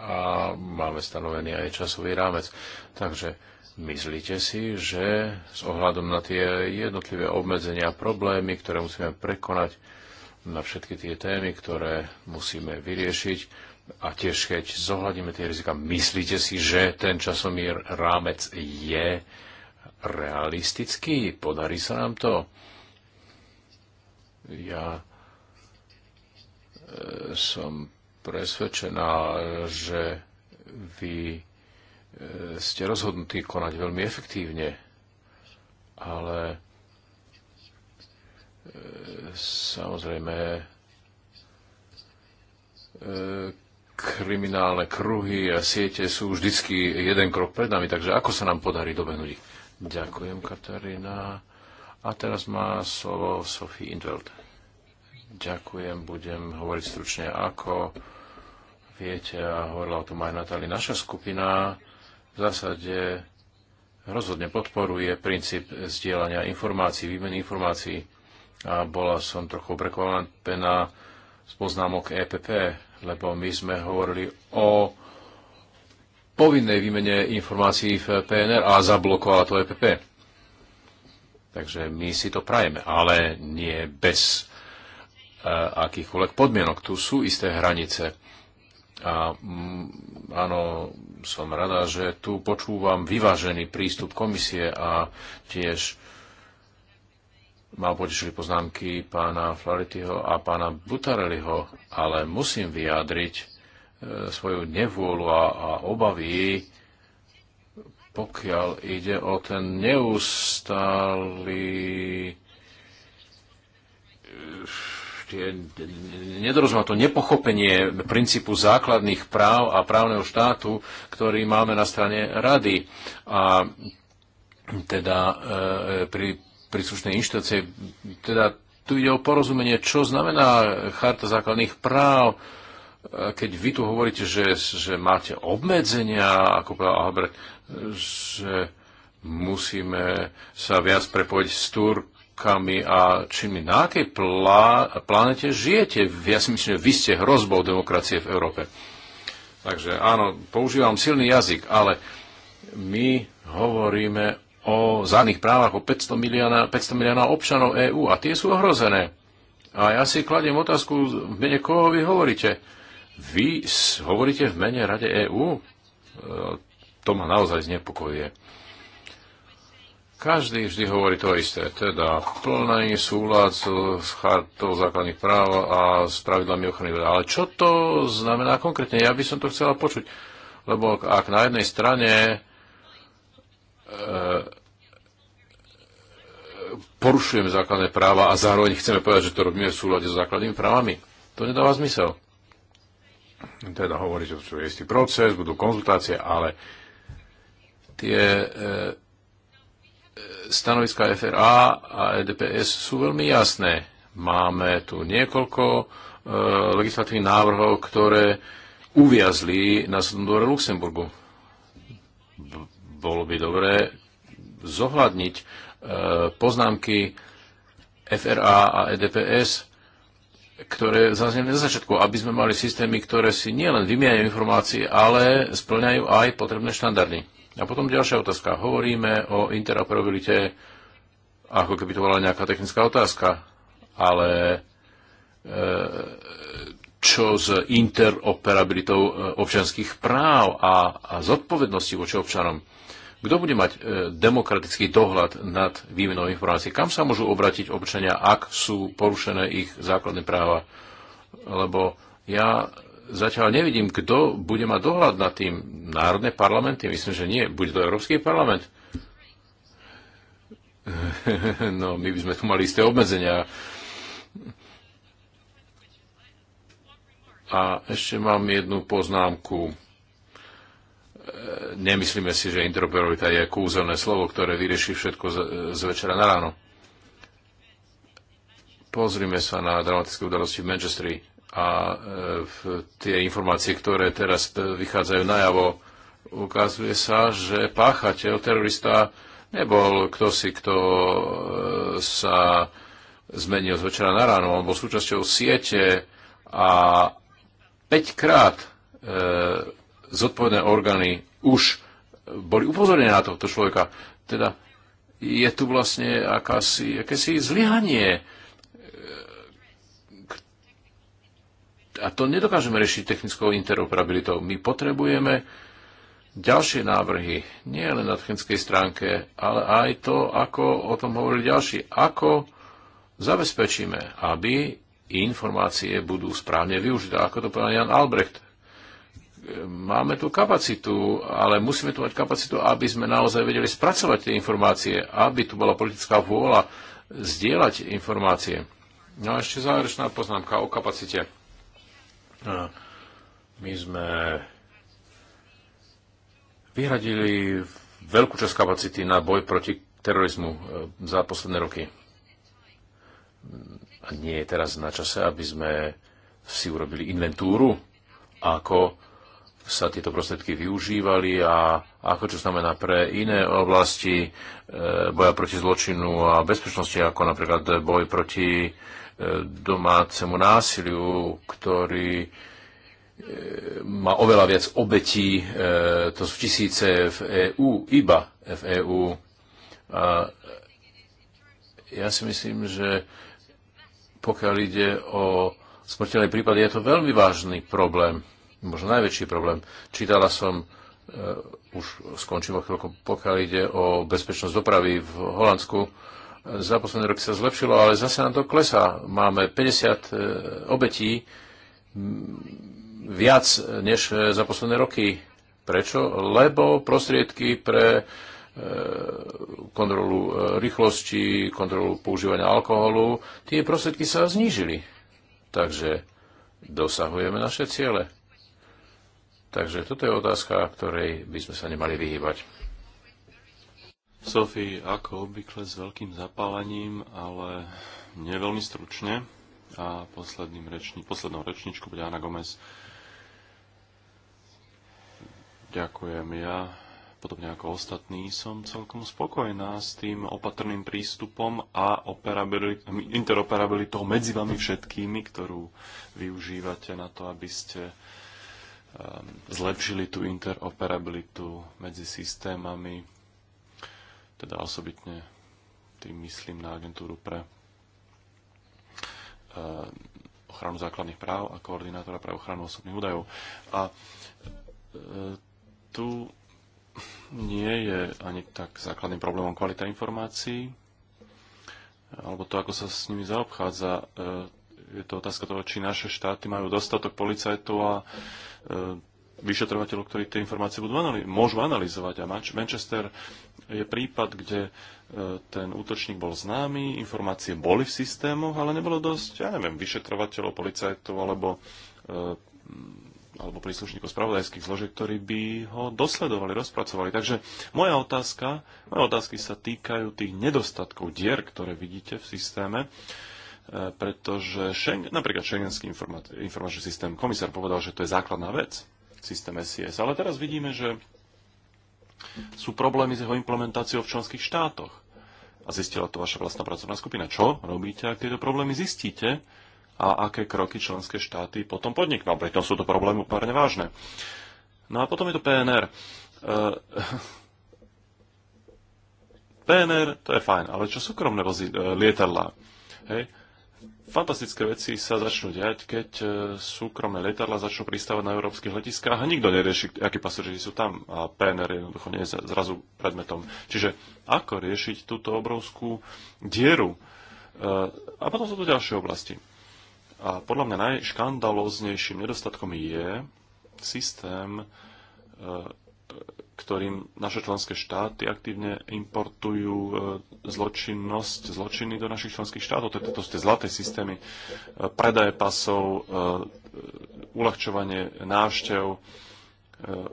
a máme stanovený aj časový rámec. Takže myslíte si, že s ohľadom na tie jednotlivé obmedzenia a problémy, ktoré musíme prekonať, na všetky tie témy, ktoré musíme vyriešiť a tiež keď zohľadíme tie rizika, myslíte si, že ten časomír rámec je realistický? Podarí sa nám to? Ja e, som presvedčená, že vy e, ste rozhodnutí konať veľmi efektívne, ale Samozrejme, e, kriminálne kruhy a siete sú vždycky jeden krok pred nami, takže ako sa nám podarí dobehnúť Ďakujem, Katarína. A teraz má slovo Sophie Indveld. Ďakujem, budem hovoriť stručne ako. Viete, a hovorila o tom aj Natali, naša skupina v zásade rozhodne podporuje princíp zdieľania informácií, výmeny informácií a bola som trochu prekvapená z poznámok EPP, lebo my sme hovorili o povinnej výmene informácií v PNR a zablokovala to EPP. Takže my si to prajeme, ale nie bez uh, akýchkoľvek podmienok. Tu sú isté hranice. A mm, áno, som rada, že tu počúvam vyvážený prístup komisie a tiež ma potešili poznámky pána Florityho a pána Butareliho, ale musím vyjadriť e, svoju nevôľu a, a obavy, pokiaľ ide o ten neustály nedorozumá to nepochopenie princípu základných práv a právneho štátu, ktorý máme na strane rady. A teda e, pri príslušnej inštácie. Teda tu ide o porozumenie, čo znamená charta základných práv, keď vy tu hovoríte, že, že máte obmedzenia, ako povedal Albert, že musíme sa viac prepojiť s Turkami a čím na akej plá, planete žijete. Ja si myslím, že vy ste hrozbou demokracie v Európe. Takže áno, používam silný jazyk, ale my hovoríme o zadných právach o 500, milióna, 500 občanov EÚ a tie sú ohrozené. A ja si kladiem otázku, v mene koho vy hovoríte? Vy hovoríte v mene Rade EÚ? E, to ma naozaj znepokojuje. Každý vždy hovorí to isté, teda plný súlad s chartou základných práv a s pravidlami ochrany veda. Ale čo to znamená konkrétne? Ja by som to chcela počuť. Lebo ak na jednej strane E, e, porušujeme základné práva a zároveň chceme povedať, že to robíme v súlade s základnými právami. To nedáva zmysel. Teda hovorí, že to je istý proces, budú konzultácie, ale tie e, e stanoviska FRA a EDPS sú veľmi jasné. Máme tu niekoľko e, legislatívnych návrhov, ktoré uviazli na súdnom dvore Luxemburgu bolo by dobré zohľadniť e, poznámky FRA a EDPS, ktoré zazneli na začiatku, aby sme mali systémy, ktoré si nielen vymieňajú informácie, ale splňajú aj potrebné štandardy. A potom ďalšia otázka. Hovoríme o interoperabilite, ako keby to bola nejaká technická otázka, ale e, čo s interoperabilitou e, občanských práv a, a zodpovednosti voči občanom. Kto bude mať e, demokratický dohľad nad výmenou informácií? Kam sa môžu obratiť občania, ak sú porušené ich základné práva? Lebo ja zatiaľ nevidím, kto bude mať dohľad nad tým. Národné parlamenty? Myslím, že nie. Bude to Európsky parlament. No, my by sme tu mali isté obmedzenia. A ešte mám jednu poznámku E, nemyslíme si, že interoperabilita je kúzelné slovo, ktoré vyrieši všetko z večera na ráno. Pozrime sa na dramatické udalosti v Manchestri a e, v tie informácie, ktoré teraz vychádzajú najavo, ukazuje sa, že páchateľ, terorista, nebol kto si, e, kto sa zmenil z večera na ráno. On bol súčasťou siete a 5 krát e, zodpovedné orgány už boli upozornené na tohto človeka. Teda je tu vlastne akási, akési zlyhanie. A to nedokážeme riešiť technickou interoperabilitou. My potrebujeme ďalšie návrhy, nie len na technickej stránke, ale aj to, ako o tom hovorili ďalší, ako zabezpečíme, aby informácie budú správne využité, ako to povedal Jan Albrecht máme tú kapacitu, ale musíme tu mať kapacitu, aby sme naozaj vedeli spracovať tie informácie, aby tu bola politická vôľa zdieľať informácie. No a ešte záverečná poznámka o kapacite. My sme vyhradili veľkú časť kapacity na boj proti terorizmu e, za posledné roky. A nie je teraz na čase, aby sme si urobili inventúru, ako sa tieto prostriedky využívali a ako čo znamená pre iné oblasti e, boja proti zločinu a bezpečnosti, ako napríklad boj proti e, domácemu násiliu, ktorý e, má oveľa viac obetí, to sú tisíce v EÚ, iba v EÚ. A ja si myslím, že pokiaľ ide o smrteľné prípady, je to veľmi vážny problém možno najväčší problém. Čítala som, e, už skončím o chvíľku, pokiaľ ide o bezpečnosť dopravy v Holandsku, za posledné roky sa zlepšilo, ale zase na to klesá. Máme 50 e, obetí viac než e, za posledné roky. Prečo? Lebo prostriedky pre kontrolu rýchlosti, kontrolu používania alkoholu, tie prostriedky sa znížili. Takže dosahujeme naše ciele. Takže toto je otázka, ktorej by sme sa nemali vyhýbať. Sophie, ako obvykle s veľkým zapálením, ale nie veľmi stručne. A posledným rečni, poslednou rečničku bude Ana Gomez. Ďakujem. Ja, podobne ako ostatní, som celkom spokojná s tým opatrným prístupom a interoperabilitou medzi vami všetkými, ktorú využívate na to, aby ste Um, zlepšili tú interoperabilitu medzi systémami, teda osobitne tým myslím na agentúru pre uh, ochranu základných práv a koordinátora pre ochranu osobných údajov. A uh, tu nie je ani tak základným problémom kvalita informácií, alebo to, ako sa s nimi zaobchádza. Uh, je to otázka toho, či naše štáty majú dostatok policajtov a E, vyšetrovateľov, ktorí tie informácie budú analy- môžu analyzovať. A Manchester je prípad, kde e, ten útočník bol známy, informácie boli v systémoch, ale nebolo dosť, ja neviem, vyšetrovateľov, policajtov alebo, e, alebo príslušníkov spravodajských zložiek, ktorí by ho dosledovali, rozpracovali. Takže moja otázka, moje otázky sa týkajú tých nedostatkov dier, ktoré vidíte v systéme. E, pretože Schengen, napríklad Schengenský informačný systém, komisár povedal, že to je základná vec, systém SIS, ale teraz vidíme, že sú problémy s jeho implementáciou v členských štátoch. A zistila to vaša vlastná pracovná skupina. Čo robíte, ak tieto problémy zistíte a aké kroky členské štáty potom podniknú? Preto sú to problémy úplne vážne. No a potom je to PNR. E, uh, PNR, to je fajn, ale čo súkromné vozi, e, lietadlá? Hej? Fantastické veci sa začnú diať, keď e, súkromné lietadla začnú pristávať na európskych letiskách a nikto nerieši, akí pasažieri sú tam a PNR jednoducho nie je zrazu predmetom. Čiže ako riešiť túto obrovskú dieru? E, a potom sú tu ďalšie oblasti. A podľa mňa najškandaloznejším nedostatkom je systém e, ktorým naše členské štáty aktívne importujú e, zločinnosť, zločiny do našich členských štátov. To, to sú tie zlaté systémy e, predaje pasov, e, uľahčovanie návštev,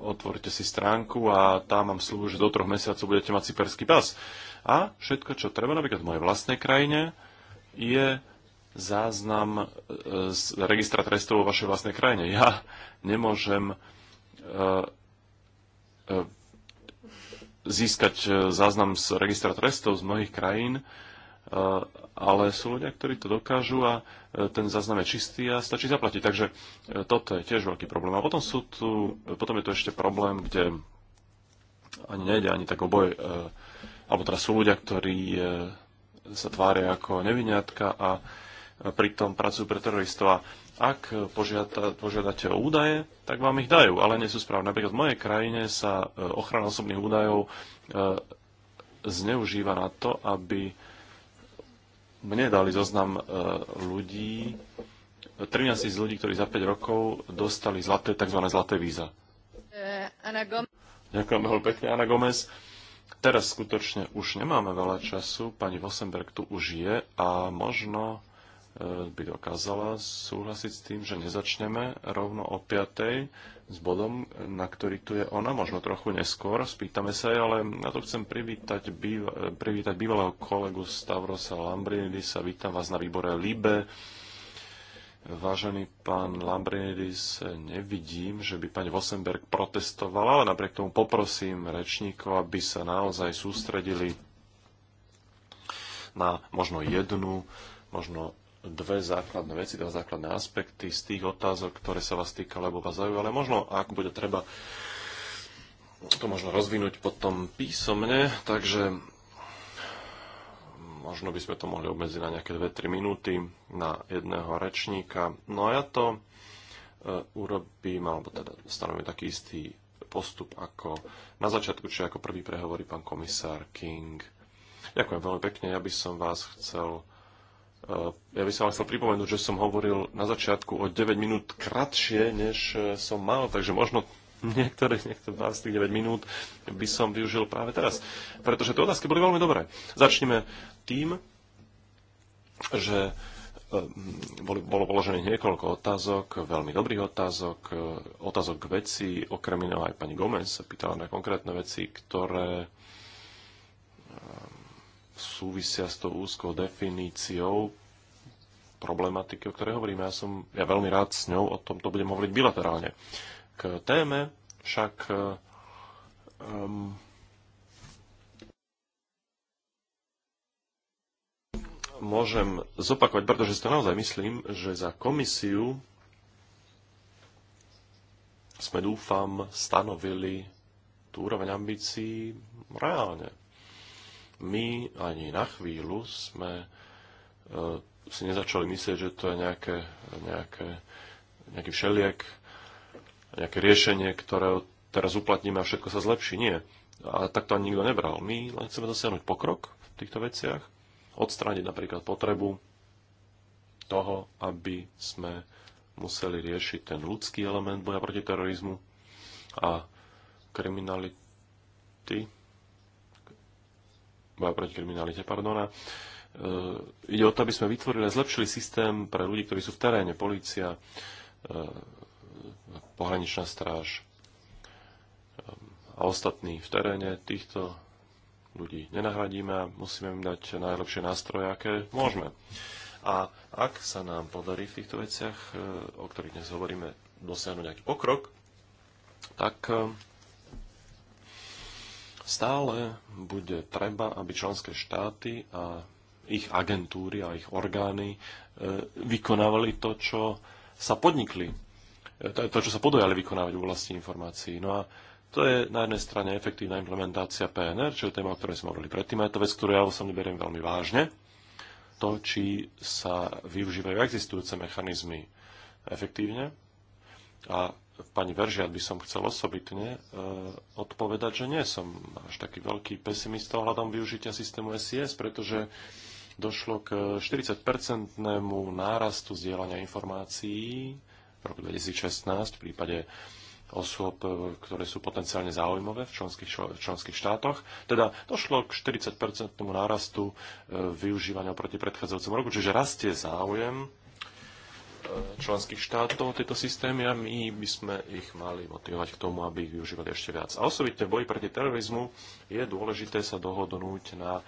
otvorite si stránku a tam mám slúbu, že do troch mesiacov budete mať cyperský pas. A všetko, čo treba napríklad v mojej vlastnej krajine, je záznam z registra trestov vo vašej vlastnej krajine. Ja nemôžem E, získať e, záznam z registra trestov z mnohých krajín, e, ale sú ľudia, ktorí to dokážu a ten záznam je čistý a stačí zaplatiť. Takže toto je tiež veľký problém. A potom, sú tu, potom je tu ešte problém, kde ani nejde ani tak oboj, alebo teda sú ľudia, ktorí sa tvária ako neviniatka a pritom pracujú pre teroristov. A ak požiada, požiadate o údaje, tak vám ich dajú, ale nie sú správne. Napríklad v mojej krajine sa e, ochrana osobných údajov e, zneužíva na to, aby mne dali zoznam e, ľudí, 13 tisíc ľudí, ktorí za 5 rokov dostali zlaté, tzv. zlaté víza. Ďakujem veľmi pekne, Ana Gomez. Teraz skutočne už nemáme veľa času, pani Vosenberg tu už je a možno by dokázala súhlasiť s tým, že nezačneme rovno o 5. s bodom, na ktorý tu je ona, možno trochu neskôr, spýtame sa jej, ale na to chcem privítať, býva, privítať bývalého kolegu Stavrosa Lambrinidisa, vítam vás na výbore LIBE. Vážený pán Lambrinidis, nevidím, že by pani Vosenberg protestovala, ale napriek tomu poprosím rečníkov, aby sa naozaj sústredili na možno jednu, možno dve základné veci, dva základné aspekty z tých otázok, ktoré sa vás týka, lebo vás zaujú, ale možno, ak bude treba, to možno rozvinúť potom písomne, takže možno by sme to mohli obmedziť na nejaké 2-3 minúty na jedného rečníka. No a ja to e, urobím, alebo teda stanovím taký istý postup ako na začiatku, či ako prvý prehovorí pán komisár King. Ďakujem veľmi pekne, ja by som vás chcel Eh, ja by som vám chcel pripomenúť, že som hovoril na začiatku o 9 minút kratšie, než eh, som mal, takže možno niektoré, niektoré 29 minút by som využil práve teraz. Pretože tie otázky boli veľmi dobré. Začneme tým, že eh, bolo položených niekoľko otázok, veľmi dobrých otázok, otázok k veci, okrem iného aj pani Gomez sa pýtala na konkrétne veci, ktoré súvisia s tou úzkou definíciou problematiky, o ktorej hovoríme. Ja som ja veľmi rád s ňou, o tomto budem hovoriť bilaterálne. K téme však um, môžem zopakovať, pretože si to naozaj myslím, že za komisiu sme, dúfam, stanovili tú úroveň ambícií reálne my ani na chvíľu sme e, si nezačali myslieť, že to je nejaké, nejaké, nejaký všeliek, nejaké riešenie, ktoré teraz uplatníme a všetko sa zlepší. Nie. A tak to ani nikto nebral. My len chceme dosiahnuť pokrok v týchto veciach, odstrániť napríklad potrebu toho, aby sme museli riešiť ten ľudský element boja proti terorizmu a kriminality boja proti kriminalite, pardon, e, ide o to, aby sme vytvorili a zlepšili systém pre ľudí, ktorí sú v teréne, polícia, e, pohraničná stráž e, a ostatní v teréne. Týchto ľudí nenahradíme a musíme im dať najlepšie nástroje, aké môžeme. A ak sa nám podarí v týchto veciach, o ktorých dnes hovoríme, dosiahnuť nejaký pokrok, tak Stále bude treba, aby členské štáty a ich agentúry a ich orgány e, vykonávali to, čo sa podnikli, e, to, čo sa podojali vykonávať v oblasti informácií. No a to je na jednej strane efektívna implementácia PNR, čo je téma, o ktorej sme hovorili predtým, a je to vec, ktorú ja osobne beriem veľmi vážne. To, či sa využívajú existujúce mechanizmy efektívne a pani Veržiat by som chcel osobitne e, odpovedať, že nie som až taký veľký pesimista ohľadom využitia systému SIS, pretože došlo k 40-percentnému nárastu zdieľania informácií v roku 2016 v prípade osôb, e, ktoré sú potenciálne záujmové v členských, v členských štátoch. Teda došlo k 40-percentnému nárastu e, využívania oproti predchádzajúcemu roku, čiže rastie záujem členských štátov tieto systémy a my by sme ich mali motivovať k tomu, aby ich využívali ešte viac. A osobitne v boji proti terorizmu je dôležité sa dohodnúť na e,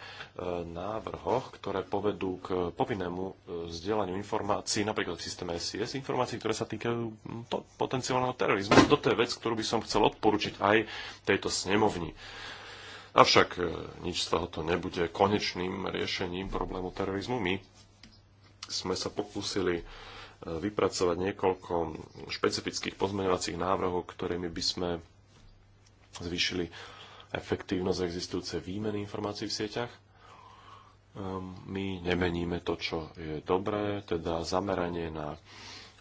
návrhoch, ktoré povedú k povinnému vzdelaniu e, informácií, napríklad v systéme SIS, informácií, ktoré sa týkajú potenciálneho terorizmu. Toto je vec, ktorú by som chcel odporučiť aj tejto snemovni. Avšak e, nič z to nebude konečným riešením problému terorizmu. My sme sa pokúsili vypracovať niekoľko špecifických pozmeňovacích návrhov, ktorými by sme zvýšili efektívnosť existujúcej výmeny informácií v sieťach. Ehm, my nemeníme to, čo je dobré, teda zameranie na,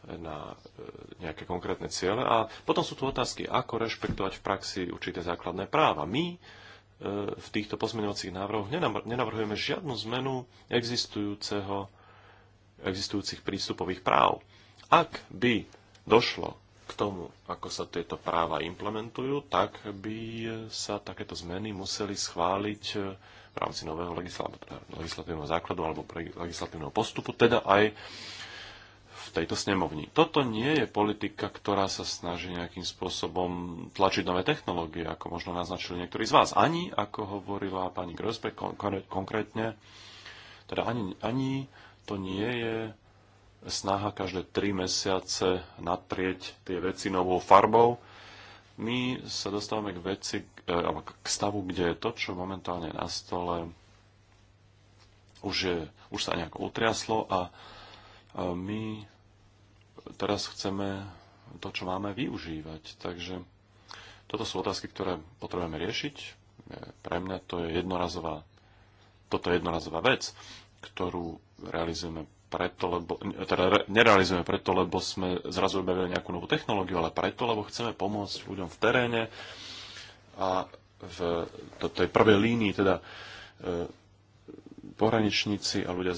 na e, nejaké konkrétne ciele. A potom sú tu otázky, ako rešpektovať v praxi určité základné práva. My e, v týchto pozmeňovacích návrhoch nenavrhujeme žiadnu zmenu existujúceho existujúcich prístupových práv. Ak by došlo k tomu, ako sa tieto práva implementujú, tak by sa takéto zmeny museli schváliť e, v rámci nového legislatívneho základu alebo legislatívneho postupu, teda aj v tejto snemovni. Toto nie je politika, ktorá sa snaží nejakým spôsobom tlačiť nové technológie, ako možno naznačili niektorí z vás. Ani, ako hovorila pani Grosbeck konkrétne, teda ani, ani to nie je snaha každé tri mesiace natrieť tie veci novou farbou. My sa dostávame k veci, e, alebo k stavu, kde to, čo momentálne na stole, už, je, už sa nejak utriaslo a my teraz chceme to, čo máme, využívať. Takže toto sú otázky, ktoré potrebujeme riešiť. E, pre mňa to je jednorazová, toto je jednorazová vec, ktorú realizujeme preto, lebo, teda nerealizujeme preto, lebo sme zrazu objavili nejakú novú technológiu, ale preto, lebo chceme pomôcť ľuďom v teréne a v tej prvej línii, teda e, pohraničníci a ľudia,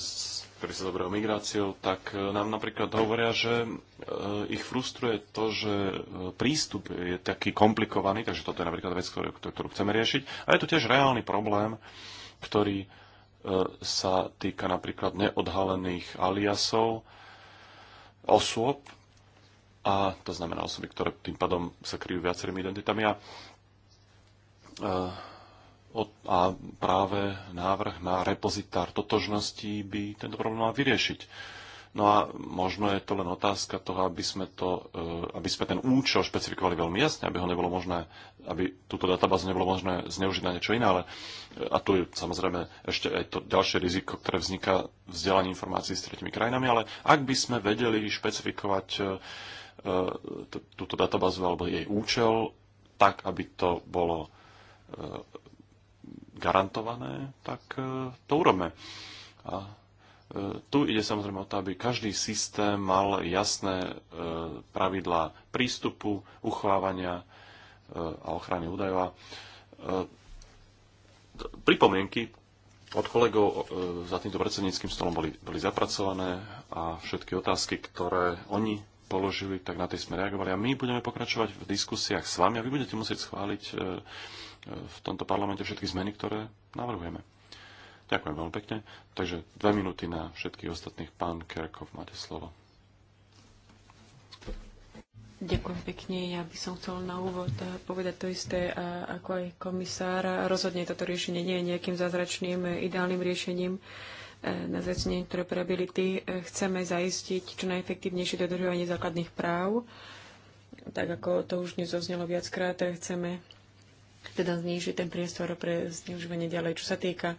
ktorí sa zaberajú migráciou, tak e, nám napríklad hovoria, že e, ich frustruje to, že prístup je taký komplikovaný, takže toto je napríklad vec, ktorú, ktorú chceme riešiť. A je to tiež reálny problém, ktorý E, sa týka napríklad neodhalených aliasov osôb, a to znamená osoby, ktoré tým pádom sa kryjú viacerými identitami. A, e, a práve návrh na repozitár totožností by tento problém mal vyriešiť No a možno je to len otázka toho, aby sme, to, e, aby sme ten účel špecifikovali veľmi jasne, aby ho nebolo možné, aby túto databázu nebolo možné zneužiť na niečo iné. Ale, e, a tu je samozrejme ešte aj to ďalšie riziko, ktoré vzniká vzdelaním informácií s tretimi krajinami, ale ak by sme vedeli špecifikovať e, túto databázu alebo jej účel tak, aby to bolo garantované, tak to urobme. A E, tu ide samozrejme o to, aby každý systém mal jasné e, pravidlá prístupu, uchovávania e, a ochrany údajov. Pripomienky od kolegov za týmto predsedníckým stolom boli, boli zapracované a všetky otázky, ktoré oni položili, tak na tej sme reagovali. A my budeme pokračovať v diskusiách s vami a vy budete musieť schváliť v tomto parlamente všetky zmeny, ktoré navrhujeme. Ďakujem veľmi pekne. Takže dve minúty na všetkých ostatných. Pán Kerkov, máte slovo. Ďakujem pekne. Ja by som chcel na úvod povedať to isté ako aj komisár. Rozhodne toto riešenie nie je nejakým zázračným ideálnym riešením e, na zväčšenie interoperability. Chceme zaistiť čo najefektívnejšie dodržovanie základných práv. Tak ako to už nezoznelo viackrát, chceme teda zníži ten priestor pre zneužívanie ďalej. Čo sa týka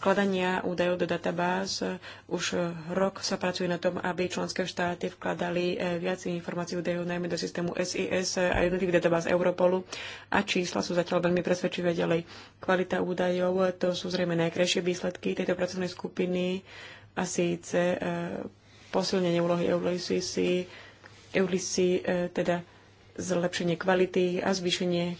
vkladania údajov do databáz, už rok sa pracuje na tom, aby členské štáty vkladali e, viac informácií údajov, najmä do systému SIS a jednotlivých databáz Europolu a čísla sú zatiaľ veľmi presvedčivé ďalej. Kvalita údajov, to sú zrejme najkrajšie výsledky tejto pracovnej skupiny a síce e, posilnenie úlohy EULISI e, teda zlepšenie kvality a zvýšenie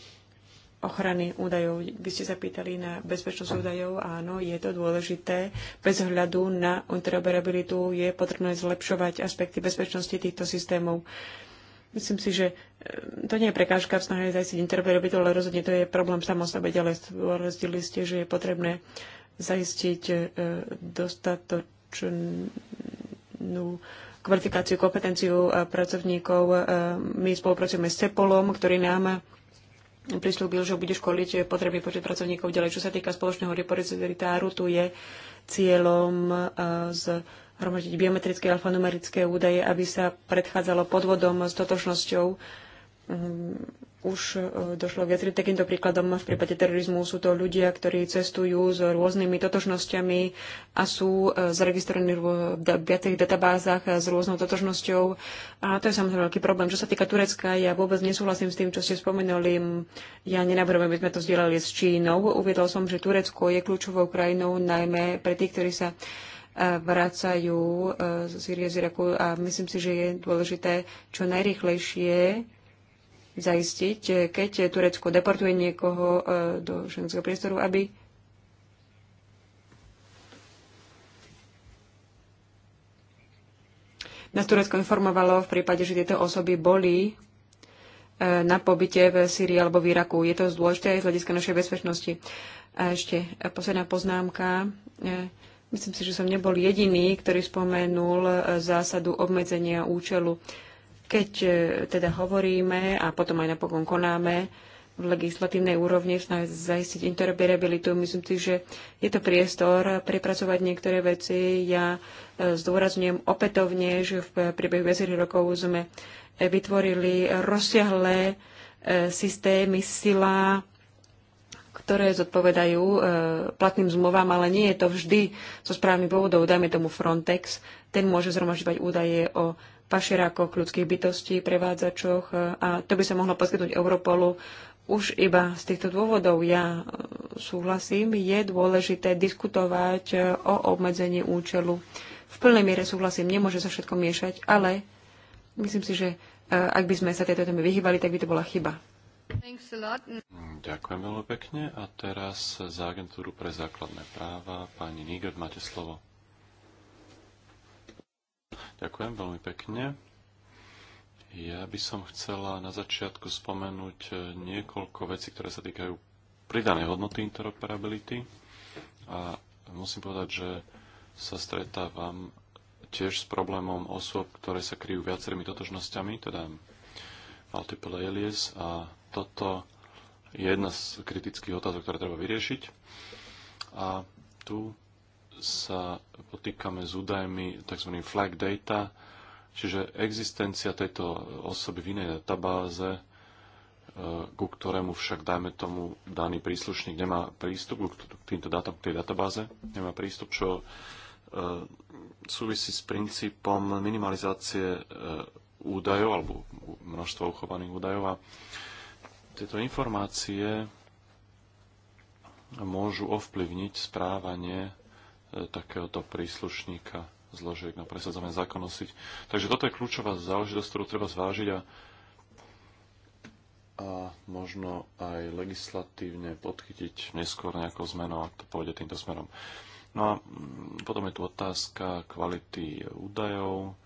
ochrany údajov. Vy ste sa pýtali na bezpečnosť údajov. Áno, je to dôležité. Bez hľadu na interoperabilitu je potrebné zlepšovať aspekty bezpečnosti týchto systémov. Myslím si, že e, to nie je prekážka v snahe zajistiť interoperabilitu, ale rozhodne to je problém sám o sebe. Ďalej ste, že je potrebné zajistiť e, dostatočnú kvalifikáciu, kompetenciu e, pracovníkov. My spolupracujeme s CEPOLom, ktorý nám prislúbil, že bude školiť potrebný počet pracovníkov ďalej. Čo sa týka spoločného repozitáru, tu je cieľom e, zhromaždiť biometrické a alfanumerické údaje, aby sa predchádzalo podvodom s totožnosťou mm, už e, došlo viacerým takýmto príkladom. V prípade terorizmu sú to ľudia, ktorí cestujú s rôznymi totožnosťami a sú e, zaregistrovaní v viacerých databázach s rôznou totožnosťou. A to je samozrejme veľký problém. Čo sa týka Turecka, ja vôbec nesúhlasím s tým, čo ste spomenuli. Ja nenabrhujem, aby sme to zdieľali s Čínou. Uviedol som, že Turecko je kľúčovou krajinou najmä pre tých, ktorí sa e, vracajú z Syrie, z Iraku a myslím si, že je dôležité čo najrychlejšie zaistiť, eh, keď Turecko deportuje niekoho eh, do šenského priestoru, aby nás Turecko informovalo v prípade, že tieto osoby boli eh, na pobyte v Syrii alebo v Iraku. Je to dôležité aj z hľadiska našej bezpečnosti. A ešte posledná poznámka. Myslím si, že som nebol jediný, ktorý spomenul zásadu obmedzenia účelu keď e, teda hovoríme a potom aj napokon konáme v legislatívnej úrovni v zaistiť interoperabilitu, myslím si, že je to priestor prepracovať niektoré veci. Ja e, zdôrazňujem opätovne, že v priebehu viacerých rokov sme vytvorili rozsiahlé e, systémy sila, ktoré zodpovedajú platným zmluvám, ale nie je to vždy so správnym dôvodov. Dajme tomu Frontex, ten môže zhromažďovať údaje o pašerákoch ľudských bytostí, prevádzačoch e, a to by sa mohlo poskytnúť Europolu už iba z týchto dôvodov. Ja e, súhlasím, je dôležité diskutovať e, o obmedzení účelu. V plnej miere súhlasím, nemôže sa všetko miešať, ale myslím si, že ak by sme sa tejto téme vyhýbali, tak by to bola chyba. Ďakujem veľmi pekne. A teraz za agentúru pre základné práva. Pani Nígrd, máte slovo. Ďakujem veľmi pekne. Ja by som chcela na začiatku spomenúť eh, niekoľko vecí, ktoré sa týkajú pridanej hodnoty interoperability. A musím povedať, že sa stretávam tiež s problémom osôb, ktoré sa kryjú viacerými totožnosťami, teda multiple alias. A toto je jedna z kritických otázok, ktoré treba vyriešiť. A tu sa potýkame s údajmi tzv. flag data, čiže existencia tejto osoby v inej databáze, e, ku ktorému však, dajme tomu, daný príslušník nemá prístup, k týmto dátam, k tej databáze nemá prístup, čo e, súvisí s princípom minimalizácie e, údajov alebo množstva uchovaných údajov a tieto informácie môžu ovplyvniť správanie takéhoto príslušníka zložiek na presadzovanie zákonnosiť. Takže toto je kľúčová záležitosť, ktorú treba zvážiť a, a možno aj legislatívne podchytiť neskôr nejakou zmenou, ak to pôjde týmto smerom. No a mm, potom je tu otázka kvality údajov,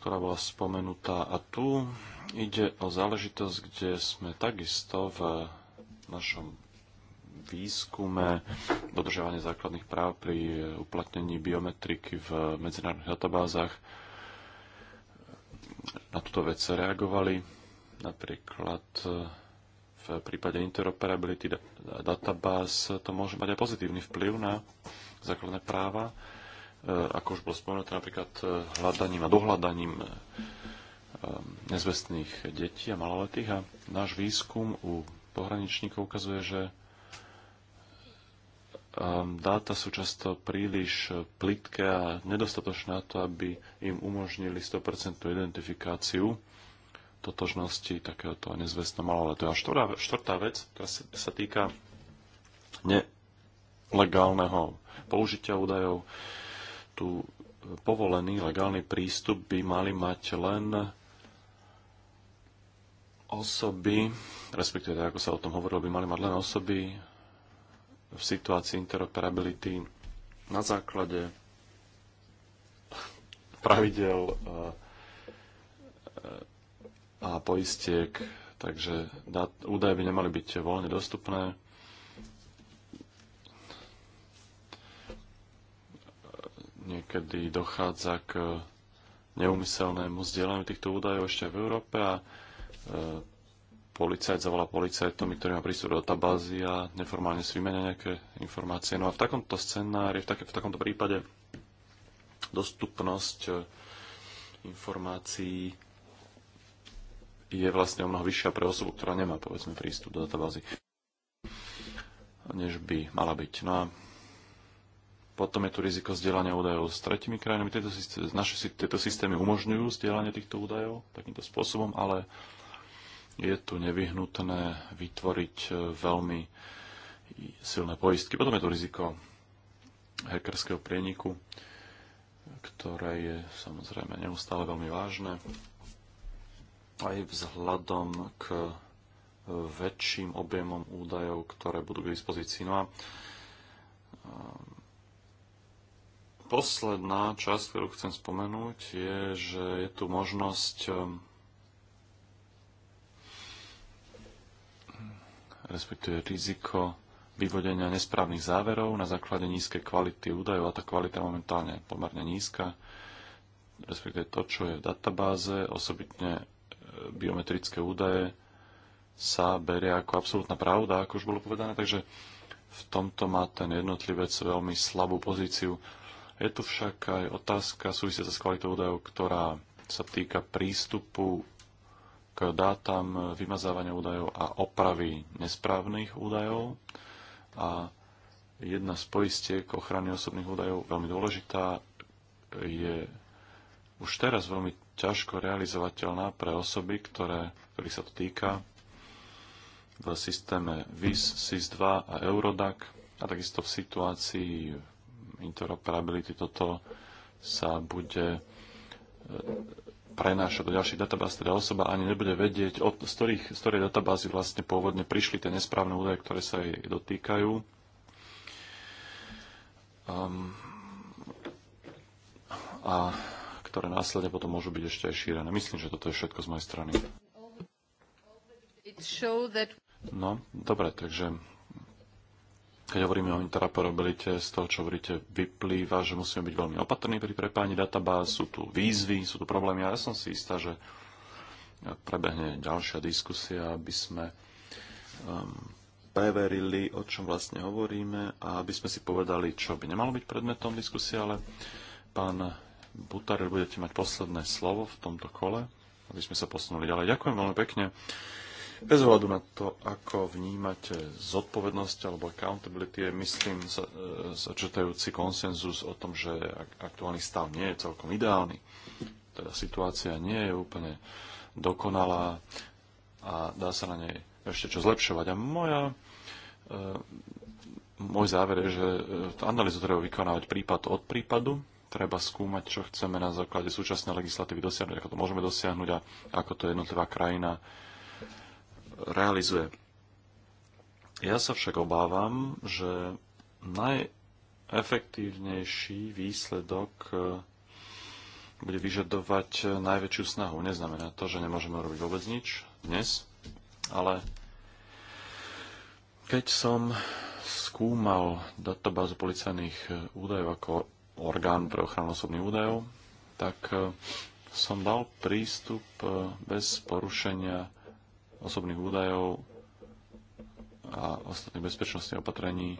ktorá bola spomenutá. A tu ide o záležitosť, kde sme takisto v našom výskume, dodržiavanie základných práv pri uplatnení biometriky v medzinárodných databázach. Na túto vec reagovali napríklad eh, v prípade interoperability databáz eh, to môže mať aj pozitívny vplyv na základné práva, eh, ako už bolo spomenuté napríklad hľadaním a dohľadaním nezvestných detí a maloletých. A náš výskum u pohraničníkov ukazuje, že Ehm, dáta sú často príliš eh, plitké a nedostatočné na to, aby im umožnili 100% identifikáciu totožnosti takéhoto nezvestno maloletého. A štvrtá, štvrtá vec, ktorá sa, týka nelegálneho použitia údajov, tu eh, povolený legálny prístup by mali mať len osoby, respektíve ako sa o tom hovorilo, by mali mať len osoby, v situácii interoperability na základe pravidel e, e, a poistiek, takže údaje by nemali byť voľne dostupné. Niekedy dochádza k neumyselnému zdieľaniu týchto údajov ešte v Európe a e, policajt zavolá policajtom, ktorý má prístup do databázy a neformálne si vymenia nejaké informácie. No a v takomto scenári, v, take, v takomto prípade dostupnosť e, informácií je vlastne o mnoho vyššia pre osobu, ktorá nemá, povedzme, prístup do databázy, než by mala byť. No a potom je tu riziko zdieľania údajov s tretimi krajinami. Tieto, naše, tieto systémy umožňujú zdieľanie týchto údajov takýmto spôsobom, ale je tu nevyhnutné vytvoriť e, veľmi silné poistky. Potom je tu riziko hackerského prieniku, ktoré je samozrejme neustále veľmi vážne. Aj vzhľadom k väčším objemom údajov, ktoré budú k dispozícii. No a e, posledná časť, ktorú chcem spomenúť, je, že je tu možnosť e, respektuje riziko vyvodenia nesprávnych záverov na základe nízkej kvality údajov, a tá kvalita momentálne je pomerne nízka, respektíve to, čo je v databáze, osobitne e, biometrické údaje, sa berie ako absolútna pravda, ako už bolo povedané, takže v tomto má ten jednotlivec veľmi slabú pozíciu. Je tu však aj otázka súvisiaca s kvalitou údajov, ktorá sa týka prístupu k dátam vymazávania údajov a opravy nesprávnych údajov. A jedna z poistiek ochrany osobných údajov, veľmi dôležitá, je už teraz veľmi ťažko realizovateľná pre osoby, ktoré, ktorých sa to týka v systéme VIS, SIS-2 a Eurodac a takisto v situácii interoperability toto sa bude e, prenáša do ďalších databáz, teda osoba ani nebude vedieť, od, z, ktorých, z ktorej databázy vlastne pôvodne prišli tie nesprávne údaje, ktoré sa jej dotýkajú. Um, a ktoré následne potom môžu byť ešte aj šírené. Myslím, že toto je všetko z mojej strany. No, dobre, takže keď hovoríme o interoperabilite, z toho, čo hovoríte, vyplýva, že musíme byť veľmi opatrní pri prepájaní databáz, sú tu výzvy, sú tu problémy a ja som si istá, že prebehne ďalšia diskusia, aby sme um, preverili, o čom vlastne hovoríme a aby sme si povedali, čo by nemalo byť predmetom diskusie, ale pán Butaril, budete mať posledné slovo v tomto kole, aby sme sa posunuli ďalej. Ďakujem veľmi pekne. Bez ohľadu na to, ako vnímate zodpovednosť alebo accountability, je, myslím, e, začetajúci konsenzus o tom, že aktuálny stav nie je celkom ideálny. Teda situácia nie je úplne dokonalá a dá sa na nej ešte čo zlepšovať. A moja, e, môj záver je, že e, tú analýzu treba vykonávať prípad od prípadu, treba skúmať, čo chceme na základe súčasnej legislatívy dosiahnuť, ako to môžeme dosiahnuť a ako to jednotlivá krajina realizuje. Ja sa však obávam, že najefektívnejší výsledok e, bude vyžadovať e, najväčšiu snahu. Neznamená to, že nemôžeme robiť vôbec nič dnes, ale keď som skúmal databázu policajných e, údajov ako orgán pre ochranu osobných údajov, tak som dal prístup bez porušenia osobných údajov a ostatných bezpečnostných opatrení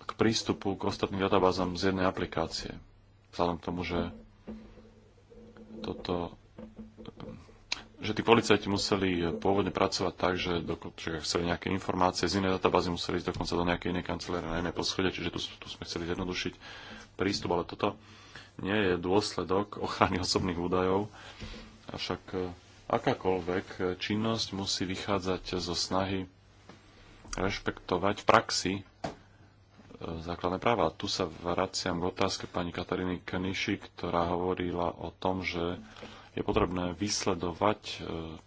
k prístupu k ostatným databázam z jednej aplikácie. Vzhľadom k tomu, že toto že tí policajti museli pôvodne pracovať tak, že, doko, že chceli nejaké informácie z inej databázy, museli ísť dokonca do nejakej inej kancelárie na inej poschode, čiže tu, tu sme chceli zjednodušiť prístup, ale toto nie je dôsledok ochrany osobných údajov, avšak akákoľvek činnosť musí vychádzať zo snahy rešpektovať v praxi e, základné práva. A Tu sa vraciam k otázke pani Kataríny Kniši, ktorá hovorila o tom, že je potrebné vysledovať e,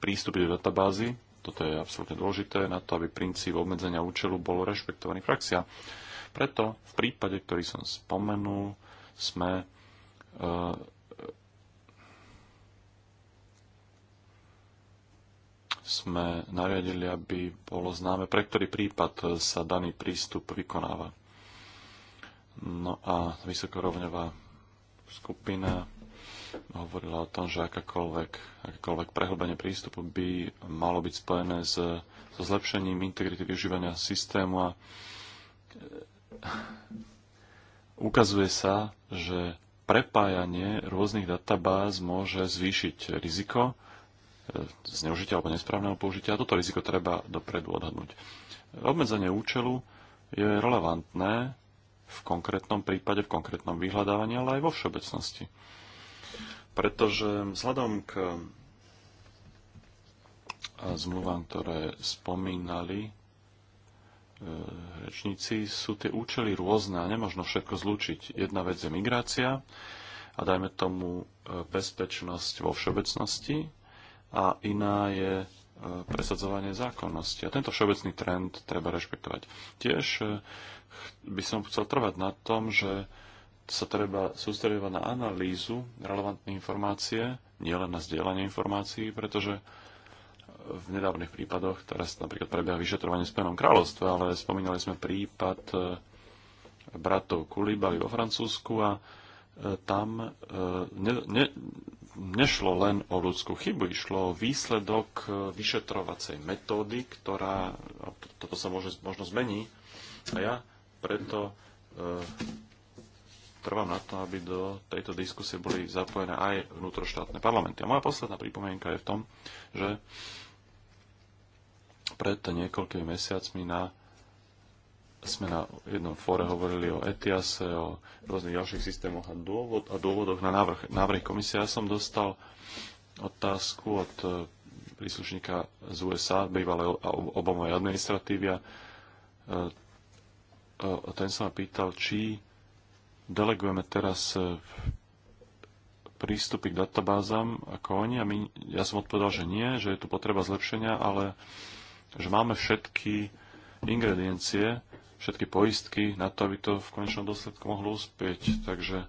prístupy do databázy. Toto je absolútne dôležité na to, aby princíp obmedzenia účelu bol rešpektovaný v praxi. A preto v prípade, ktorý som spomenul, sme e, sme nariadili, aby bolo známe, pre ktorý prípad sa daný prístup vykonáva. No a vysokorovňová skupina hovorila o tom, že akákoľvek, akákoľvek prehlbenie prístupu by malo byť spojené s, so zlepšením integrity využívania systému a eh, ukazuje sa, že prepájanie rôznych databáz môže zvýšiť riziko zneužitia alebo nesprávneho použitia. toto riziko treba dopredu odhadnúť. Obmedzenie účelu je relevantné v konkrétnom prípade, v konkrétnom vyhľadávaní, ale aj vo všeobecnosti. Pretože vzhľadom k zmluvám, ktoré spomínali e, rečníci, sú tie účely rôzne a nemožno všetko zlúčiť. Jedna vec je migrácia a dajme tomu e, bezpečnosť vo všeobecnosti, a iná je e, presadzovanie zákonnosti. A tento všeobecný trend treba rešpektovať. Tiež e, by som chcel trvať na tom, že sa treba sústredovať na analýzu relevantnej informácie, nielen na zdieľanie informácií, pretože e, v nedávnych prípadoch, teraz napríklad prebieha vyšetrovanie v Spojenom kráľovstve, ale spomínali sme prípad bratov Kulibali vo Francúzsku a tam ne, ne, nešlo len o ľudskú chybu, išlo o výsledok e, vyšetrovacej metódy, ktorá, a toto sa môže, možno zmení, a ja preto e, trvám na to, aby do tejto diskusie boli zapojené aj vnútroštátne parlamenty. A moja posledná pripomienka je v tom, že pred niekoľkými mesiacmi na sme na jednom fóre hovorili o ETIASe, o rôznych ďalších systémoch a, dôvod, a dôvodoch na návrh, návrh komisie. Ja som dostal otázku od e, príslušníka z USA, bývalé Obamovej administratívy a e, ten sa ma pýtal, či delegujeme teraz e, prístupy k databázam ako oni a my, ja som odpovedal, že nie, že je tu potreba zlepšenia, ale že máme všetky ingrediencie všetky poistky na to, aby to v konečnom dôsledku mohlo uspieť. Takže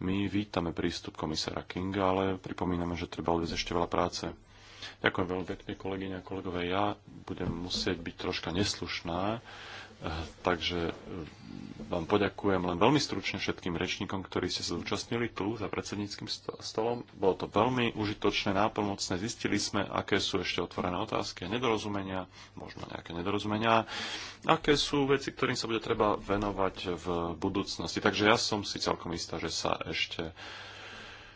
my vítame prístup komisára Kinga, ale pripomíname, že treba odviezť ešte veľa práce. Ďakujem veľmi pekne, kolegyne a kolegové. Ja budem musieť byť troška neslušná Takže eh, vám poďakujem len veľmi stručne všetkým rečníkom, ktorí ste sa zúčastnili tu za predsedníckým stolom. Bolo to veľmi užitočné, nápomocné. Zistili sme, aké sú ešte otvorené otázky a nedorozumenia, možno nejaké nedorozumenia, aké sú veci, ktorým sa bude treba venovať v budúcnosti. Takže ja som si celkom istá, že sa ešte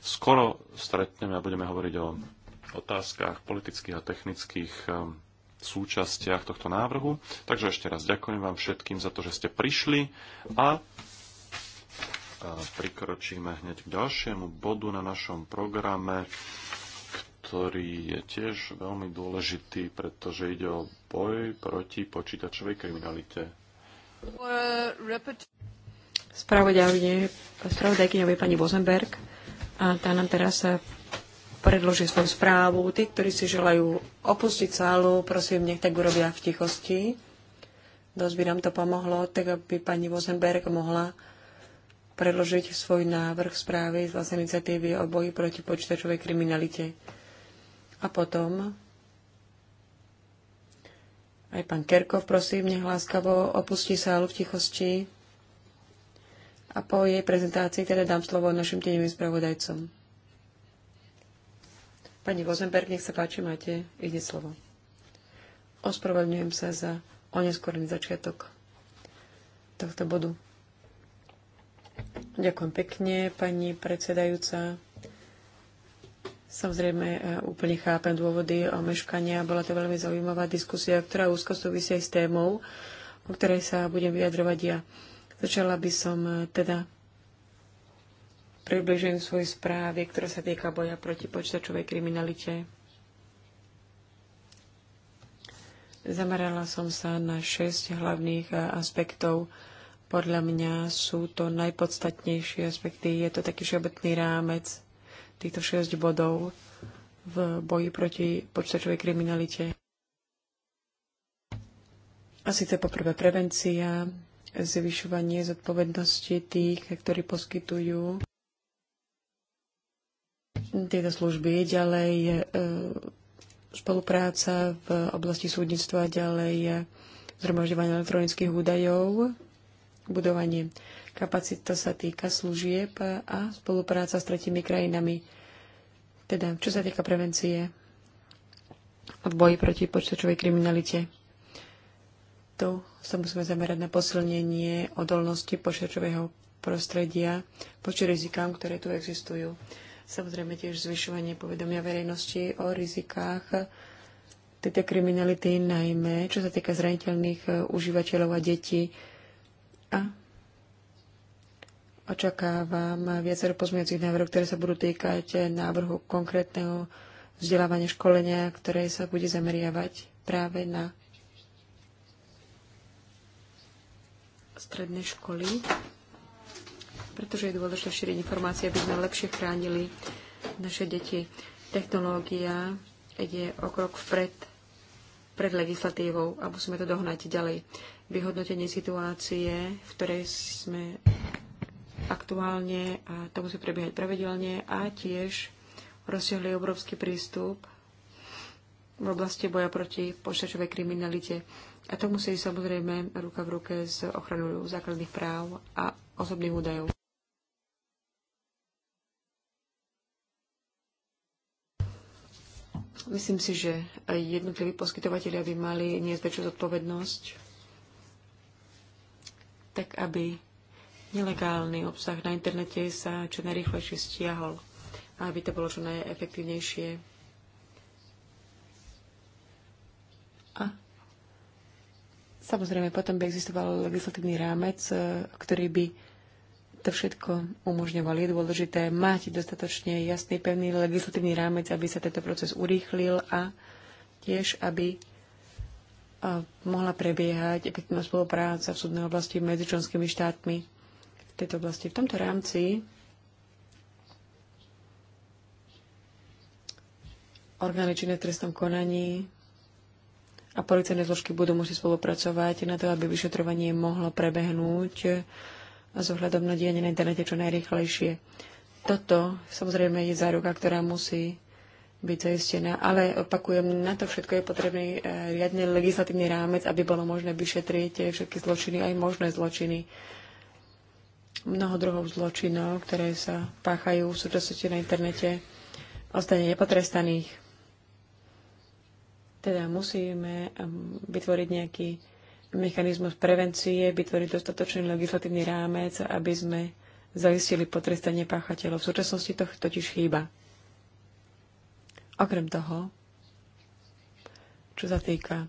skoro stretneme a budeme hovoriť o otázkach politických a technických eh, súčastiach tohto návrhu. Takže ešte raz ďakujem vám všetkým za to, že ste prišli a prikročíme hneď k ďalšiemu bodu na našom programe, ktorý je tiež veľmi dôležitý, pretože ide o boj proti počítačovej kriminalite. Spravodajkyňou je pani Bozenberg a tá nám teraz predloží svoju správu. Tí, ktorí si želajú opustiť sálu, prosím, nech tak urobia v tichosti. Dosť by nám to pomohlo, tak aby pani Vozenberg mohla predložiť svoj návrh správy z vlastnej iniciatívy o boji proti počítačovej kriminalite. A potom aj pán Kerkov, prosím, láskavo opustí sálu v tichosti. A po jej prezentácii teda dám slovo našim tenevým spravodajcom. Pani Vozenberg, nech sa páči, máte ide slovo. Ospravedlňujem sa za oneskorný začiatok tohto bodu. Ďakujem pekne, pani predsedajúca. Samozrejme, e, úplne chápem dôvody o meškania. Bola to veľmi zaujímavá diskusia, ktorá úzko súvisia aj s témou, o ktorej sa budem vyjadrovať ja. Začala by som e, teda približujem svoje správy, ktorá sa týka boja proti počítačovej kriminalite. Zamerala som sa na šesť hlavných eh, aspektov. Podľa mňa sú to najpodstatnejšie aspekty. Je to taký všeobecný rámec týchto šesť bodov v boji proti počítačovej kriminalite. A síce poprvé prevencia, zvyšovanie zodpovednosti tých, ktorí poskytujú tieto služby, ďalej e, spolupráca v oblasti súdnictva, ďalej e, zhromažďovanie elektronických údajov, budovanie kapacit, to sa týka služieb a spolupráca s tretimi krajinami. Teda, čo sa týka prevencie a boji proti počítačovej kriminalite. Tu sa musíme zamerať na posilnenie odolnosti počítačového prostredia voči rizikám, ktoré tu existujú. Samozrejme tiež zvyšovanie povedomia verejnosti o rizikách tejto kriminality, najmä čo sa týka zraniteľných eh, užívateľov a detí. A očakávam viacero pozmeňujúcich návrhov, ktoré sa budú týkať návrhu konkrétneho vzdelávania školenia, ktoré sa bude zameriavať práve na stredné školy pretože je dôležité šíriť informácie, aby sme lepšie chránili naše deti. Technológia je o krok vpred pred legislatívou a musíme to dohnať ďalej. Vyhodnotenie situácie, v ktorej sme aktuálne a to musí prebiehať pravidelne a tiež rozsiahli obrovský prístup v oblasti boja proti počtačovej kriminalite. A to musí samozrejme ruka v ruke s ochranou základných práv a osobných údajov. Myslím si, že aj jednotliví poskytovateľia by mali niesť väčšiu zodpovednosť, tak aby nelegálny obsah na internete sa čo najrýchlejšie stiahol a aby to bolo čo najefektívnejšie. A samozrejme potom by existoval legislatívny rámec, ktorý by to všetko umožňovali. Je dôležité mať dostatočne jasný, pevný legislatívny rámec, aby sa tento proces urýchlil a tiež, aby mohla prebiehať efektívna spolupráca v súdnej oblasti medzi členskými štátmi v tejto oblasti. V tomto rámci orgány činné v trestnom konaní a policajné zložky budú musieť spolupracovať na to, aby vyšetrovanie mohlo prebehnúť a zohľadom na dianie na internete čo najrychlejšie. Toto samozrejme je záruka, ktorá musí byť zaistená, ale opakujem, na to všetko je potrebný e, riadne legislatívny rámec, aby bolo možné vyšetriť e, všetky zločiny, aj možné zločiny. Mnoho druhov zločinov, ktoré sa páchajú v súčasnosti na internete, ostane nepotrestaných. Teda musíme vytvoriť nejaký mechanizmus prevencie, vytvoriť dostatočný legislatívny rámec, aby sme zaistili potrestanie páchateľov. V súčasnosti to totiž chýba. Okrem toho, čo sa týka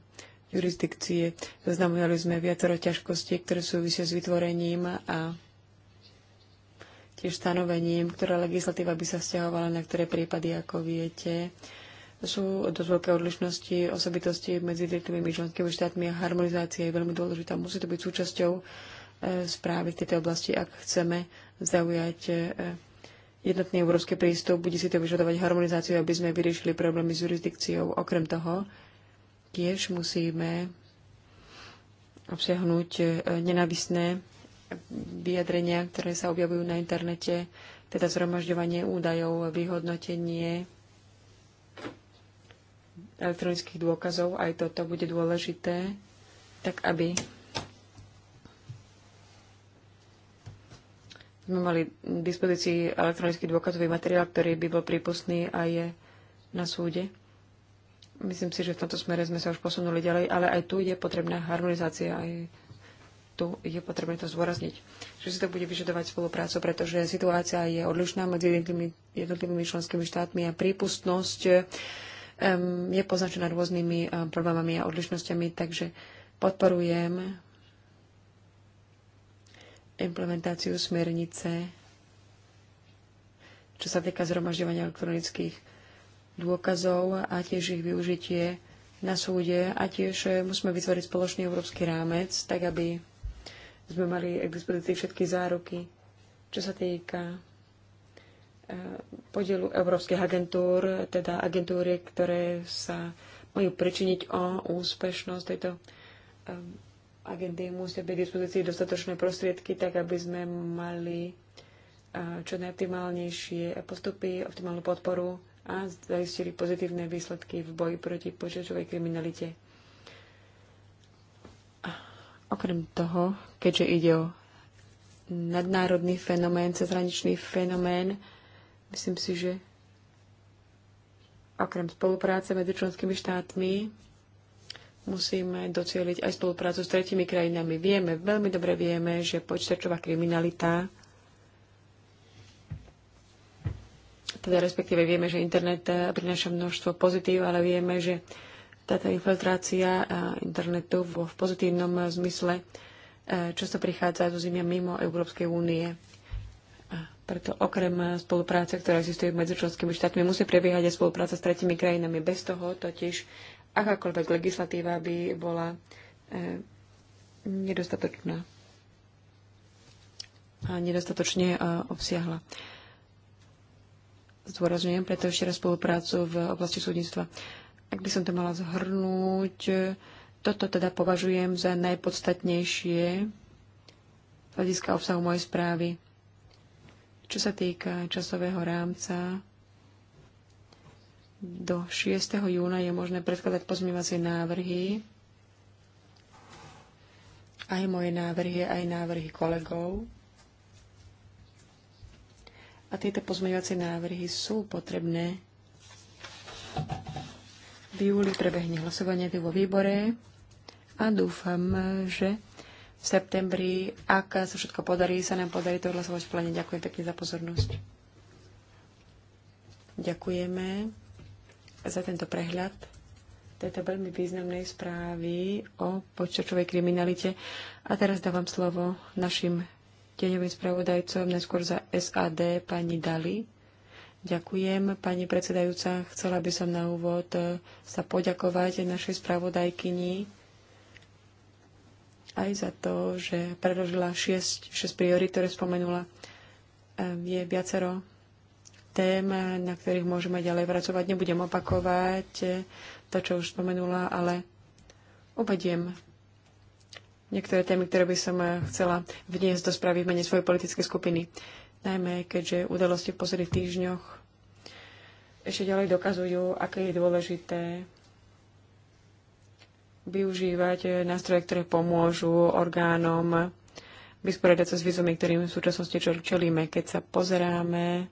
jurisdikcie, zaznamenali sme viacero ťažkostí, ktoré súvisia s vytvorením a tiež stanovením, ktorá legislatíva by sa vzťahovala na ktoré prípady, ako viete. Sú dosť veľké odlišnosti, osobitosti medzi jednotlivými členskými štátmi a harmonizácia je veľmi dôležitá. Musí to byť súčasťou e, správy v tejto oblasti, ak chceme zaujať e, jednotný európsky prístup, bude si to vyžadovať harmonizáciu, aby sme vyriešili problémy s jurisdikciou. Okrem toho, tiež musíme obsiahnuť e, nenávisné vyjadrenia, ktoré sa objavujú na internete, teda zhromažďovanie údajov, vyhodnotenie elektronických dôkazov. Aj toto bude dôležité, tak aby sme mali k dispozícii elektronický dôkazový materiál, ktorý by bol prípustný a je na súde. Myslím si, že v tomto smere sme sa už posunuli ďalej, ale aj tu je potrebná harmonizácia, aj tu je potrebné to zdôrazniť, že si to bude vyžadovať spoluprácu, pretože situácia je odlišná medzi jednotlivými, jednotlivými členskými štátmi a prípustnosť je poznačená rôznymi problémami a odlišnosťami, takže podporujem implementáciu smernice, čo sa týka zhromažďovania elektronických dôkazov a tiež ich využitie na súde a tiež eh, musíme vytvoriť spoločný európsky rámec, tak aby sme mali k dispozícii všetky záruky, čo sa týka podielu európskych agentúr, teda agentúry, ktoré sa majú pričiniť o úspešnosť tejto agendy. Musia byť v dispozícii dostatočné prostriedky, tak aby sme mali čo najoptimálnejšie postupy, optimálnu podporu a zaistili pozitívne výsledky v boji proti počítačovej kriminalite. Okrem toho, keďže ide o nadnárodný fenomén, cezhraničný fenomén, Myslím si, že okrem spolupráce medzi členskými štátmi musíme docieliť aj spoluprácu s tretimi krajinami. Vieme, veľmi dobre vieme, že počítačová kriminalita, teda respektíve vieme, že internet eh, prináša množstvo pozitív, ale vieme, že táto infiltrácia eh, internetu v pozitívnom eh, zmysle často prichádza zo zimia mimo Európskej únie. Preto okrem spolupráce, ktorá existuje medzi členskými štátmi, musí prebiehať aj spolupráca s tretimi krajinami. Bez toho totiž akákoľvek legislatíva by bola e, nedostatočná a nedostatočne e, obsiahla. Zdôrazňujem preto ešte raz spoluprácu v oblasti súdnictva. Ak by som to mala zhrnúť, toto teda považujem za najpodstatnejšie z hľadiska obsahu mojej správy čo sa týka časového rámca, do 6. júna je možné predkladať pozmývacie návrhy, aj moje návrhy, aj návrhy kolegov. A tieto pozmývacie návrhy sú potrebné. V júli prebehne hlasovanie vo výbore a dúfam, že v septembri. Ak sa všetko podarí, sa nám podarí to odhlasovať v plene. Ďakujem pekne za pozornosť. Ďakujeme za tento prehľad tejto veľmi významnej správy o počítačovej kriminalite. A teraz dávam slovo našim tieňovým spravodajcom, neskôr za SAD, pani Dali. Ďakujem, pani predsedajúca. Chcela by som na úvod sa poďakovať našej spravodajkyni aj za to, že predložila šiesť, šiesť priorit, ktoré spomenula. Je viacero tém, na ktorých môžeme ďalej pracovať. Nebudem opakovať eh, to, čo už spomenula, ale uvediem niektoré témy, ktoré by som eh, chcela vniesť do správy v mene svojej politickej skupiny. Najmä keďže udalosti v posledných týždňoch ešte ďalej dokazujú, aké je dôležité využívať eh, nástroje, ktoré pomôžu orgánom vysporiadať sa s výzvami, ktorým v súčasnosti čelíme. Keď sa pozeráme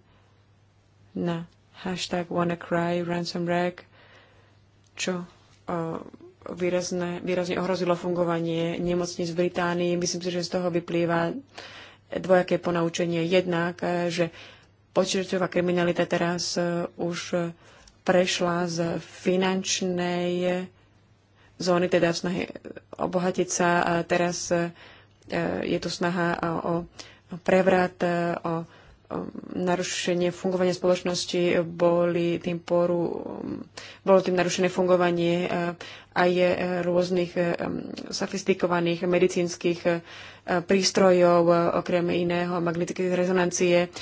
na hashtag WannaCry, RansomRack, čo o, eh, výrazne, výrazne ohrozilo fungovanie nemocníc v Británii. Myslím si, že z toho vyplýva dvojaké ponaučenie. Jednak, eh, že počítačová kriminalita teraz už prešla z finančnej zóny, teda snahy obohatiť sa. A teraz e, je tu snaha o prevrat, e, o narušenie fungovania spoločnosti, boli tým poru, bolo tým narušené fungovanie e, aj rôznych sofistikovaných medicínskych prístrojov, okrem iného magnetické rezonancie.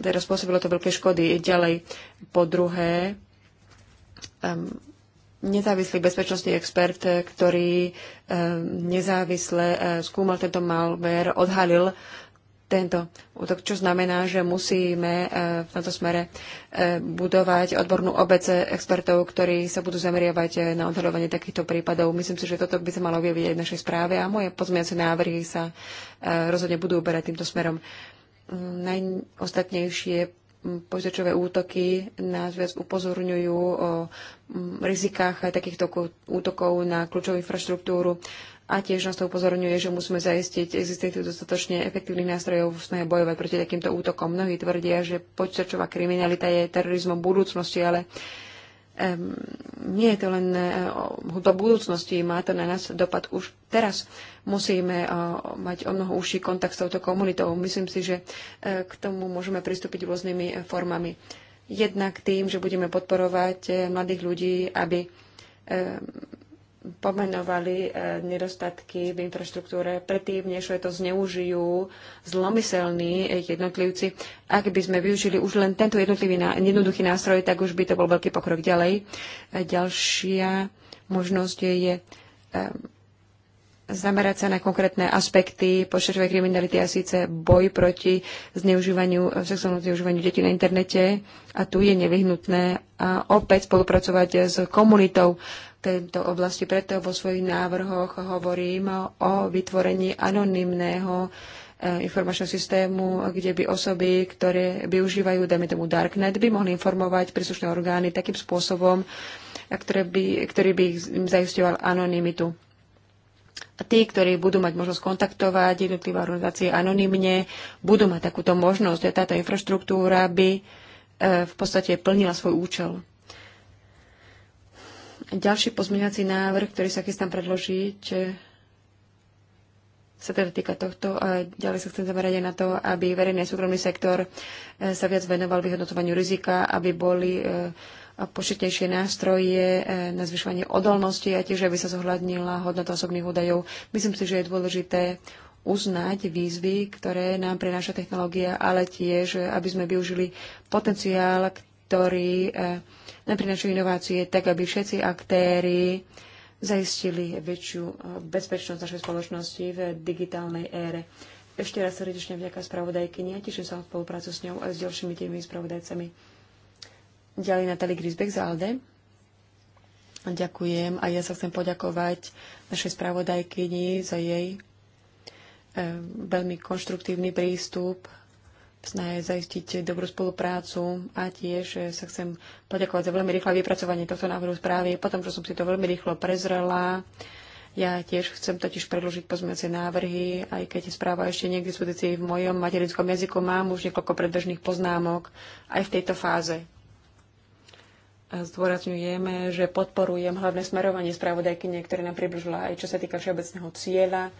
Teda spôsobilo to veľké škody. Ďalej, po druhé, nezávislý bezpečnostný expert, eh, ktorý eh, nezávisle eh, skúmal tento malware, odhalil tento útok, čo znamená, že musíme v tomto smere budovať odbornú obec expertov, ktorí sa budú zameriavať na odhľovanie takýchto prípadov. Myslím si, že toto by sa malo objaviť aj v našej správe a moje pozmiace návrhy sa rozhodne budú uberať týmto smerom. Mm, Najostatnejšie počítačové útoky nás viac upozorňujú o mm, rizikách takýchto útokov na kľúčovú infraštruktúru a tiež nás to upozorňuje, že musíme zaistiť existenciu dostatočne efektívnych nástrojov v snahe bojovať proti takýmto útokom. Mnohí tvrdia, že počítačová kriminalita je terorizmom budúcnosti, ale nie je to len do e, budúcnosti, má to na nás dopad už teraz. Musíme e, mať o mnoho užší kontakt s touto komunitou. Myslím si, že e, k tomu môžeme pristúpiť rôznymi formami. Jednak tým, že budeme podporovať mladých ľudí, aby pomenovali e, nedostatky v infraštruktúre predtým, než to zneužijú zlomyselní jednotlivci. Ak by sme využili už len tento jednotlivý, jednoduchý nástroj, tak už by to bol veľký pokrok ďalej. E, ďalšia možnosť je e, zamerať sa na konkrétne aspekty počítačovej kriminality a síce boj proti zneužívaniu, sexuálnom zneužívaniu detí na internete. A tu je nevyhnutné a opäť spolupracovať s komunitou tejto oblasti. Preto vo svojich návrhoch hovorím o vytvorení anonymného e, informačného systému, kde by osoby, ktoré využívajú, dajme tomu Darknet, by mohli informovať príslušné orgány takým spôsobom, ktoré by, ktorý by im zajistoval anonymitu. A tí, ktorí budú mať možnosť kontaktovať jednotlivé organizácie anonymne, budú mať takúto možnosť že táto infraštruktúra by e, v podstate plnila svoj účel. Ďalší pozmeňovací návrh, ktorý sa chystám predložiť, sa teda týka tohto. A ďalej sa chcem zamerať aj na to, aby verejný a súkromný sektor e, sa viac venoval vyhodnotovaniu rizika, aby boli e, početnejšie nástroje e, na zvyšovanie odolnosti a tiež, aby sa zohľadnila hodnota osobných údajov. Myslím si, že je dôležité uznať výzvy, ktoré nám prináša technológia, ale tiež, aby sme využili potenciál, ktorí eh, nám inovácie tak, aby všetci aktéry zaistili väčšiu eh, bezpečnosť našej spoločnosti v digitálnej ére. Ešte raz srdečne vďaka spravodajkyni a teším sa na spoluprácu s ňou a s ďalšími tými spravodajcami. Ďalej Natali Grisbeck z ALDE. Ďakujem a ja sa chcem poďakovať našej spravodajkyni za jej eh, veľmi konštruktívny prístup snahe zaistiť dobrú spoluprácu a tiež eh, sa chcem poďakovať za veľmi rýchle vypracovanie tohto návrhu správy. Potom, čo som si to veľmi rýchlo prezrela, ja tiež chcem totiž predložiť pozmeňujúce návrhy, aj keď správa ešte nie k dispozícii v mojom materinskom jazyku, mám už niekoľko predbežných poznámok aj v tejto fáze. A zdôrazňujeme, že podporujem hlavné smerovanie spravodajky, ktoré nám približila aj čo sa týka všeobecného cieľa,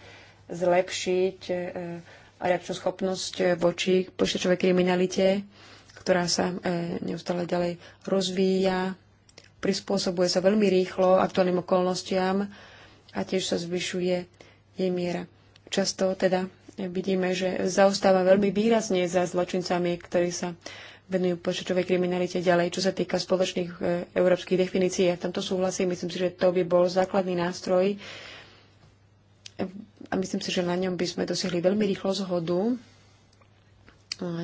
zlepšiť eh, reakčnú schopnosť voči počítačovej kriminalite, ktorá sa e, neustále ďalej rozvíja, prispôsobuje sa veľmi rýchlo aktuálnym okolnostiam a tiež sa zvyšuje jej miera. Často teda vidíme, že zaostáva veľmi výrazne za zločincami, ktorí sa venujú počítačovej kriminalite ďalej, čo sa týka spoločných e, európskych definícií. Ja v tomto súhlasím, myslím si, že to by bol základný nástroj a myslím si, že na ňom by sme dosiahli veľmi rýchlo zhodu.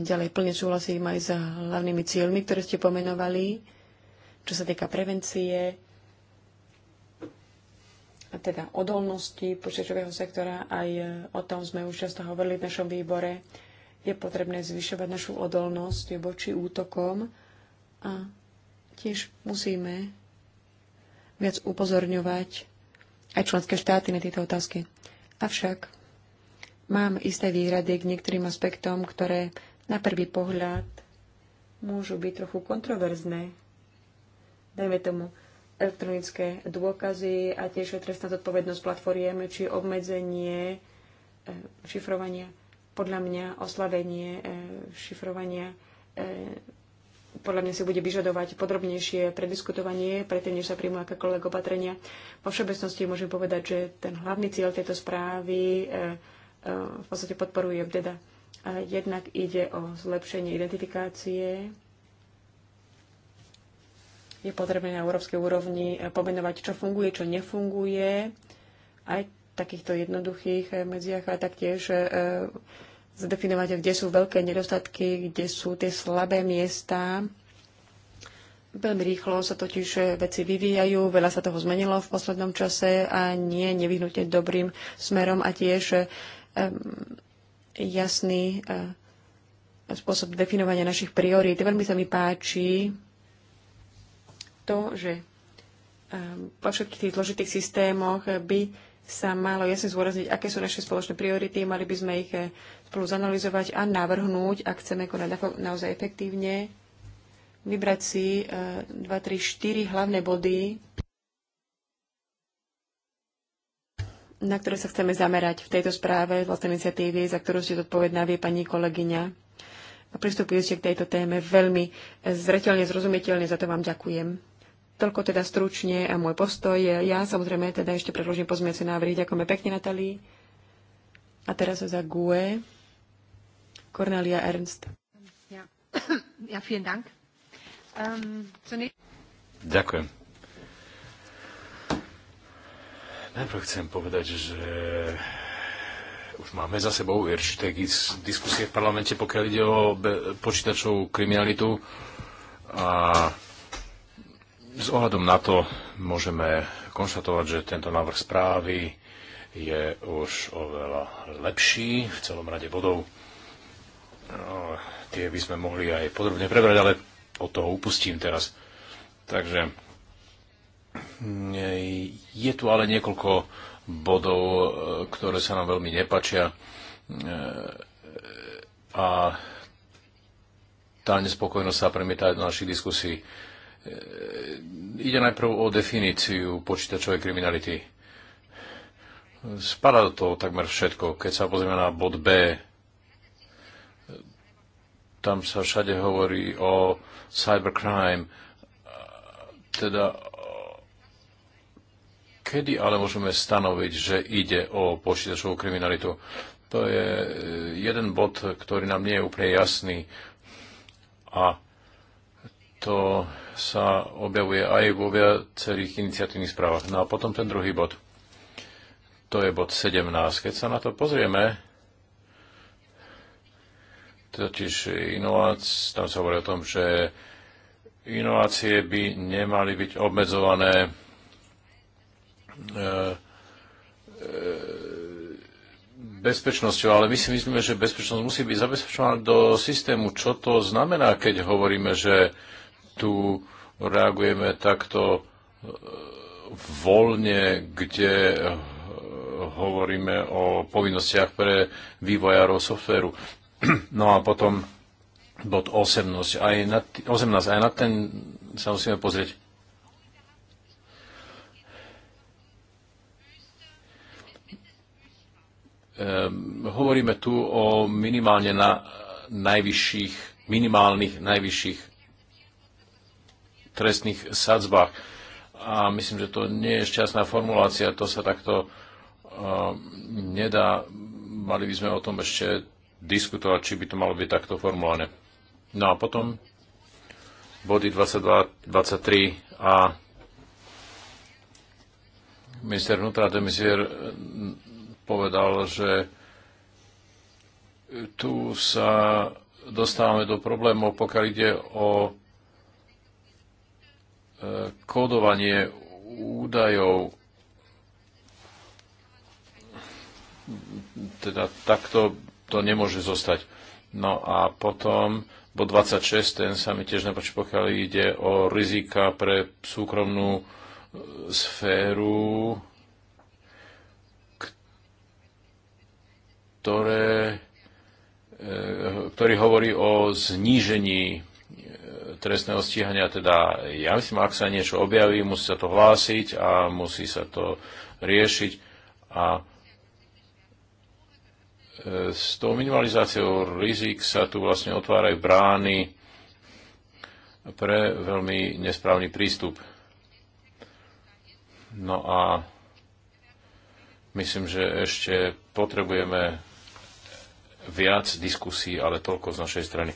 ďalej plne súhlasím aj s hlavnými cieľmi, ktoré ste pomenovali, čo sa týka prevencie, a teda odolnosti požičového sektora, aj o tom sme už často hovorili v našom výbore, je potrebné zvyšovať našu odolnosť voči útokom a tiež musíme viac upozorňovať aj členské štáty na tieto otázky. Avšak mám isté výhrady k niektorým aspektom, ktoré na prvý pohľad môžu byť trochu kontroverzné. Dajme tomu elektronické dôkazy a tiež je trestná zodpovednosť platformiem či obmedzenie e, šifrovania. Podľa mňa oslavenie e, šifrovania e, podľa mňa si bude vyžadovať podrobnejšie prediskutovanie, predtým, než sa príjmu akékoľvek opatrenia. Po všeobecnosti môžem povedať, že ten hlavný cieľ tejto správy e, e, v podstate podporuje teda. E, jednak ide o zlepšenie identifikácie. Je potrebné na európskej úrovni pomenovať, čo funguje, čo nefunguje, aj takýchto jednoduchých medziach a taktiež zadefinovať, kde sú veľké nedostatky, kde sú tie slabé miesta. Veľmi rýchlo sa totiž veci vyvíjajú, veľa sa toho zmenilo v poslednom čase a nie nevyhnutne dobrým smerom a tiež um, jasný uh, spôsob definovania našich priorít. Veľmi sa mi páči to, že um, vo všetkých tých zložitých systémoch by sa malo jasne zúrazniť, aké sú naše spoločné priority, mali by sme ich eh, spolu zanalizovať a navrhnúť, ak chceme konať naozaj efektívne, vybrať si 2, 3, 4 hlavné body, na ktoré sa chceme zamerať v tejto správe vlastnej iniciatívy, za ktorú ste zodpovedná vie pani kolegyňa. A pristúpili ste k tejto téme veľmi zreteľne, zrozumiteľne, za to vám ďakujem. Toľko teda stručne a môj postoj. Ja samozrejme teda ešte predložím pozmiace návrhy. Ďakujeme pekne, Natalii. A teraz za GUE. Cornelia Ernst. Ja, vielen Dank. Ähm, Ďakujem. Najprv chcem povedať, že už máme za sebou určité diskusie v parlamente, pokiaľ ide o počítačovú kriminalitu a s ohľadom na to môžeme konštatovať, že tento návrh správy je už oveľa lepší v celom rade bodov. No, tie by sme mohli aj podrobne prebrať, ale od toho upustím teraz. Takže mm, je tu ale niekoľko bodov, e, ktoré sa nám veľmi nepačia e, a tá nespokojnosť sa premieta aj do našich diskusí. E, ide najprv o definíciu počítačovej kriminality. Spadá do toho takmer všetko. Keď sa pozrieme na bod B, tam sa všade hovorí o cybercrime. Teda kedy ale môžeme stanoviť, že ide o počítačovú kriminalitu? To je eh, jeden bod, ktorý nám nie je úplne jasný. A to sa objavuje aj vo viacerých iniciatívnych správach. No a potom ten druhý bod. To je bod 17. Keď sa na to pozrieme, totiž inovácie, tam sa hovorí o tom, že inovácie by nemali byť obmedzované e, e, bezpečnosťou, ale my si myslíme, že bezpečnosť musí byť zabezpečovaná do systému. Čo to znamená, keď hovoríme, že tu reagujeme takto e, voľne, kde hovoríme o povinnostiach pre vývojárov softvéru. No a potom bod 18. Aj na, 18, aj na ten sa musíme pozrieť. Ehm, hovoríme tu o minimálne na najvyšších, minimálnych najvyšších trestných sadzbách. A myslím, že to nie je šťastná formulácia, to sa takto e, nedá. Mali by sme o tom ešte diskutovať, či by to malo byť takto formulované. No a potom body 22, 23 a minister vnútra Demisier eh, povedal, že tu sa dostávame do problémov, pokiaľ ide o eh, kódovanie údajov. Teda takto to nemôže zostať. No a potom bod 26, ten sa mi tiež nepočí, pokiaľ ide o rizika pre súkromnú e, sféru, ktoré, e, ktorý hovorí o znížení e, trestného stíhania. Teda ja myslím, ak sa niečo objaví, musí sa to hlásiť a musí sa to riešiť. A s tou minimalizáciou rizik sa tu vlastne otvárajú brány pre veľmi nesprávny prístup. No a myslím, že ešte potrebujeme viac diskusí, ale toľko z našej strany.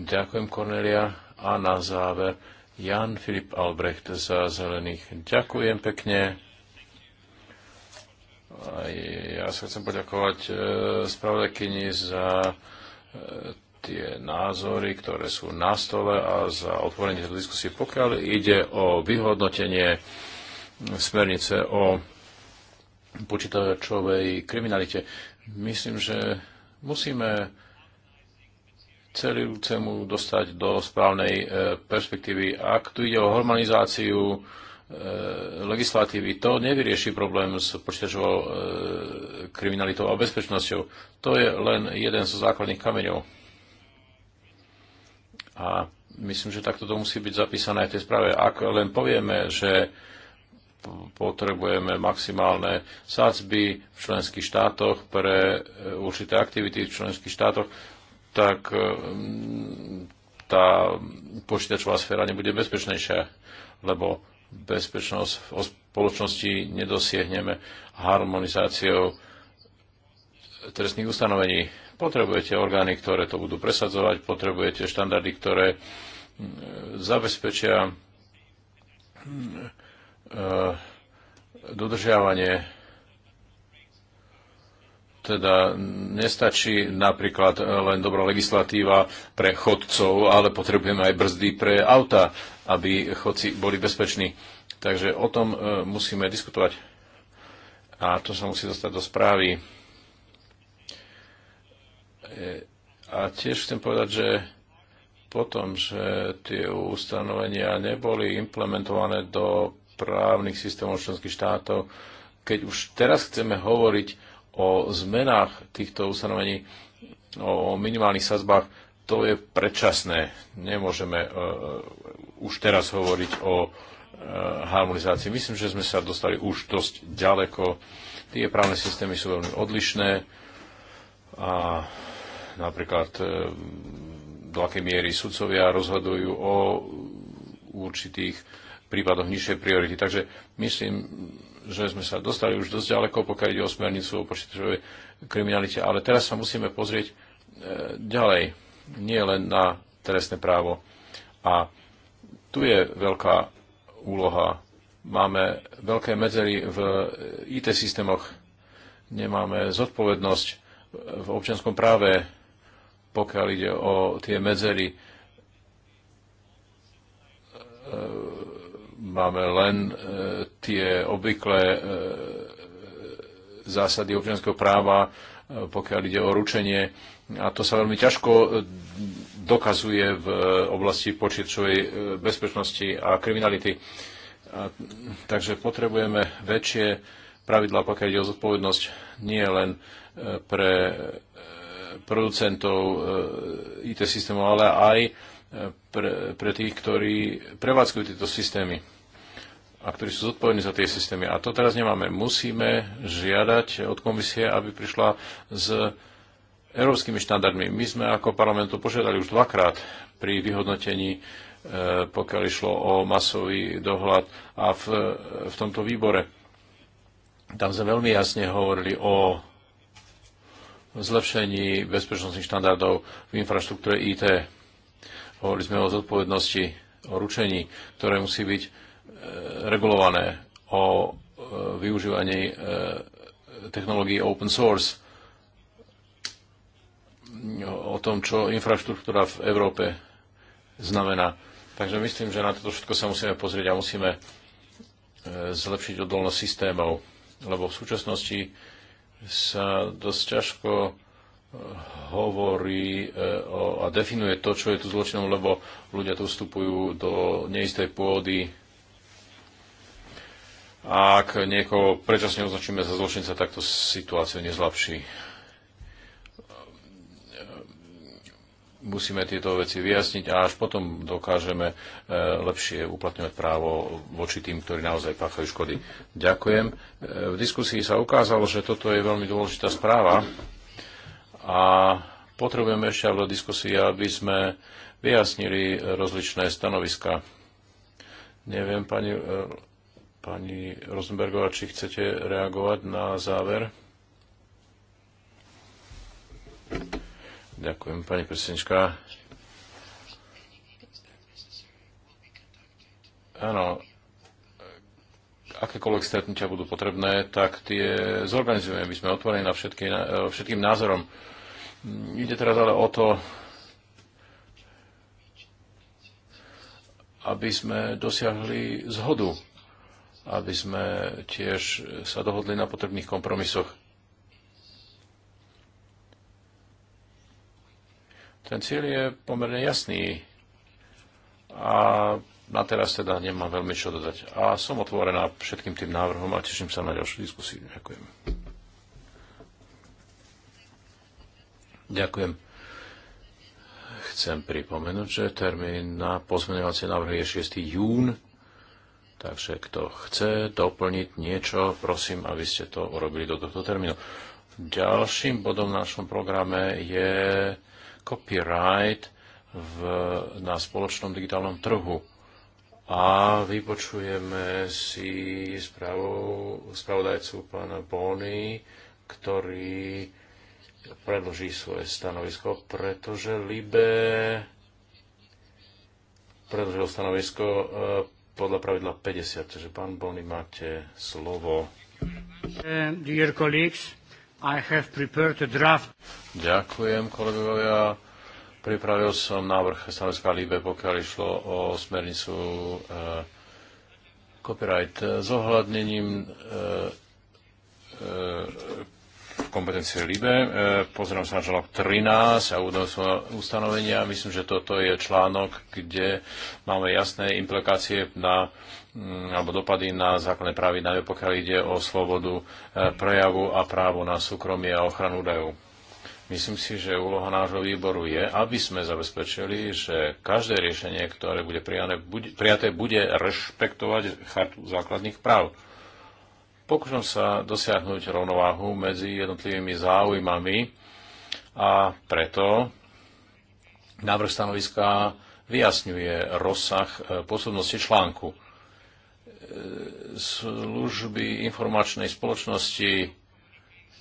Ďakujem, Cornelia. A na záver Jan Filip Albrecht za zelených. Ďakujem pekne. Ja sa chcem poďakovať e, spravodajkyni za e, tie názory, ktoré sú na stole a za otvorenie tejto diskusie. Pokiaľ ide o vyhodnotenie smernice o počítačovej kriminalite, myslím, že musíme celú cenu dostať do správnej e, perspektívy. Ak tu ide o harmonizáciu E, legislatívy. To nevyrieši problém s počítačovou e, kriminalitou a bezpečnosťou. To je len jeden zo základných kameňov. A myslím, že takto to musí byť zapísané aj v tej správe. Ak len povieme, že potrebujeme maximálne sádzby v členských štátoch pre e, určité aktivity v členských štátoch, tak tá počítačová sféra nebude bezpečnejšia, lebo bezpečnosť v spoločnosti nedosiahneme harmonizáciou trestných ustanovení. Potrebujete orgány, ktoré to budú presadzovať, potrebujete štandardy, ktoré zabezpečia e, dodržiavanie teda nestačí napríklad len dobrá legislatíva pre chodcov, ale potrebujeme aj brzdy pre auta aby chodci boli bezpeční. Takže o tom e, musíme diskutovať. A to sa musí dostať do správy. E, a tiež chcem povedať, že potom, že tie ustanovenia neboli implementované do právnych systémov členských štátov, keď už teraz chceme hovoriť o zmenách týchto ustanovení, o minimálnych sazbách, to je predčasné. Nemôžeme uh, už teraz hovoriť o uh, harmonizácii. Myslím, že sme sa dostali už dosť ďaleko. Tie právne systémy sú veľmi odlišné a napríklad uh, do akej miery sudcovia rozhodujú o určitých prípadoch nižšej priority. Takže myslím, že sme sa dostali už dosť ďaleko, pokiaľ ide o smernicu o počítačovej kriminalite, ale teraz sa musíme pozrieť ďalej nie len na trestné právo. A tu je veľká úloha. Máme veľké medzery v IT systémoch, nemáme zodpovednosť v občianskom práve, pokiaľ ide o tie medzery. E, máme len e, tie obvyklé e, zásady občianského práva, pokiaľ ide o ručenie a to sa veľmi ťažko e, dokazuje v e, oblasti počítačovej e, bezpečnosti a kriminality. A, takže potrebujeme väčšie pravidlá, pokiaľ ide o zodpovednosť, nie len pre producentov IT systémov, ale aj pre, pre tých, ktorí prevádzkujú tieto systémy a ktorí sú zodpovední za tie systémy. A to teraz nemáme. Musíme žiadať od komisie, aby prišla s európskymi štandardmi. My sme ako parlamentu požiadali už dvakrát pri vyhodnotení, e, pokiaľ išlo o masový dohľad a v, e, v tomto výbore. Tam sme veľmi jasne hovorili o zlepšení bezpečnostných štandardov v infraštruktúre IT. Hovorili sme o zodpovednosti, o ručení, ktoré musí byť e, regulované, o využívaní technológií open source o tom, čo infraštruktúra v Európe znamená. Takže myslím, že na toto všetko sa musíme pozrieť a musíme e, zlepšiť odolnosť systémov, lebo v súčasnosti sa dosť ťažko e, hovorí e, o, a definuje to, čo je tu zločinom, lebo ľudia tu vstupujú do neistej pôdy. A ak niekoho predčasne označíme za zločinca, tak to situáciu nezlepší. musíme tieto veci vyjasniť a až potom dokážeme e, lepšie uplatňovať právo voči tým, ktorí naozaj páchajú škody. Ďakujem. E, v diskusii sa ukázalo, že toto je veľmi dôležitá správa a potrebujeme ešte v diskusii, aby sme vyjasnili rozličné stanoviska. Neviem, pani, e, pani Rosenbergová, či chcete reagovať na záver. Thank you. Ďakujem, pani predsednička. Áno, akékoľvek stretnutia budú potrebné, tak tie zorganizujeme. My sme otvorení na všetky, e, všetkým názorom. Ide teraz ale o to, aby sme dosiahli zhodu, aby sme tiež sa dohodli na potrebných kompromisoch. Ten cieľ je pomerne jasný a na teraz teda nemám veľmi čo dodať. A som otvorená všetkým tým návrhom a teším sa na ďalšiu diskusiu. Ďakujem. Ďakujem. Chcem pripomenúť, že termín na pozmeňovacie návrhy je 6. jún, takže kto chce doplniť niečo, prosím, aby ste to urobili do tohto termínu. Ďalším bodom v našom programe je copyright v, na spoločnom digitálnom trhu. A vypočujeme si správu, spravodajcu pána Bony, ktorý predloží svoje stanovisko, pretože Libe predložil stanovisko eh, podľa pravidla 50. Takže pán Bony, máte slovo. Uh, dear colleagues, i have prepared a draft. Ďakujem, kolegovia. Pripravil som návrh stanoviska Líbe, pokiaľ išlo o smernicu e, copyright. Zohľadnením e, eh, e, eh, kompetencie LIBE. E, pozriem sa na článok 13 a údom ustanovenia. Myslím, že toto je článok, kde máme jasné implikácie na mm, alebo dopady na základné právy, najmä pokiaľ ide o slobodu e, prejavu a právo na súkromie a ochranu údajov. Myslím si, že úloha nášho výboru je, aby sme zabezpečili, že každé riešenie, ktoré bude, prijaté, bude rešpektovať chartu základných práv. Pokúšam sa dosiahnuť rovnováhu medzi jednotlivými záujmami a preto návrh stanoviska vyjasňuje rozsah e, posúdnosti článku. E, Služby informačnej spoločnosti,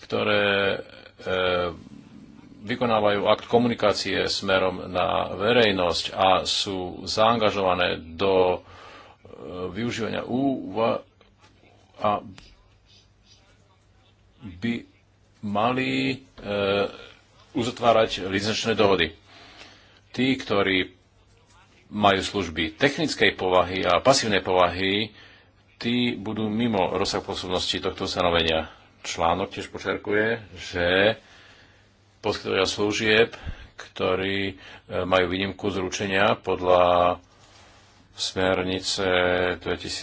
ktoré e, vykonávajú akt komunikácie smerom na verejnosť a sú zaangažované do využívania úva a by mali e, uzatvárať licenčné dohody. Tí, ktorí majú služby technickej povahy a pasívnej povahy, tí budú mimo rozsah pôsobnosti tohto stanovenia. Článok tiež počerkuje, že poskytovateľ služieb, ktorí e, majú výnimku zručenia podľa smernice 2031 e,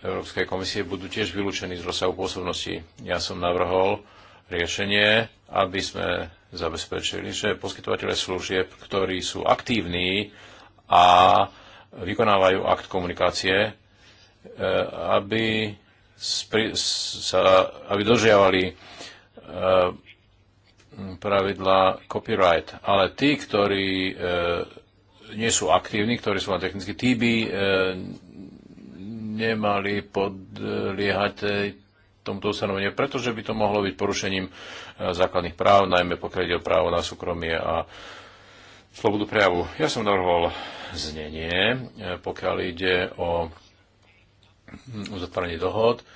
Európskej komisie budú tiež vylúčení z rozsahu pôsobnosti. Ja som navrhol riešenie, aby sme zabezpečili, že poskytovateľe služieb, ktorí sú aktívni a vykonávajú akt komunikácie, e, aby, spri, sa, aby dožiavali e, pravidla copyright. Ale tí, ktorí nie sú aktívni, ktorí sú na technicky, tí by e, nemali podliehať e, tomuto ustanoveniu, pretože by to mohlo byť porušením e, základných práv, najmä pokiaľ ide o právo na súkromie a slobodu prejavu. Ja som navrhol znenie, e, pokiaľ ide o hm, uzatváranie dohod.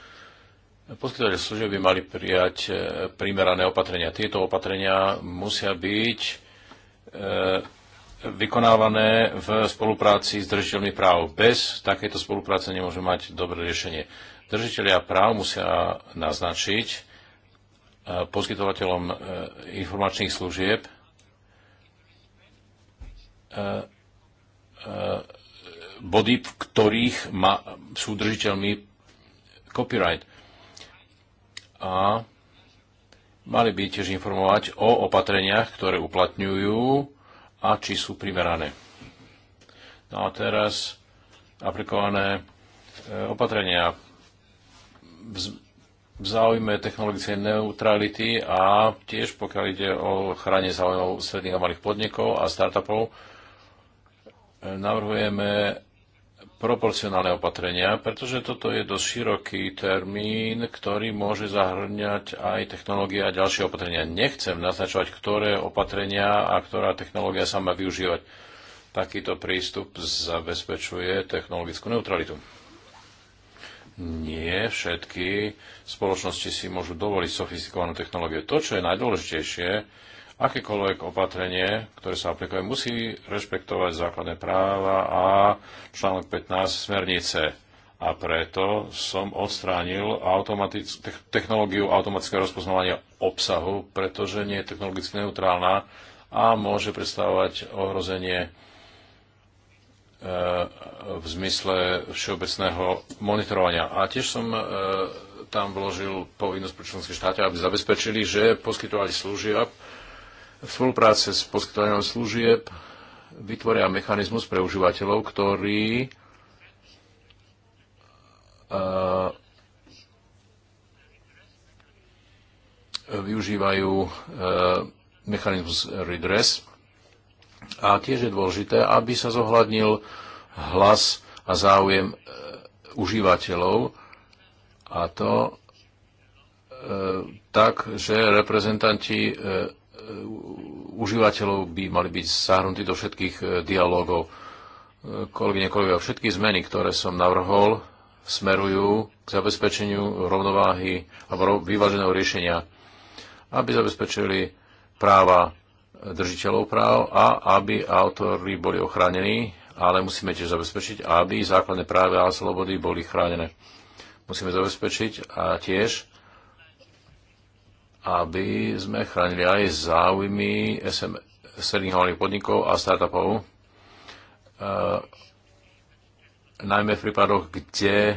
Poskytovateľ služieb by mali prijať primerané opatrenia. Tieto opatrenia musia byť e, vykonávané v spolupráci s držiteľmi práv. Bez takéto spolupráce nemôžeme mať dobré riešenie. Držiteľia práv musia naznačiť e, poskytovateľom e, informačných služieb e, body, v ktorých ma, sú držiteľmi copyright. A mali by tiež informovať o opatreniach, ktoré uplatňujú a či sú primerané. No a teraz aplikované e, opatrenia v záujme technologickej neutrality a tiež pokiaľ ide o chránenie záujmov stredných a malých podnikov a startupov, e, navrhujeme proporcionálne opatrenia, pretože toto je dosť široký termín, ktorý môže zahrňať aj technológie a ďalšie opatrenia. Nechcem naznačovať, ktoré opatrenia a ktorá technológia sa má využívať. Takýto prístup zabezpečuje technologickú neutralitu. Nie všetky spoločnosti si môžu dovoliť sofistikovanú technológiu. To, čo je najdôležitejšie, akékoľvek opatrenie, ktoré sa aplikuje, musí rešpektovať základné práva a článok 15 smernice. A preto som odstránil automatic- technológiu automatického rozpoznávania obsahu, pretože nie je technologicky neutrálna a môže predstavovať ohrozenie e, v zmysle všeobecného monitorovania. A tiež som e, tam vložil povinnosť pre členské štáty, aby zabezpečili, že poskytovali služieb v spolupráce s poskytovaním služieb vytvoria mechanizmus pre užívateľov, ktorý e, využívajú e, mechanizmus redress. A tiež je dôležité, aby sa zohľadnil hlas a záujem e, užívateľov a to tak, že reprezentanti užívateľov by mali byť zahrnutí do všetkých e, dialogov. E, kolegyne, kolegovia, všetky zmeny, ktoré som navrhol, smerujú k zabezpečeniu rovnováhy alebo vyváženého riešenia, aby zabezpečili práva e, držiteľov práv a aby autory boli ochránení, ale musíme tiež zabezpečiť, aby základné práva a slobody boli chránené. Musíme zabezpečiť a tiež, aby sme chránili aj záujmy SM, stredných malých podnikov a startupov, e, najmä v prípadoch, kde e,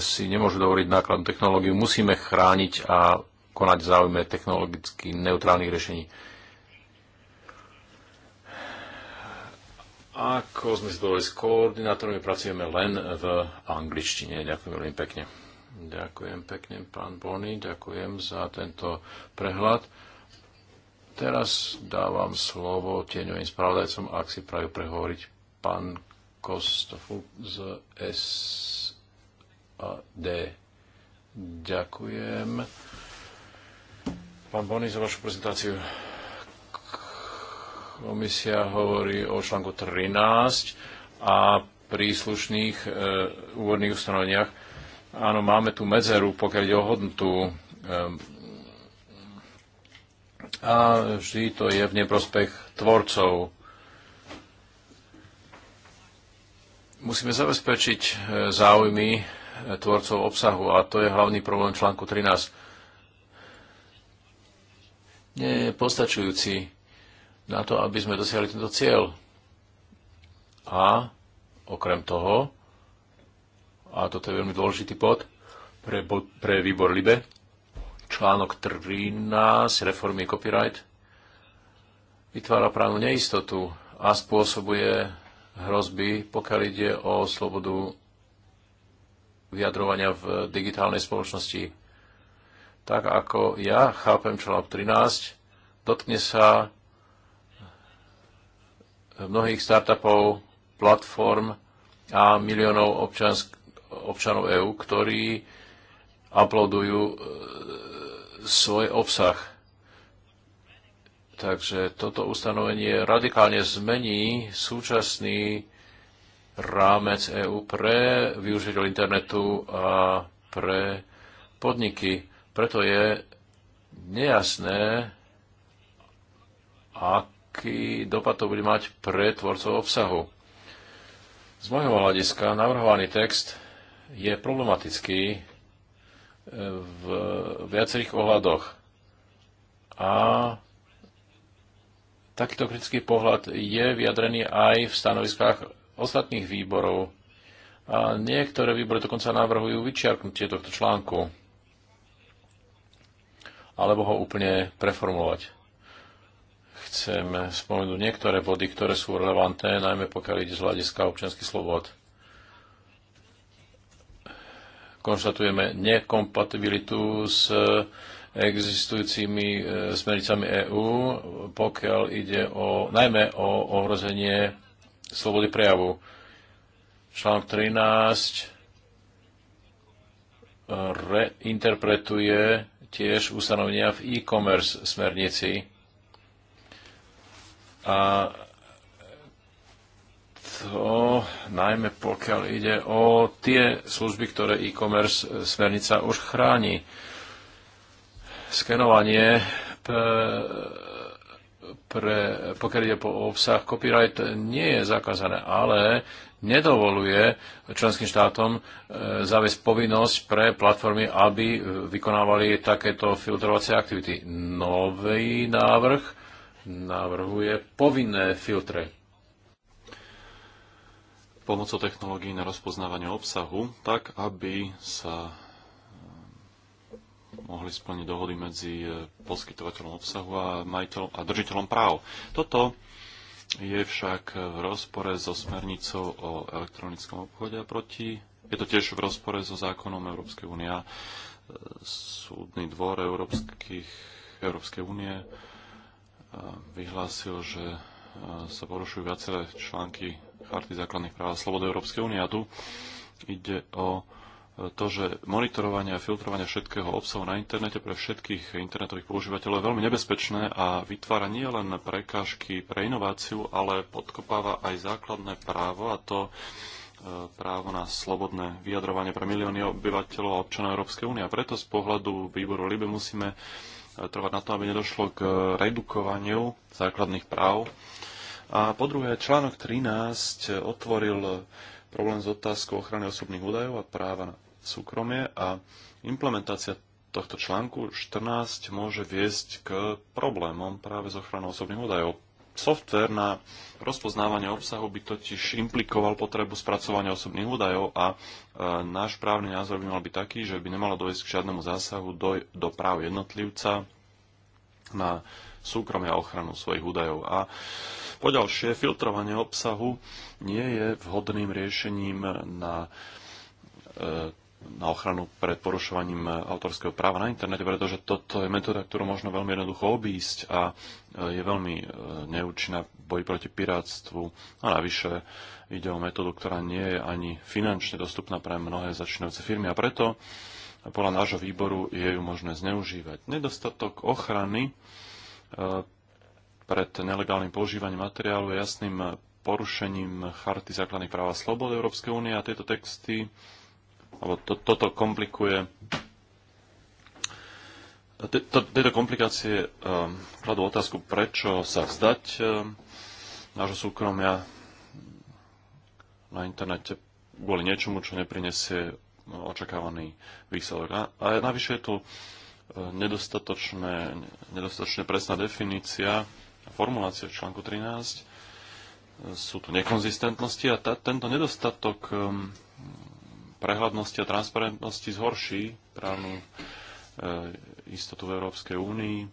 si nemôžu dovoliť nákladnú technológiu, musíme chrániť a konať v záujme technologicky neutrálnych riešení. Ako sme si dovolili s koordinátormi, pracujeme len v angličtine. Ďakujem veľmi pekne. Ďakujem pekne, pán Bony, ďakujem za tento prehľad. Teraz dávam slovo tieňovým spravodajcom, ak si prajú prehovoriť pán Kostofu z SAD. Ďakujem. Pán Bony, za vašu prezentáciu. Komisia hovorí o článku 13 a príslušných e, úvodných ustanoveniach Áno, máme tu medzeru, pokiaľ ide o hodnotu. Ehm, a vždy to je v neprospech tvorcov. Musíme zabezpečiť e, záujmy e, tvorcov obsahu a to je hlavný problém článku 13. Nie je postačujúci na to, aby sme dosiahli tento cieľ. A okrem toho, a toto je veľmi dôležitý bod pre, pre výbor LIBE, článok 13 reformy copyright vytvára právnu neistotu a spôsobuje hrozby, pokiaľ ide o slobodu vyjadrovania v digitálnej spoločnosti. Tak ako ja chápem článok 13, dotkne sa mnohých startupov, platform a miliónov občansk- občanov EÚ, ktorí uploadujú e, svoj obsah. Takže toto ustanovenie radikálne zmení súčasný rámec EÚ pre využiteľ internetu a pre podniky. Preto je nejasné, aký dopad to bude mať pre tvorcov obsahu. Z môjho hľadiska navrhovaný text je problematický e, v viacerých ohľadoch. A takýto kritický pohľad je vyjadrený aj v stanoviskách ostatných výborov. A niektoré výbory dokonca navrhujú vyčiarknutie tohto článku alebo ho úplne preformulovať. Chcem spomenúť niektoré body, ktoré sú relevantné, najmä pokiaľ ide z hľadiska občianských slobod konštatujeme nekompatibilitu s e, existujúcimi e, smernicami EÚ, pokiaľ ide o, najmä o ohrozenie slobody prejavu. Článok 13 e, reinterpretuje tiež ustanovenia v e-commerce smernici a to najmä pokiaľ ide o tie služby, ktoré e-commerce e, smernica už chráni. Skenovanie pre, pokiaľ ide po obsah, copyright nie je zakázané, ale nedovoluje členským štátom e, zaviesť povinnosť pre platformy, aby vykonávali takéto filtrovacie aktivity. Nový návrh navrhuje povinné filtre pomocou technológií na rozpoznávanie obsahu, tak aby sa eh, mohli splniť dohody medzi eh, poskytovateľom obsahu a, majiteľom, a držiteľom práv. Toto je však v rozpore so smernicou o elektronickom obchode a proti. Je to tiež v rozpore so zákonom Európskej únie eh, súdny dvor Európskych, Európskej únie vyhlásil, že sa porušujú viaceré články charty základných práv a slobody Európskej únie. A tu ide o e, to, že monitorovanie a filtrovanie všetkého obsahu na internete pre všetkých internetových používateľov je veľmi nebezpečné a vytvára nie len prekážky pre inováciu, ale podkopáva aj základné právo a to e, právo na slobodné vyjadrovanie pre milióny obyvateľov a občanov Európskej únie. A preto z pohľadu výboru LIBE musíme e, trvať na to, aby nedošlo k redukovaniu základných práv a po druhé, článok 13 otvoril problém s otázkou ochrany osobných údajov a práva na súkromie a implementácia tohto článku 14 môže viesť k problémom práve s ochranou osobných údajov. Software na rozpoznávanie obsahu by totiž implikoval potrebu spracovania osobných údajov a e, náš právny názor by mal byť taký, že by nemalo dojsť k žiadnemu zásahu do, do práv jednotlivca na súkromia a ochranu svojich údajov. A poďalšie, filtrovanie obsahu nie je vhodným riešením na e, na ochranu pred porušovaním autorského práva na internete, pretože toto je metóda, ktorú možno veľmi jednoducho obísť a e, je veľmi e, neúčinná v boji proti pirátstvu a navyše ide o metódu, ktorá nie je ani finančne dostupná pre mnohé začínajúce firmy a preto podľa nášho výboru je ju možné zneužívať. Nedostatok ochrany E, pred nelegálnym používaním materiálu je jasným porušením Charty základných práv a slobod Európskej únie a tieto texty, alebo to, toto komplikuje tieto komplikácie um, kladú otázku, prečo sa vzdať um, nášho súkromia na internete kvôli niečomu, čo neprinesie očakávaný výsledok. A, a navyše je tu nedostatočné, nedostatočne presná definícia a formulácia v článku 13. Sú tu nekonzistentnosti a tento nedostatok um, prehľadnosti a transparentnosti zhorší právnu e, istotu v Európskej únii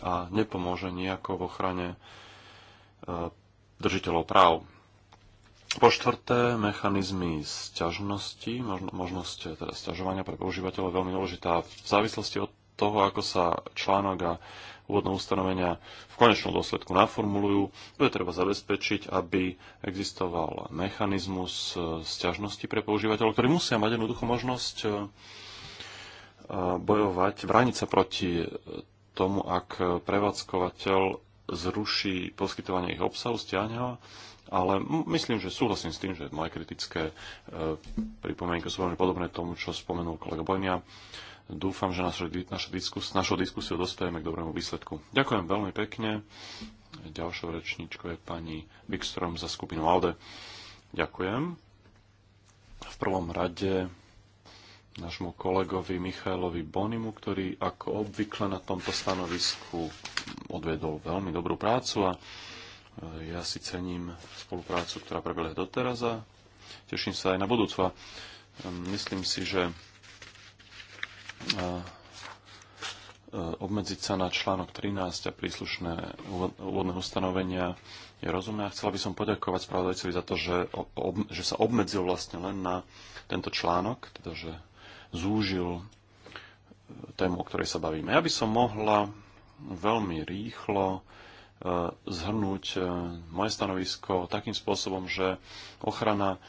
a nepomôže nejako v ochrane e, držiteľov práv. Po štvrté, mechanizmy sťažnosti, možnosť teda sťažovania pre používateľov je veľmi dôležitá. V závislosti od toho, ako sa článok a úvodné ustanovenia v konečnom dôsledku naformulujú, bude treba zabezpečiť, aby existoval mechanizmus e, sťažnosti pre používateľov, ktorí musia mať jednoducho možnosť e, e, bojovať, brániť sa proti tomu, ak prevádzkovateľ zruší poskytovanie ich obsahu, stiahne ho, ale myslím, že súhlasím s tým, že moje kritické pripomienky sú veľmi podobné tomu, čo spomenul kolega Bojnia. Dúfam, že našu, našu diskus, našou diskusiou dospejeme k dobrému výsledku. Ďakujem veľmi pekne. Ďalšou rečníčkou je pani Wikstrom za skupinu Aude. Ďakujem. V prvom rade nášmu kolegovi Michailovi Bonimu, ktorý ako obvykle na tomto stanovisku odvedol veľmi dobrú prácu a e, ja si cením spoluprácu, ktorá prebehla doteraz a teším sa aj na budúcu. A e, myslím si, že E, obmedziť sa na článok 13 a príslušné úvodné ustanovenia je rozumné. A chcela by som poďakovať spravodajcovi za to, že, ob, že sa obmedzil vlastne len na tento článok, teda že zúžil e, tému, o ktorej sa bavíme. Ja by som mohla veľmi rýchlo e, zhrnúť moje stanovisko takým spôsobom, že ochrana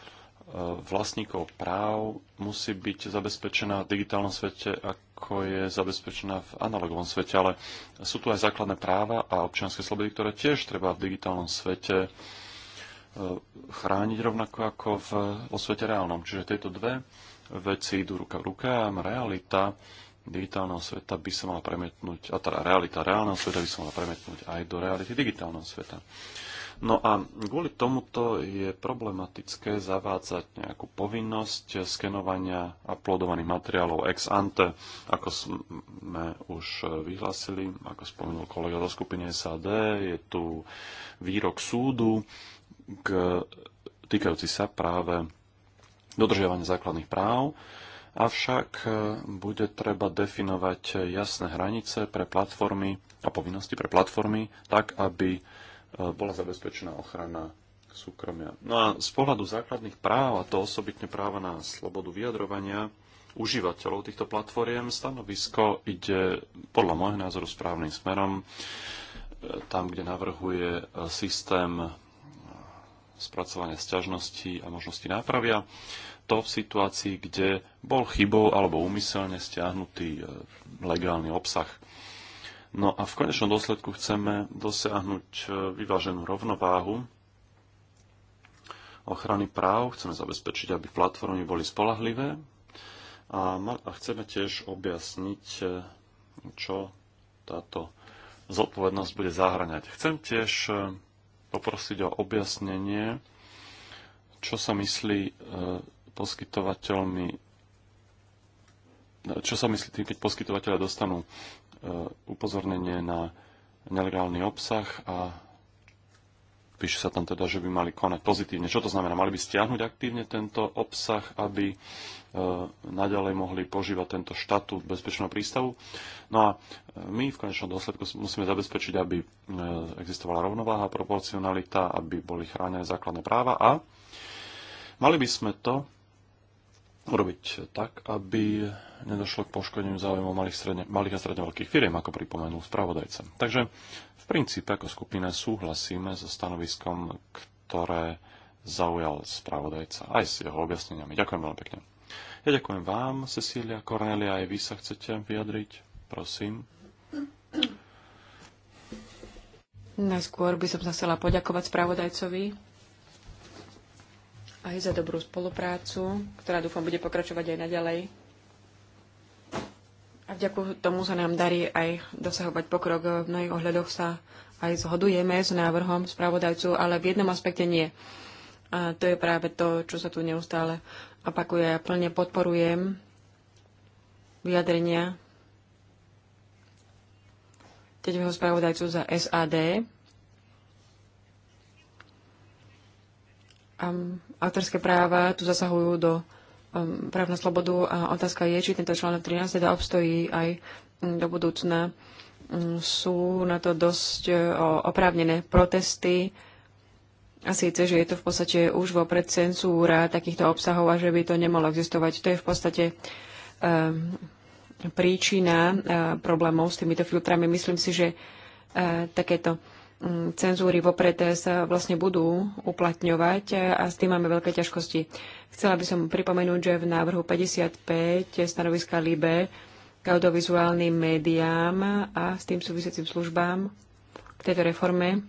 vlastníkov práv musí byť zabezpečená v digitálnom svete, ako je zabezpečená v analogovom svete, ale sú tu aj základné práva a občianske slobody, ktoré tiež treba v digitálnom svete e, chrániť rovnako ako v, vo svete reálnom. Čiže tieto dve veci idú ruka v ruka a realita digitálneho sveta by sa mala premietnúť, a teda realita reálneho sveta by sa mala premietnúť aj do reality digitálneho sveta. No a kvôli tomuto je problematické zavádzať nejakú povinnosť skenovania uploadovaných materiálov ex ante, ako sme už vyhlasili, ako spomenul kolega zo skupiny SAD, je tu výrok súdu k, týkajúci sa práve dodržiavania základných práv. Avšak e, bude treba definovať jasné hranice pre platformy a povinnosti pre platformy, tak aby E, bola zabezpečená ochrana súkromia. No a z pohľadu základných práv, a to osobitne práva na slobodu vyjadrovania užívateľov týchto platformiem, stanovisko ide podľa môjho názoru správnym smerom, e, tam, kde navrhuje e, systém spracovania sťažností a možnosti nápravia. To v situácii, kde bol chybou alebo úmyselne stiahnutý legálny obsah. No a v konečnom dôsledku chceme dosiahnuť e, vyváženú rovnováhu ochrany práv, chceme zabezpečiť, aby platformy boli spolahlivé a, chceme tiež objasniť, e, čo táto zodpovednosť bude zahraňať. Chcem tiež e, poprosiť o objasnenie, čo sa myslí poskytovateľmi čo sa myslí tým, keď poskytovateľe dostanú Eh, upozornenie na nelegálny obsah a píše sa tam teda, že by mali konať pozitívne. Čo to znamená? Mali by stiahnuť aktívne tento obsah, aby eh, naďalej mohli požívať tento štatút bezpečného prístavu. No a eh, my v konečnom dôsledku musíme zabezpečiť, aby existovala rovnováha, proporcionalita, aby boli chránené základné práva a mali by sme to urobiť tak, aby nedošlo k poškodeniu záujmov malých, stredne, malých a stredne veľkých firiem, ako pripomenul spravodajca. Takže v princípe ako skupina súhlasíme so stanoviskom, ktoré zaujal spravodajca aj s jeho objasneniami. Ďakujem veľmi pekne. Ja ďakujem vám, Cecília, Cornelia, aj vy sa chcete vyjadriť, prosím. Najskôr by som sa chcela poďakovať spravodajcovi aj za dobrú spoluprácu, ktorá dúfam bude pokračovať aj naďalej. A vďaku tomu sa nám darí aj dosahovať pokrok. V mnohých ohľadoch sa aj zhodujeme s návrhom spravodajcu, ale v jednom aspekte nie. A to je práve to, čo sa tu neustále opakuje. Ja plne podporujem vyjadrenia teďho spravodajcu za SAD, um, autorské práva tu zasahujú do um, práv na slobodu a otázka je, či tento článok 13 teda obstojí aj um, do budúcna. Um, sú na to dosť uh, oprávnené protesty a síce, že je to v podstate už vopred cenzúra takýchto obsahov a že by to nemalo existovať. To je v podstate um, príčina uh, problémov s týmito filtrami. Myslím si, že uh, takéto Mm, cenzúry vopred sa vlastne budú uplatňovať a s tým máme veľké ťažkosti. Chcela by som pripomenúť, že v návrhu 55 stanoviska LIBE k audiovizuálnym médiám a s tým súvisiacim službám v tejto reforme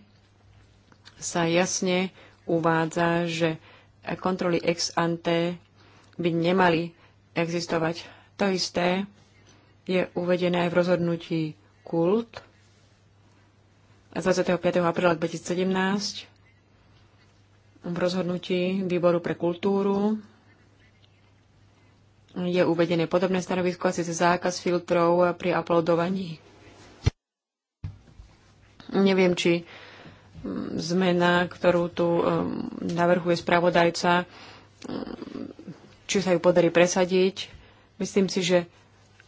sa jasne uvádza, že kontroly ex ante by nemali existovať. To isté je uvedené aj v rozhodnutí kult 25. apríla 2017 v rozhodnutí Výboru pre kultúru je uvedené podobné stanovisko asi zákaz filtrov pri uploadovaní. Neviem, či mm, zmena, ktorú tu mm, navrhuje spravodajca, mm, či sa ju podarí presadiť. Myslím si, že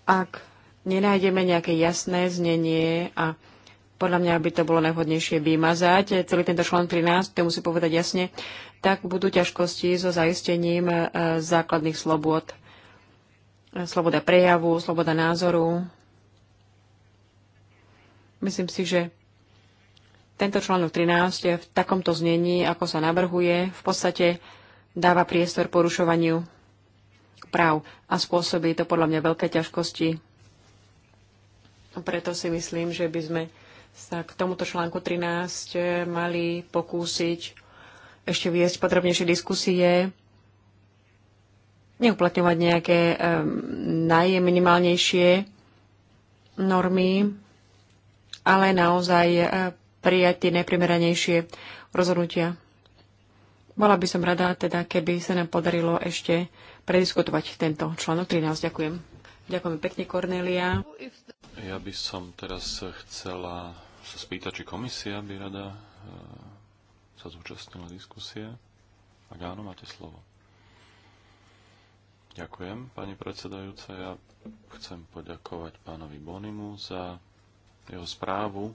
ak nenájdeme nejaké jasné znenie a podľa mňa by to bolo najvhodnejšie vymazať. Celý tento člen 13, to musí povedať jasne, tak budú ťažkosti so zaistením e, základných slobod. Sloboda prejavu, sloboda názoru. Myslím si, že tento článok 13 v takomto znení, ako sa navrhuje, v podstate dáva priestor porušovaniu práv a spôsobí to podľa mňa veľké ťažkosti. Preto si myslím, že by sme sa k tomuto článku 13 eh, mali pokúsiť ešte viesť podrobnejšie diskusie, neuplatňovať nejaké um, najminimálnejšie normy, ale naozaj eh, prijať tie najprimeranejšie rozhodnutia. Bola by som rada, teda, keby sa nám podarilo ešte prediskutovať tento článok 13. Ďakujem. Ďakujem pekne, Kornélia. Ja by som teraz chcela sa spýta či komisia by rada e, sa zúčastnila diskusie. Ak áno, máte slovo. Ďakujem, pani predsedajúca. Ja chcem poďakovať pánovi Bonimu za jeho správu.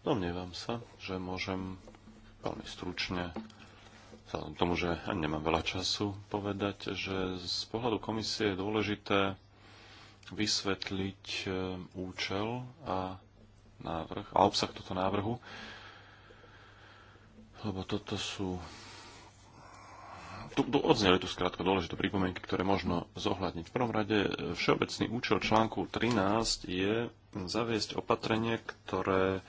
Domnievam sa, že môžem veľmi stručne, vzhľadom tomu, že ani nemám veľa času, povedať, že z pohľadu komisie je dôležité vysvetliť e, účel a návrh a obsah tohto návrhu, lebo toto sú... Tu, tu odzneli tu skrátka dôležité pripomienky, ktoré možno zohľadniť. V prvom rade všeobecný účel článku 13 je zaviesť opatrenie, ktoré e,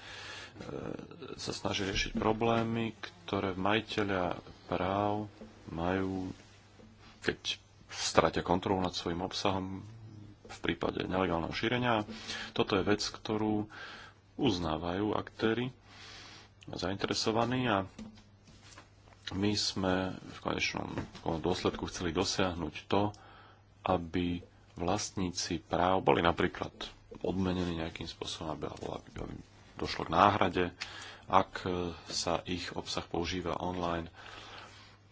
sa snaží riešiť problémy, ktoré majiteľia práv majú, keď stratia kontrolu nad svojim obsahom v prípade nelegálneho šírenia. Toto je vec, ktorú uznávajú aktéry zainteresovaní a my sme v konečnom dôsledku chceli dosiahnuť to, aby vlastníci práv boli napríklad odmenení nejakým spôsobom, aby, aby došlo k náhrade, ak e, sa ich obsah používa online.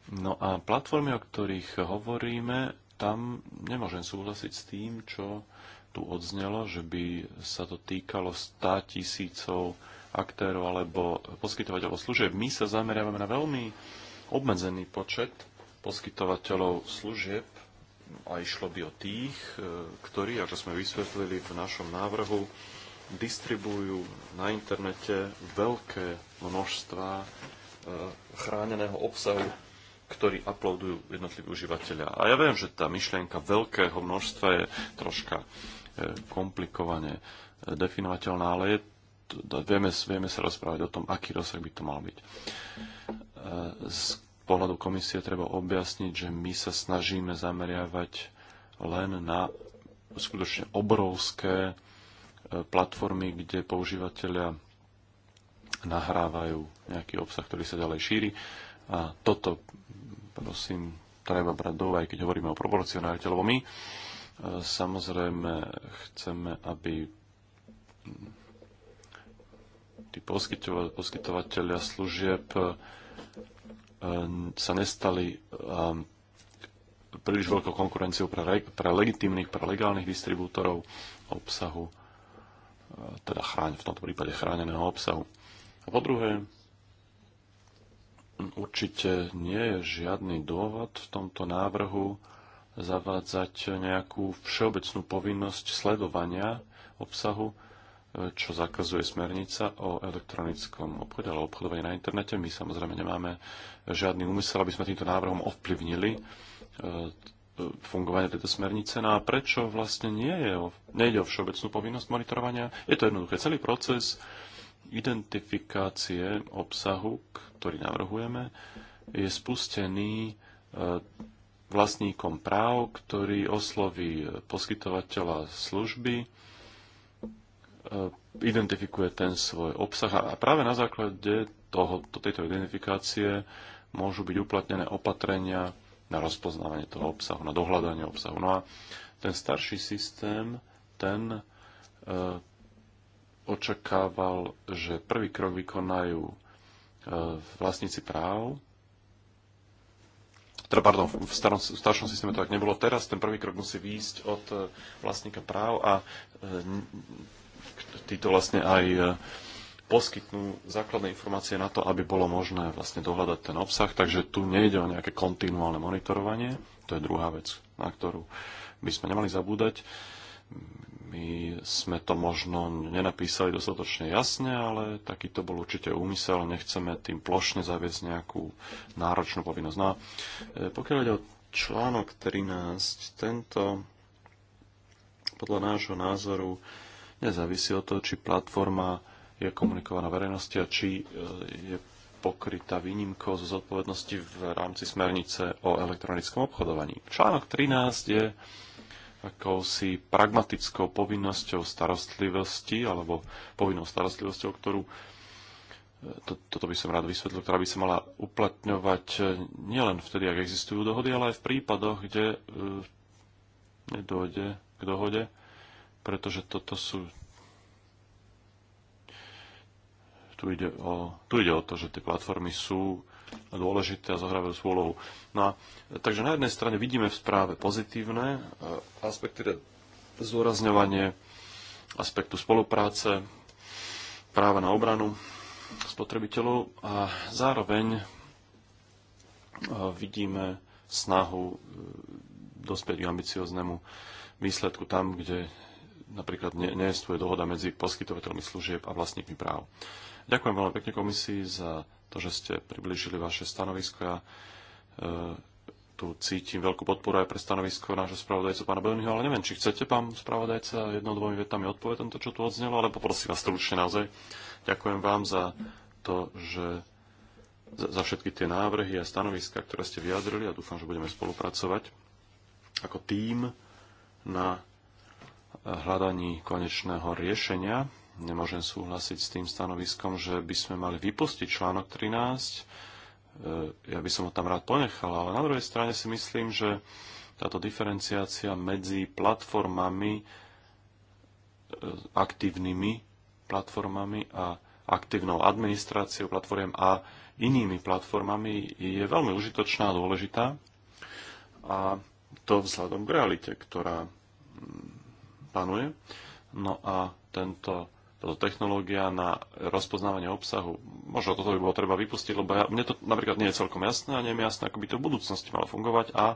No a platformy, o ktorých hovoríme, tam nemôžem súhlasiť s tým, čo tu odznelo, že by sa to týkalo 100 tisícov aktérov alebo poskytovateľov služieb. My sa zameriavame na veľmi obmedzený počet poskytovateľov služieb a išlo by o tých, e, ktorí, ako sme vysvetlili v našom návrhu, distribujú na internete veľké množstva e, chráneného obsahu, ktorý uploadujú jednotliví užívateľia. A ja viem, že tá myšlienka veľkého množstva je troška komplikovane definovateľná, ale je, vieme, vieme sa rozprávať o tom, aký rozsah by to mal byť. E, z pohľadu komisie treba objasniť, že my sa snažíme zameriavať len na skutočne obrovské e, platformy, kde používateľia nahrávajú nejaký obsah, ktorý sa ďalej šíri. A toto, prosím, treba brať do aj keď hovoríme o proporcionalite, lebo my Samozrejme, chceme, aby tí poskytovateľia služieb eh, sa nestali eh, príliš veľkou konkurenciou pre, pre legitímnych, pre legálnych distribútorov obsahu, eh, teda chráň, v tomto prípade chráneného obsahu. A po druhé, určite nie je žiadny dôvod v tomto návrhu, zavádzať nejakú všeobecnú povinnosť sledovania obsahu, e, čo zakazuje smernica o elektronickom obchode alebo obchodovaní na internete. My samozrejme nemáme žiadny úmysel, aby sme týmto návrhom ovplyvnili e, e, fungovanie tejto smernice. No a prečo vlastne nie je, o, nejde o všeobecnú povinnosť monitorovania? Je to jednoduché. Celý proces identifikácie obsahu, ktorý navrhujeme, je spustený vlastníkom práv, ktorý osloví poskytovateľa služby, e, identifikuje ten svoj obsah a práve na základe toho, tejto identifikácie môžu byť uplatnené opatrenia na rozpoznávanie toho obsahu, na dohľadanie obsahu. No a ten starší systém, ten e, očakával, že prvý krok vykonajú e, vlastníci práv, teda pardon, v, starom, v staršom systéme to tak nebolo. Teraz ten prvý krok musí výjsť od e, vlastníka práv a e, títo vlastne aj e, poskytnú základné informácie na to, aby bolo možné vlastne dohľadať ten obsah. Takže tu nejde o nejaké kontinuálne monitorovanie. To je druhá vec, na ktorú by sme nemali zabúdať my sme to možno nenapísali dostatočne jasne, ale takýto bol určite úmysel. Nechceme tým plošne zaviesť nejakú náročnú povinnosť. No e, pokiaľ ide o článok 13, tento podľa nášho názoru nezávisí od toho, či platforma je komunikovaná verejnosti a či e, je pokrytá výnimkou zo zodpovednosti v rámci smernice o elektronickom obchodovaní. Článok 13 je akousi pragmatickou povinnosťou starostlivosti alebo povinnou starostlivosťou, ktorú e, to, toto by som rád vysvetlil, ktorá by sa mala uplatňovať e, nielen vtedy, ak existujú dohody, ale aj v prípadoch, kde e, nedôjde k dohode, pretože toto sú tu ide, o, tu ide o to, že tie platformy sú dôležité a zohrávajú svoju úlohu. No takže na jednej strane vidíme v správe pozitívne e, aspekty, teda zúrazňovanie aspektu spolupráce, práva na obranu spotrebiteľov a zároveň e, vidíme snahu e, dospieť k ambicioznému výsledku tam, kde napríklad neestuje dohoda medzi poskytovateľmi služieb a vlastníkmi práv. Ďakujem veľmi pekne komisii za to, že ste priblížili vaše stanovisko. Ja e, tu cítim veľkú podporu aj pre stanovisko nášho spravodajcu pána Bevnýho, ale neviem, či chcete, pán spravodajca, jednou dvomi vetami odpovedať na to, čo tu odznelo, ale poprosím vás stručne naozaj. Ďakujem vám za to, že za, za všetky tie návrhy a stanoviska, ktoré ste vyjadrili a dúfam, že budeme spolupracovať ako tým na e, hľadaní konečného riešenia nemôžem súhlasiť s tým stanoviskom, že by sme mali vypustiť článok 13. E, ja by som ho tam rád ponechal, ale na druhej strane si myslím, že táto diferenciácia medzi platformami, e, aktívnymi platformami a aktívnou administráciou platform a inými platformami je veľmi užitočná a dôležitá. A to vzhľadom k realite, ktorá mm, panuje. No a tento táto technológia na rozpoznávanie obsahu. Možno toto by bolo treba vypustiť, lebo ja, mne to napríklad nie je celkom jasné a nie je jasné, ako by to v budúcnosti malo fungovať a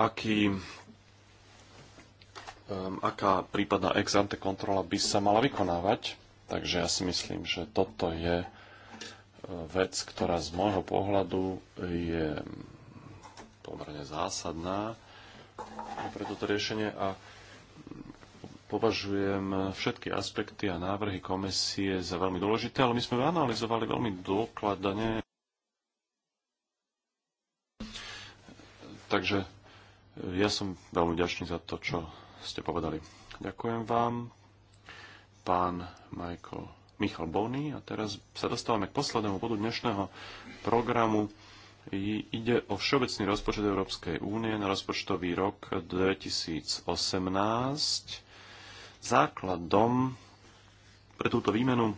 aký, um, aká prípadná ex ante kontrola by sa mala vykonávať. Takže ja si myslím, že toto je e, vec, ktorá z môjho pohľadu je pomerne zásadná pre toto riešenie a Považujem všetky aspekty a návrhy komisie za veľmi dôležité, ale my sme analyzovali veľmi dôkladne. Takže eh, ja som veľmi ďačný za to, čo ste povedali. Ďakujem vám, pán Michael, Michal Bony. A teraz sa dostávame k poslednému bodu dnešného programu. Ide o všeobecný rozpočet Európskej únie na rozpočtový rok 2018. Základom pre túto výmenu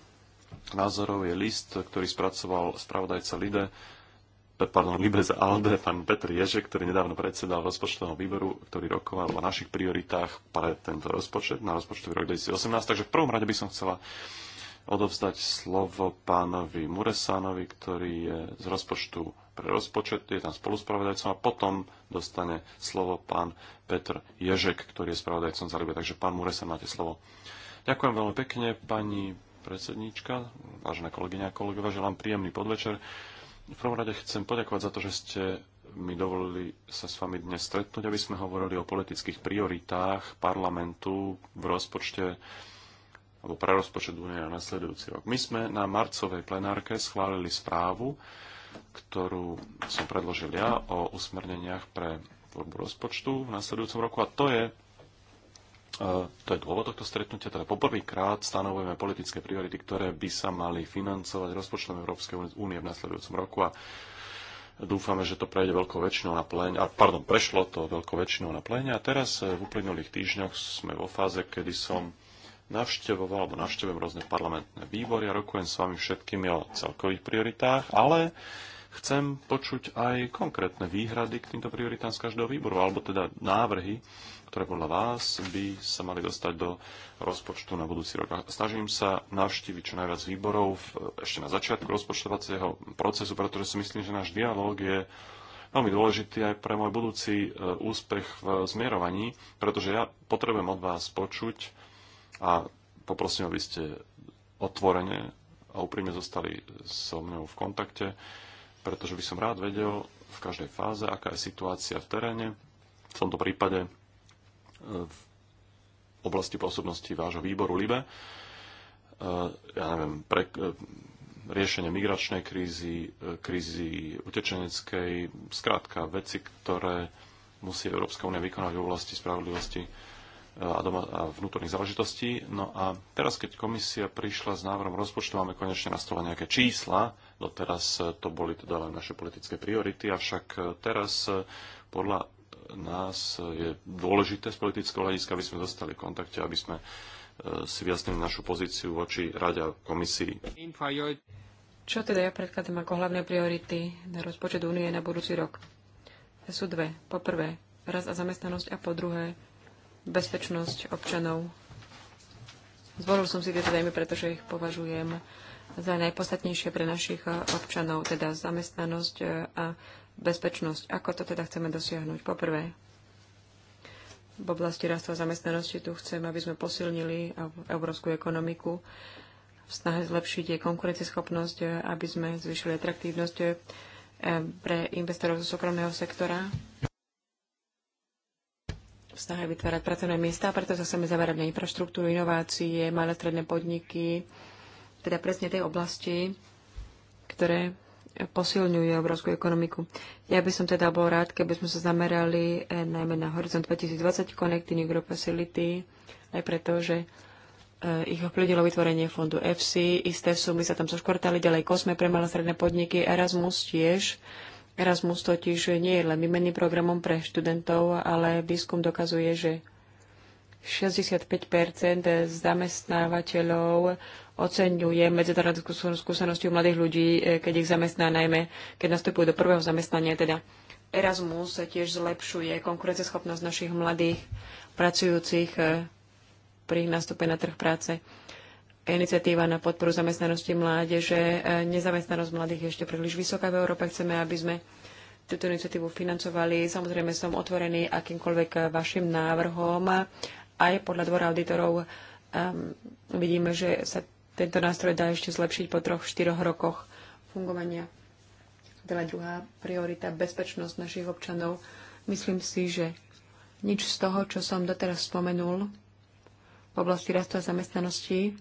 názorov je list, ktorý spracoval spravodajca Lide, pardon, Libes za Alde, pán Petr Ježek, ktorý nedávno predsedal rozpočtového výboru, ktorý rokoval o našich prioritách pre tento rozpočet na rozpočtový rok 2018. Takže v prvom rade by som chcela odovzdať slovo pánovi Muresanovi, ktorý je z rozpočtu pre rozpočet, je tam spoluspravodajcom a potom dostane slovo pán Petr Ježek, ktorý je spravodajcom za Libe. Takže pán sa máte slovo. Ďakujem veľmi pekne, pani predsedníčka, vážené kolegyne a kolegovia, želám príjemný podvečer. V prvom rade chcem poďakovať za to, že ste mi dovolili sa s vami dnes stretnúť, aby sme hovorili o politických prioritách parlamentu v rozpočte alebo pre rozpočet únie na nasledujúci rok. My sme na marcovej plenárke schválili správu, ktorú som predložil ja o usmerneniach pre tvorbu rozpočtu v následujúcom roku a to je e, to je dôvod tohto stretnutia, teda poprvýkrát stanovujeme politické priority, ktoré by sa mali financovať rozpočtom Európskej únie v následujúcom roku a dúfame, že to prejde veľkou väčšinou na pléne, a, pardon, prešlo to veľkou väčšinou na pléne a teraz e, v uplynulých týždňoch sme vo fáze, kedy som navštevoval alebo navštevujem rôzne parlamentné výbory a rokujem s vami všetkými o celkových prioritách, ale chcem počuť aj konkrétne výhrady k týmto prioritám z každého výboru, alebo teda návrhy, ktoré podľa vás by sa mali dostať do rozpočtu na budúci rok. Snažím sa navštíviť čo najviac výborov v, ešte na začiatku rozpočtovacieho procesu, pretože si myslím, že náš dialog je veľmi dôležitý aj pre môj budúci e, úspech v zmierovaní, pretože ja potrebujem od vás počuť, a poprosím, aby ste otvorene a úprimne zostali so mnou v kontakte, pretože by som rád vedel v každej fáze, aká je situácia v teréne. V tomto prípade e, v oblasti pôsobnosti vášho výboru LIBE. E, ja neviem, pre, e, riešenie migračnej krízy, krízy utečeneckej, zkrátka veci, ktoré musí Európska únia vykonať v oblasti spravodlivosti a, doma, a vnútorných záležitostí. No a teraz, keď komisia prišla s návrhom rozpočtu, máme konečne na stole nejaké čísla. Doteraz eh, to boli teda len naše politické priority, avšak eh, teraz eh, podľa nás je dôležité z politického hľadiska, aby sme dostali v kontakte, aby sme si vyjasnili našu pozíciu voči rade a komisii. Čo teda ja predkladám ako hlavné priority na rozpočet únie na budúci rok? Sú dve. Po prvé, raz a zamestnanosť a po druhé, bezpečnosť občanov. Zvolil som si tieto dajmy, pretože ich považujem za najpodstatnejšie pre našich eh, občanov, teda zamestnanosť eh, a bezpečnosť. Ako to teda chceme dosiahnuť? Poprvé, v oblasti rastu a zamestnanosti tu chcem, aby sme posilnili európsku ekonomiku v snahe zlepšiť jej konkurencieschopnosť, eh, aby sme zvýšili atraktívnosť pre investorov zo súkromného sektora v snahe vytvárať pracovné miesta, preto sa chceme zamerať na infraštruktúru, inovácie, malé stredné podniky, teda presne tej oblasti, ktoré posilňujú obrovskú ekonomiku. Ja by som teda bol rád, keby sme sa zamerali eh, najmä na Horizont 2020 Connecting Europe Facility, aj preto, že eh, ich ovplyvnilo vytvorenie fondu EFSI, isté sumy sa tam zoškvrtali, ďalej Kosme pre malé stredné podniky, Erasmus tiež Erasmus totiž nie je len výmenným programom pre študentov, ale výskum dokazuje, že 65 zamestnávateľov oceňuje medzinárodnú skúsenosti mladých ľudí, e, keď ich zamestná najmä, keď nastupujú do prvého zamestnania. Teda Erasmus tiež zlepšuje konkurenceschopnosť našich mladých pracujúcich e, pri nástupe na trh práce iniciatíva na podporu zamestnanosti mládeže. E, nezamestnanosť mladých je ešte príliš vysoká v Európe. Chceme, aby sme túto iniciatívu financovali. Samozrejme som otvorený akýmkoľvek vašim návrhom. Aj podľa dvora auditorov um, vidíme, že sa tento nástroj dá ešte zlepšiť po troch, štyroch rokoch fungovania. Teda druhá priorita, bezpečnosť našich občanov. Myslím si, že nič z toho, čo som doteraz spomenul v oblasti rastu a zamestnanosti,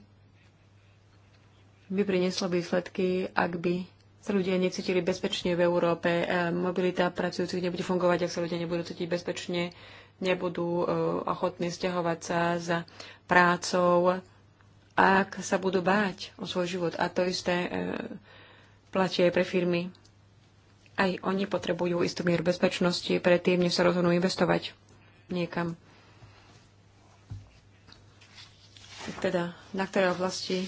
by prinieslo výsledky, ak by sa ľudia necítili bezpečne v Európe, e, mobilita pracujúcich nebude fungovať, ak sa ľudia nebudú cítiť bezpečne, nebudú e, ochotní stiahovať sa za prácou, ak sa budú báť o svoj život. A to isté e, platí aj pre firmy. Aj oni potrebujú istú mieru bezpečnosti predtým, než sa rozhodnú investovať niekam. teda na ktoré oblasti e,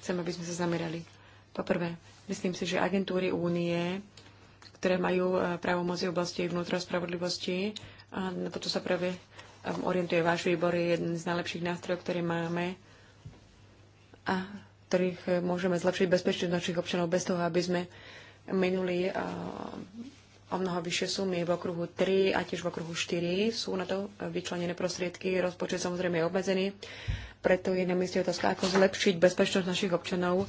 chcem, aby sme sa zamerali. Poprvé, myslím si, že agentúry únie, ktoré majú e, právomoci v oblasti vnútra spravodlivosti, a na toto sa práve um, orientuje váš výbor, je jeden z najlepších nástrojov, ktorý máme a ktorých e, môžeme zlepšiť bezpečnosť našich občanov bez toho, aby sme minuli o mnoho vyššie sumy v okruhu 3 a tiež v okruhu 4. Sú na to vyčlenené prostriedky, rozpočet samozrejme je obmedzený, preto je na mieste otázka, ako zlepšiť bezpečnosť našich občanov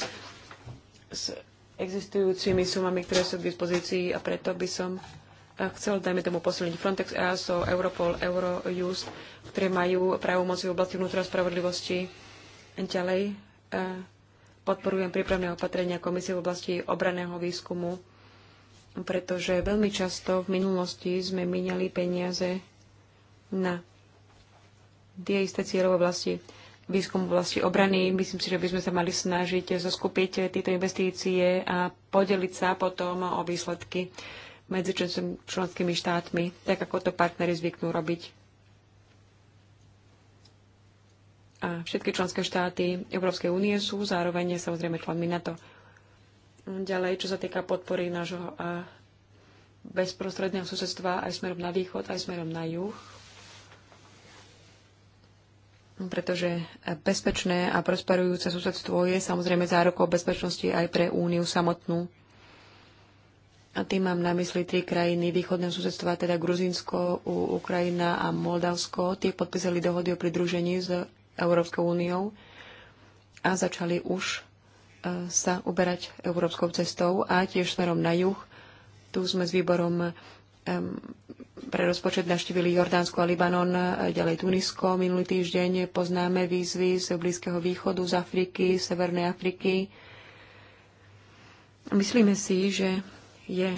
s existujúcimi sumami, ktoré sú k dispozícii a preto by som eh, chcel, dajme tomu, posilniť Frontex, EASO, Europol, Eurojust, ktoré majú právomoci v oblasti vnútra spravodlivosti. Ďalej eh, podporujem prípravné opatrenia komisie v oblasti obraného výskumu, pretože veľmi často v minulosti sme minali peniaze na tie isté cieľové oblasti výskum v oblasti obrany. Myslím si, že by sme sa mali snažiť zoskupiť tieto investície a podeliť sa potom o výsledky medzi členskými štátmi, tak ako to partnery zvyknú robiť. A všetky členské štáty Európskej únie sú zároveň samozrejme členmi NATO. Ďalej, čo sa týka podpory nášho bezprostredného susedstva aj smerom na východ, aj smerom na juh, pretože bezpečné a prosperujúce susedstvo je samozrejme zárokou bezpečnosti aj pre Úniu samotnú. A tým mám na mysli tri krajiny východného susedstva, teda Gruzinsko, Ukrajina a Moldavsko. Tie podpísali dohody o pridružení s Európskou úniou a začali už e, sa uberať európskou cestou a tiež smerom na juh. Tu sme s výborom pre rozpočet navštívili Jordánsko a Libanon, e, ďalej Tunisko. Minulý týždeň poznáme výzvy z Blízkeho východu, z Afriky, Severnej Afriky. Myslíme si, že je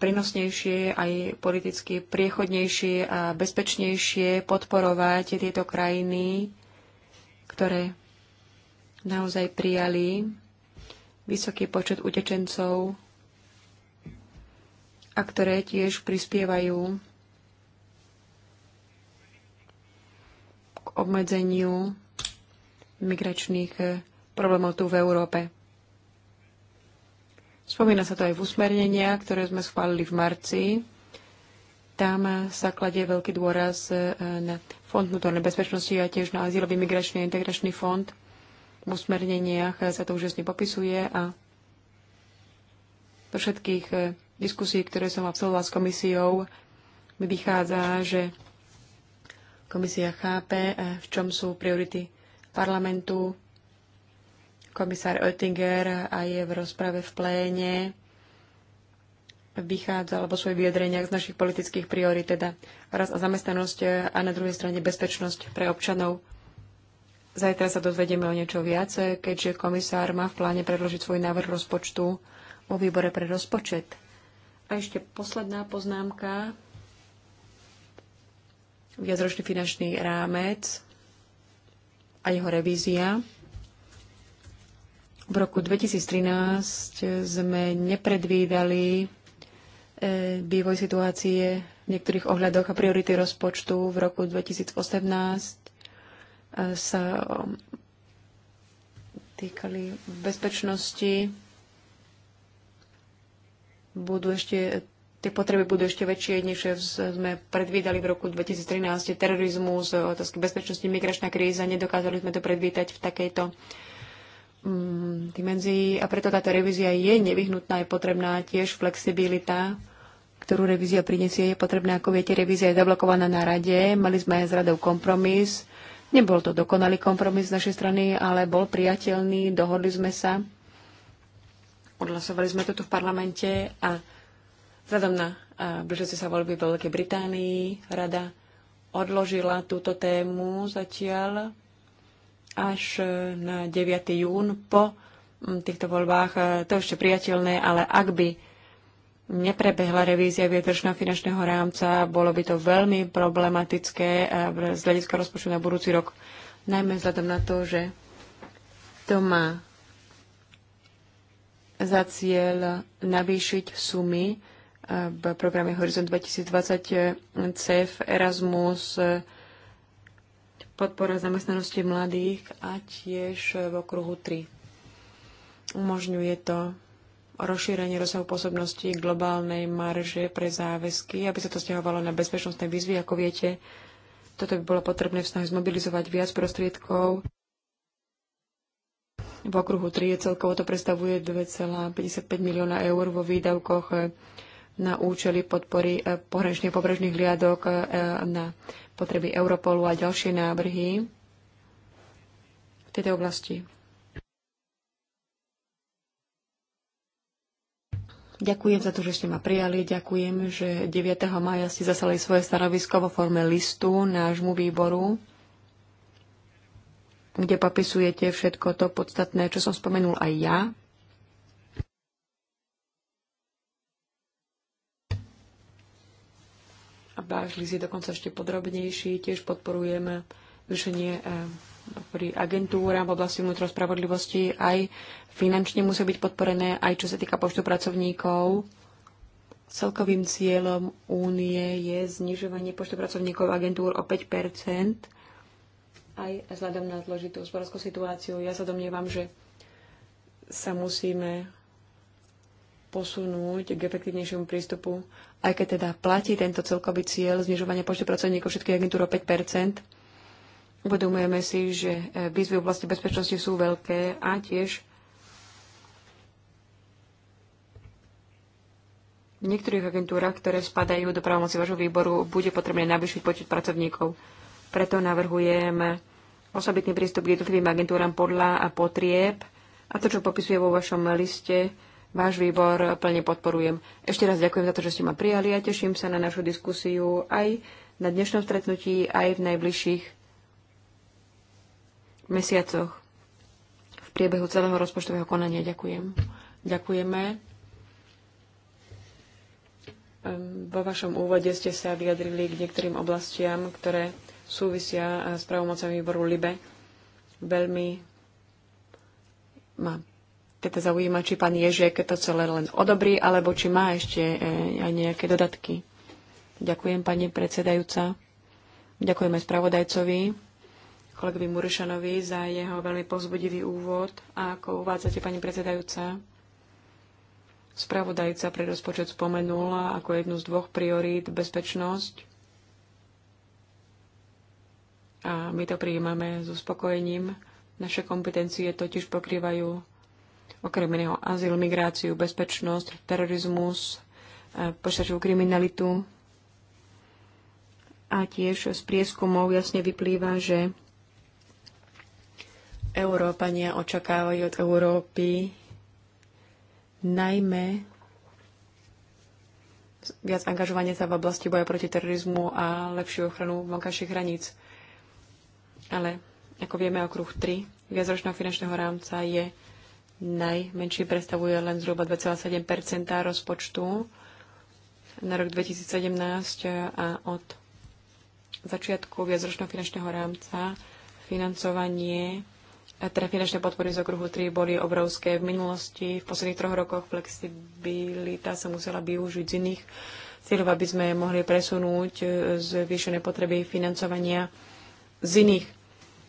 prínosnejšie, aj politicky priechodnejšie a bezpečnejšie podporovať tieto krajiny, ktoré naozaj prijali vysoký počet utečencov a ktoré tiež prispievajú k obmedzeniu migračných eh, problémov tu v Európe. Spomína sa to aj v usmernenia, ktoré sme schválili v marci. Tam eh, sa kladie veľký dôraz eh, na Fond vnútornej bezpečnosti a tiež na azylový migračný a integračný fond. V usmerneniach sa to úžasne popisuje a do všetkých diskusii, ktoré som absolvovala s komisiou, mi vychádza, že komisia chápe, eh, v čom sú priority parlamentu. Komisár Oettinger a je v rozprave v pléne vychádza alebo svoje vyjadreniach z našich politických priorit, teda raz a zamestnanosť eh, a na druhej strane bezpečnosť pre občanov. Zajtra sa dozvedieme o niečo viac, eh, keďže komisár má v pláne predložiť svoj návrh rozpočtu vo výbore pre rozpočet. A ešte posledná poznámka. Viacročný finančný rámec a jeho revízia. V roku 2013 sme nepredvídali e, vývoj situácie v niektorých ohľadoch a priority rozpočtu. V roku 2018 e, sa týkali bezpečnosti budú ešte, tie potreby budú ešte väčšie, než sme predvídali v roku 2013. Terorizmus, otázky bezpečnosti, migračná kríza, nedokázali sme to predvídať v takejto mm, dimenzii a preto táto revízia je nevyhnutná, je potrebná tiež flexibilita ktorú revízia prinesie, je potrebná. Ako viete, revízia je zablokovaná na rade. Mali sme s radou kompromis. Nebol to dokonalý kompromis z našej strany, ale bol priateľný. Dohodli sme sa Odhlasovali sme to tu v parlamente a vzhľadom na blížiace sa voľby v Veľkej Británii rada odložila túto tému zatiaľ až e, na 9. jún po týchto voľbách. E, to je ešte priateľné, ale ak by neprebehla revízia vietročného finančného rámca, bolo by to veľmi problematické e, z hľadiska rozpočtu na budúci rok. Najmä vzhľadom na to, že to má za cieľ navýšiť sumy eh, v programe Horizon 2020 eh, CEF, Erasmus, eh, podpora zamestnanosti mladých a tiež v okruhu 3. Umožňuje to rozšírenie rozsahu pôsobnosti globálnej marže pre záväzky, aby sa to stiahovalo na bezpečnostné výzvy. Ako viete, toto by bolo potrebné v snahe zmobilizovať viac prostriedkov v okruhu 3 celkovo to predstavuje 2,55 milióna eur vo výdavkoch eh, na účely podpory eh, pohraničných pobrežných hliadok eh, na potreby Europolu a ďalšie návrhy v tejto oblasti. Ďakujem za to, že ste ma prijali. Ďakujem, že 9. maja ste zaslali svoje stanovisko vo forme listu nášmu výboru kde popisujete všetko to podstatné, čo som spomenul aj ja. A váš list je dokonca ešte podrobnejší. Tiež podporujeme zvýšenie eh, pri agentúram v oblasti vnútro spravodlivosti aj finančne musí byť podporené, aj čo sa týka počtu pracovníkov. Celkovým cieľom únie je znižovanie počtu pracovníkov agentúr o 5 aj vzhľadom na zložitú hospodárskú situáciu. Ja sa domnievam, že sa musíme posunúť k efektívnejšiemu prístupu, aj keď teda platí tento celkový cieľ znižovania počtu pracovníkov všetkých agentúr o 5 Uvedomujeme si, že e, výzvy v oblasti bezpečnosti sú veľké a tiež v niektorých agentúrach, ktoré spadajú do právomoci vášho výboru, bude potrebné navýšiť počet pracovníkov. Preto navrhujeme osobitný prístup k jednotlivým agentúram podľa a potrieb. A to, čo popisuje vo vašom liste, váš výbor plne podporujem. Ešte raz ďakujem za to, že ste ma prijali a teším sa na našu diskusiu aj na dnešnom stretnutí, aj v najbližších mesiacoch v priebehu celého rozpočtového konania. Ďakujem. Ďakujeme. Ehm, vo vašom úvode ste sa vyjadrili k niektorým oblastiam, ktoré súvisia e, s pravomocami výboru LIBE. Veľmi ma teda zaujíma, či pán Ježek to celé len odobrí, alebo či má ešte e, aj nejaké dodatky. Ďakujem, pani predsedajúca. Ďakujeme spravodajcovi, kolegovi Murešanovi, za jeho veľmi povzbudivý úvod. A ako uvádzate, pani predsedajúca, spravodajca pre rozpočet spomenul ako jednu z dvoch priorít bezpečnosť a my to prijímame s uspokojením. Naše kompetencie totiž pokrývajú okrem iného azyl, migráciu, bezpečnosť, terorizmus, e, počačovú kriminalitu. A tiež z prieskumov jasne vyplýva, že Európania očakávajú od Európy najmä viac angažovanie sa v oblasti boja proti terorizmu a lepšiu ochranu vonkajších hraníc. Ale ako vieme, okruh 3 viacročného finančného rámca je najmenší, predstavuje len zhruba 2,7 rozpočtu na rok 2017 a od začiatku viacročného finančného rámca financovanie teda finančné podpory z okruhu 3 boli obrovské v minulosti. V posledných troch rokoch flexibilita sa musela využiť z iných cieľov, aby sme mohli presunúť e, zvýšené potreby financovania z iných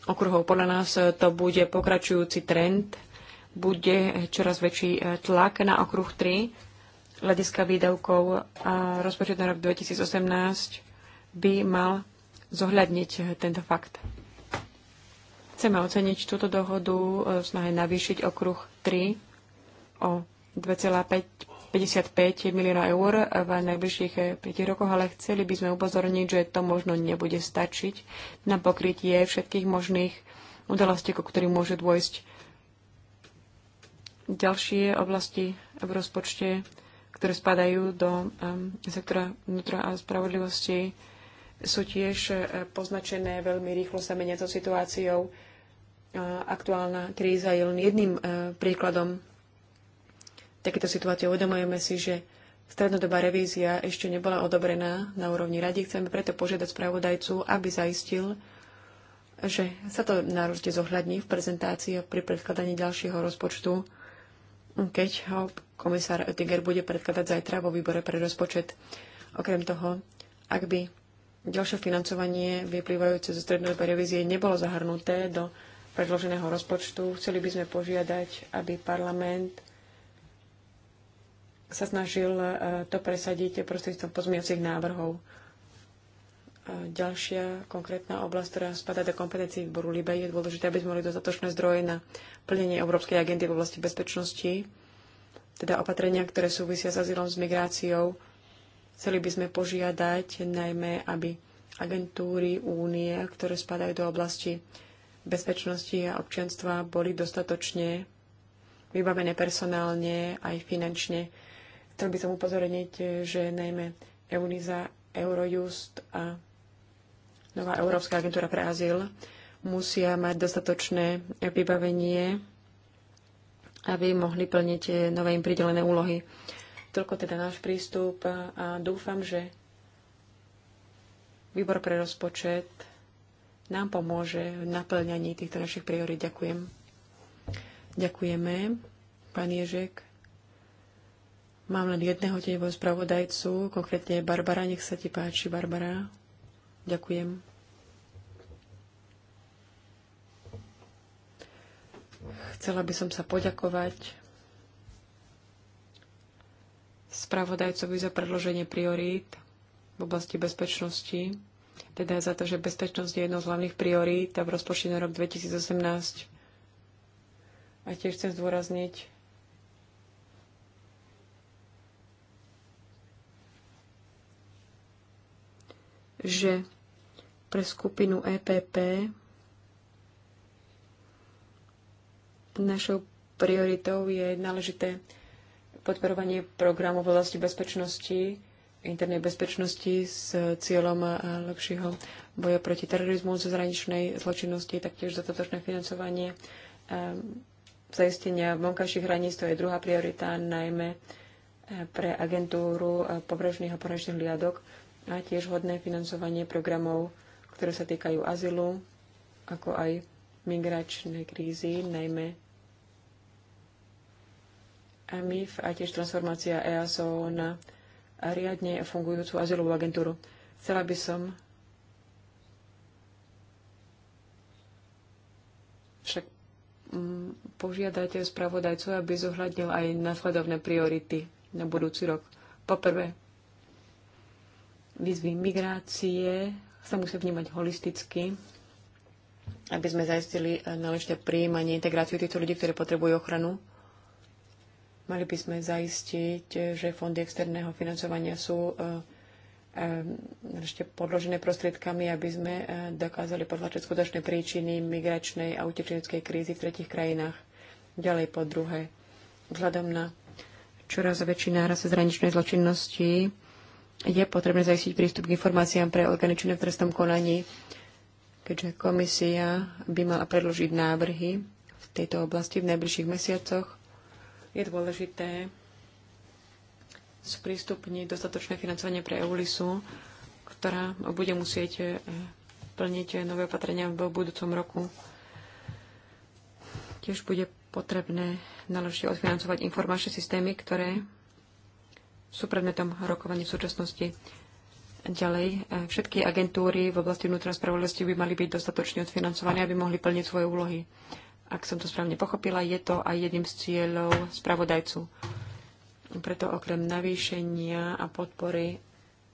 okruhov. Podľa nás eh, to bude pokračujúci trend, bude čoraz väčší eh, tlak na okruh 3. Hľadiska výdavkov a rozpočet na rok 2018 by mal zohľadniť eh, tento fakt. Chceme oceniť túto dohodu v snahe navýšiť okruh 3 o 2,5 55 milióna eur v najbližších 5 eh, rokoch, ale chceli by sme upozorniť, že to možno nebude stačiť na pokrytie všetkých možných udalostí, ku ktorým môže dôjsť ďalšie oblasti v rozpočte, ktoré spadajú do um, sektora vnútra a spravodlivosti, sú tiež eh, poznačené veľmi rýchlo sa meniacou situáciou. Aktuálna kríza je len jedným príkladom takéto situácie. Uvedomujeme si, že strednodobá revízia ešte nebola odobrená na úrovni rady. Chceme preto požiadať spravodajcu, aby zaistil, že sa to náročne zohľadní v prezentácii a pri predkladaní ďalšieho rozpočtu, keď ho komisár Oettinger bude predkladať zajtra vo výbore pre rozpočet. Okrem toho, ak by ďalšie financovanie vyplývajúce zo strednodobej revízie nebolo zahrnuté do predloženého rozpočtu, chceli by sme požiadať, aby parlament sa snažil e, to presadiť prostredníctvom pozmiacich návrhov. E, ďalšia konkrétna oblasť, ktorá spadá do kompetencií výboru LIBE, je dôležité, aby sme mali dostatočné zdroje na plnenie Európskej agendy v oblasti bezpečnosti, teda opatrenia, ktoré súvisia s azylom, s migráciou. Chceli by sme požiadať najmä, aby agentúry únie, ktoré spadajú do oblasti bezpečnosti a občianstva, boli dostatočne vybavené personálne aj finančne Chcel by som upozorniť, že najmä EUNIZA, Eurojust a Nová Európska agentúra pre azyl musia mať dostatočné vybavenie, aby mohli plniť nové im pridelené úlohy. Toľko teda náš prístup a dúfam, že výbor pre rozpočet nám pomôže v naplňaní týchto našich priorít. Ďakujem. Ďakujeme, pán Ježek. Mám len jedného deňového spravodajcu, konkrétne Barbara. Nech sa ti páči, Barbara. Ďakujem. Chcela by som sa poďakovať spravodajcovi za predloženie priorít v oblasti bezpečnosti, teda za to, že bezpečnosť je jednou z hlavných priorít v rozpočte na rok 2018. A tiež chcem zdôrazniť, že pre skupinu EPP našou prioritou je náležité podporovanie programu v oblasti bezpečnosti, internej bezpečnosti s cieľom lepšieho boja proti terorizmu, zo zahraničnej zločinnosti, taktiež za totočné financovanie ehm, zaistenia vonkajších hraníc, to je druhá priorita, najmä eh, pre agentúru eh, pobrežných a pohraničných hliadok a tiež hodné financovanie programov, ktoré sa týkajú azylu, ako aj migračnej krízy, najmä A MIF a tiež transformácia EASO na riadne fungujúcu azylovú agentúru. Chcela by som však mm, požiadať spravodajcu, aby zohľadnil aj nasledovné priority na budúci rok. Poprvé, Výzvy migrácie sa musia vnímať holisticky, aby sme zaistili eh, náležité príjmanie, integráciu týchto ľudí, ktorí potrebujú ochranu. Mali by sme zaistiť, že fondy externého financovania sú ešte eh, eh, podložené prostriedkami, aby sme dokázali potlačiť skutočné príčiny migračnej a utečeneckej krízy v tretich krajinách. Ďalej po druhé, vzhľadom na čoraz väčší náraz zraničnej zločinnosti je potrebné zajistiť prístup k informáciám pre orgány činné v trestnom konaní, keďže komisia by mala predložiť návrhy v tejto oblasti v najbližších mesiacoch. Je dôležité sprístupniť dostatočné financovanie pre EULISu, ktorá bude musieť eh, plniť nové opatrenia v budúcom roku. Tiež bude potrebné naložite odfinancovať informačné systémy, ktoré sú predmetom rokovania v súčasnosti. Ďalej, e, všetky agentúry v oblasti vnútornej spravodlivosti by mali byť dostatočne odfinancované, aby mohli plniť svoje úlohy. Ak som to správne pochopila, je to aj jedným z cieľov spravodajcu. Preto okrem navýšenia a podpory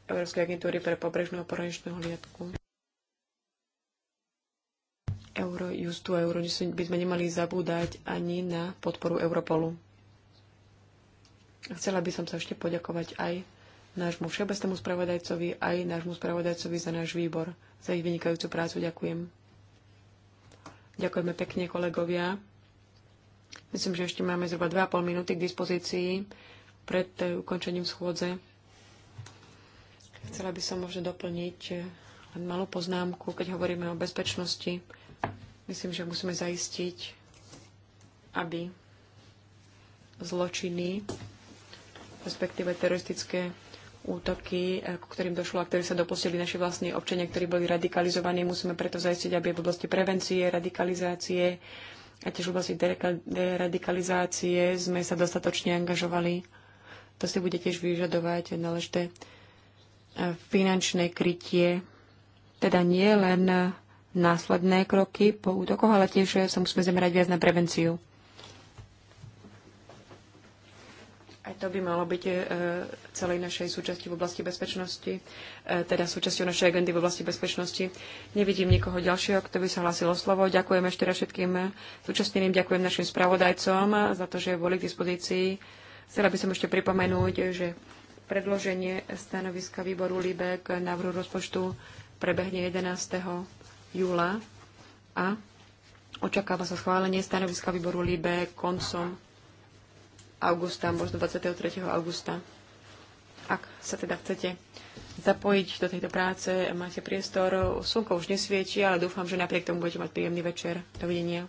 Európskej agentúry pre pobrežnú a poraničnú hliadku Eurojustu a Euronews by sme nemali zabúdať ani na podporu Europolu. Chcela by som sa ešte poďakovať aj nášmu všeobecnému spravodajcovi, aj nášmu spravodajcovi za náš výbor, za ich vynikajúcu prácu. Ďakujem. Ďakujeme pekne, kolegovia. Myslím, že ešte máme zhruba 2,5 minúty k dispozícii pred eh, ukončením schôdze. Chcela by som možno doplniť eh, len malú poznámku, keď hovoríme o bezpečnosti. Myslím, že musíme zaistiť, aby zločiny respektíve teroristické útoky, eh, k ktorým došlo a ktorí sa dopustili naši vlastní občania, ktorí boli radikalizovaní. Musíme preto zajistiť, aby v oblasti prevencie, radikalizácie a tiež v oblasti deradikalizácie sme sa dostatočne angažovali. To si bude tiež vyžadovať náležité eh, finančné krytie, teda nie len eh, následné kroky po útokoch, ale tiež sa musíme zamerať viac na prevenciu. Aj to by malo byť e, celej našej súčasti v oblasti bezpečnosti, e, teda súčasťou našej agendy v oblasti bezpečnosti. Nevidím nikoho ďalšieho, kto by sa hlásil o slovo. Ďakujem ešte raz všetkým súčasneným, ďakujem našim spravodajcom za to, že boli k dispozícii. Chcela by som ešte pripomenúť, že predloženie stanoviska výboru LIBE k návrhu rozpočtu prebehne 11. júla a očakáva sa schválenie stanoviska výboru LIBE koncom augusta, možno 23. augusta. Ak sa teda chcete zapojiť do tejto práce, máte priestor, slnko už nesvieti, ale dúfam, že napriek tomu budete mať príjemný večer. Dovidenia.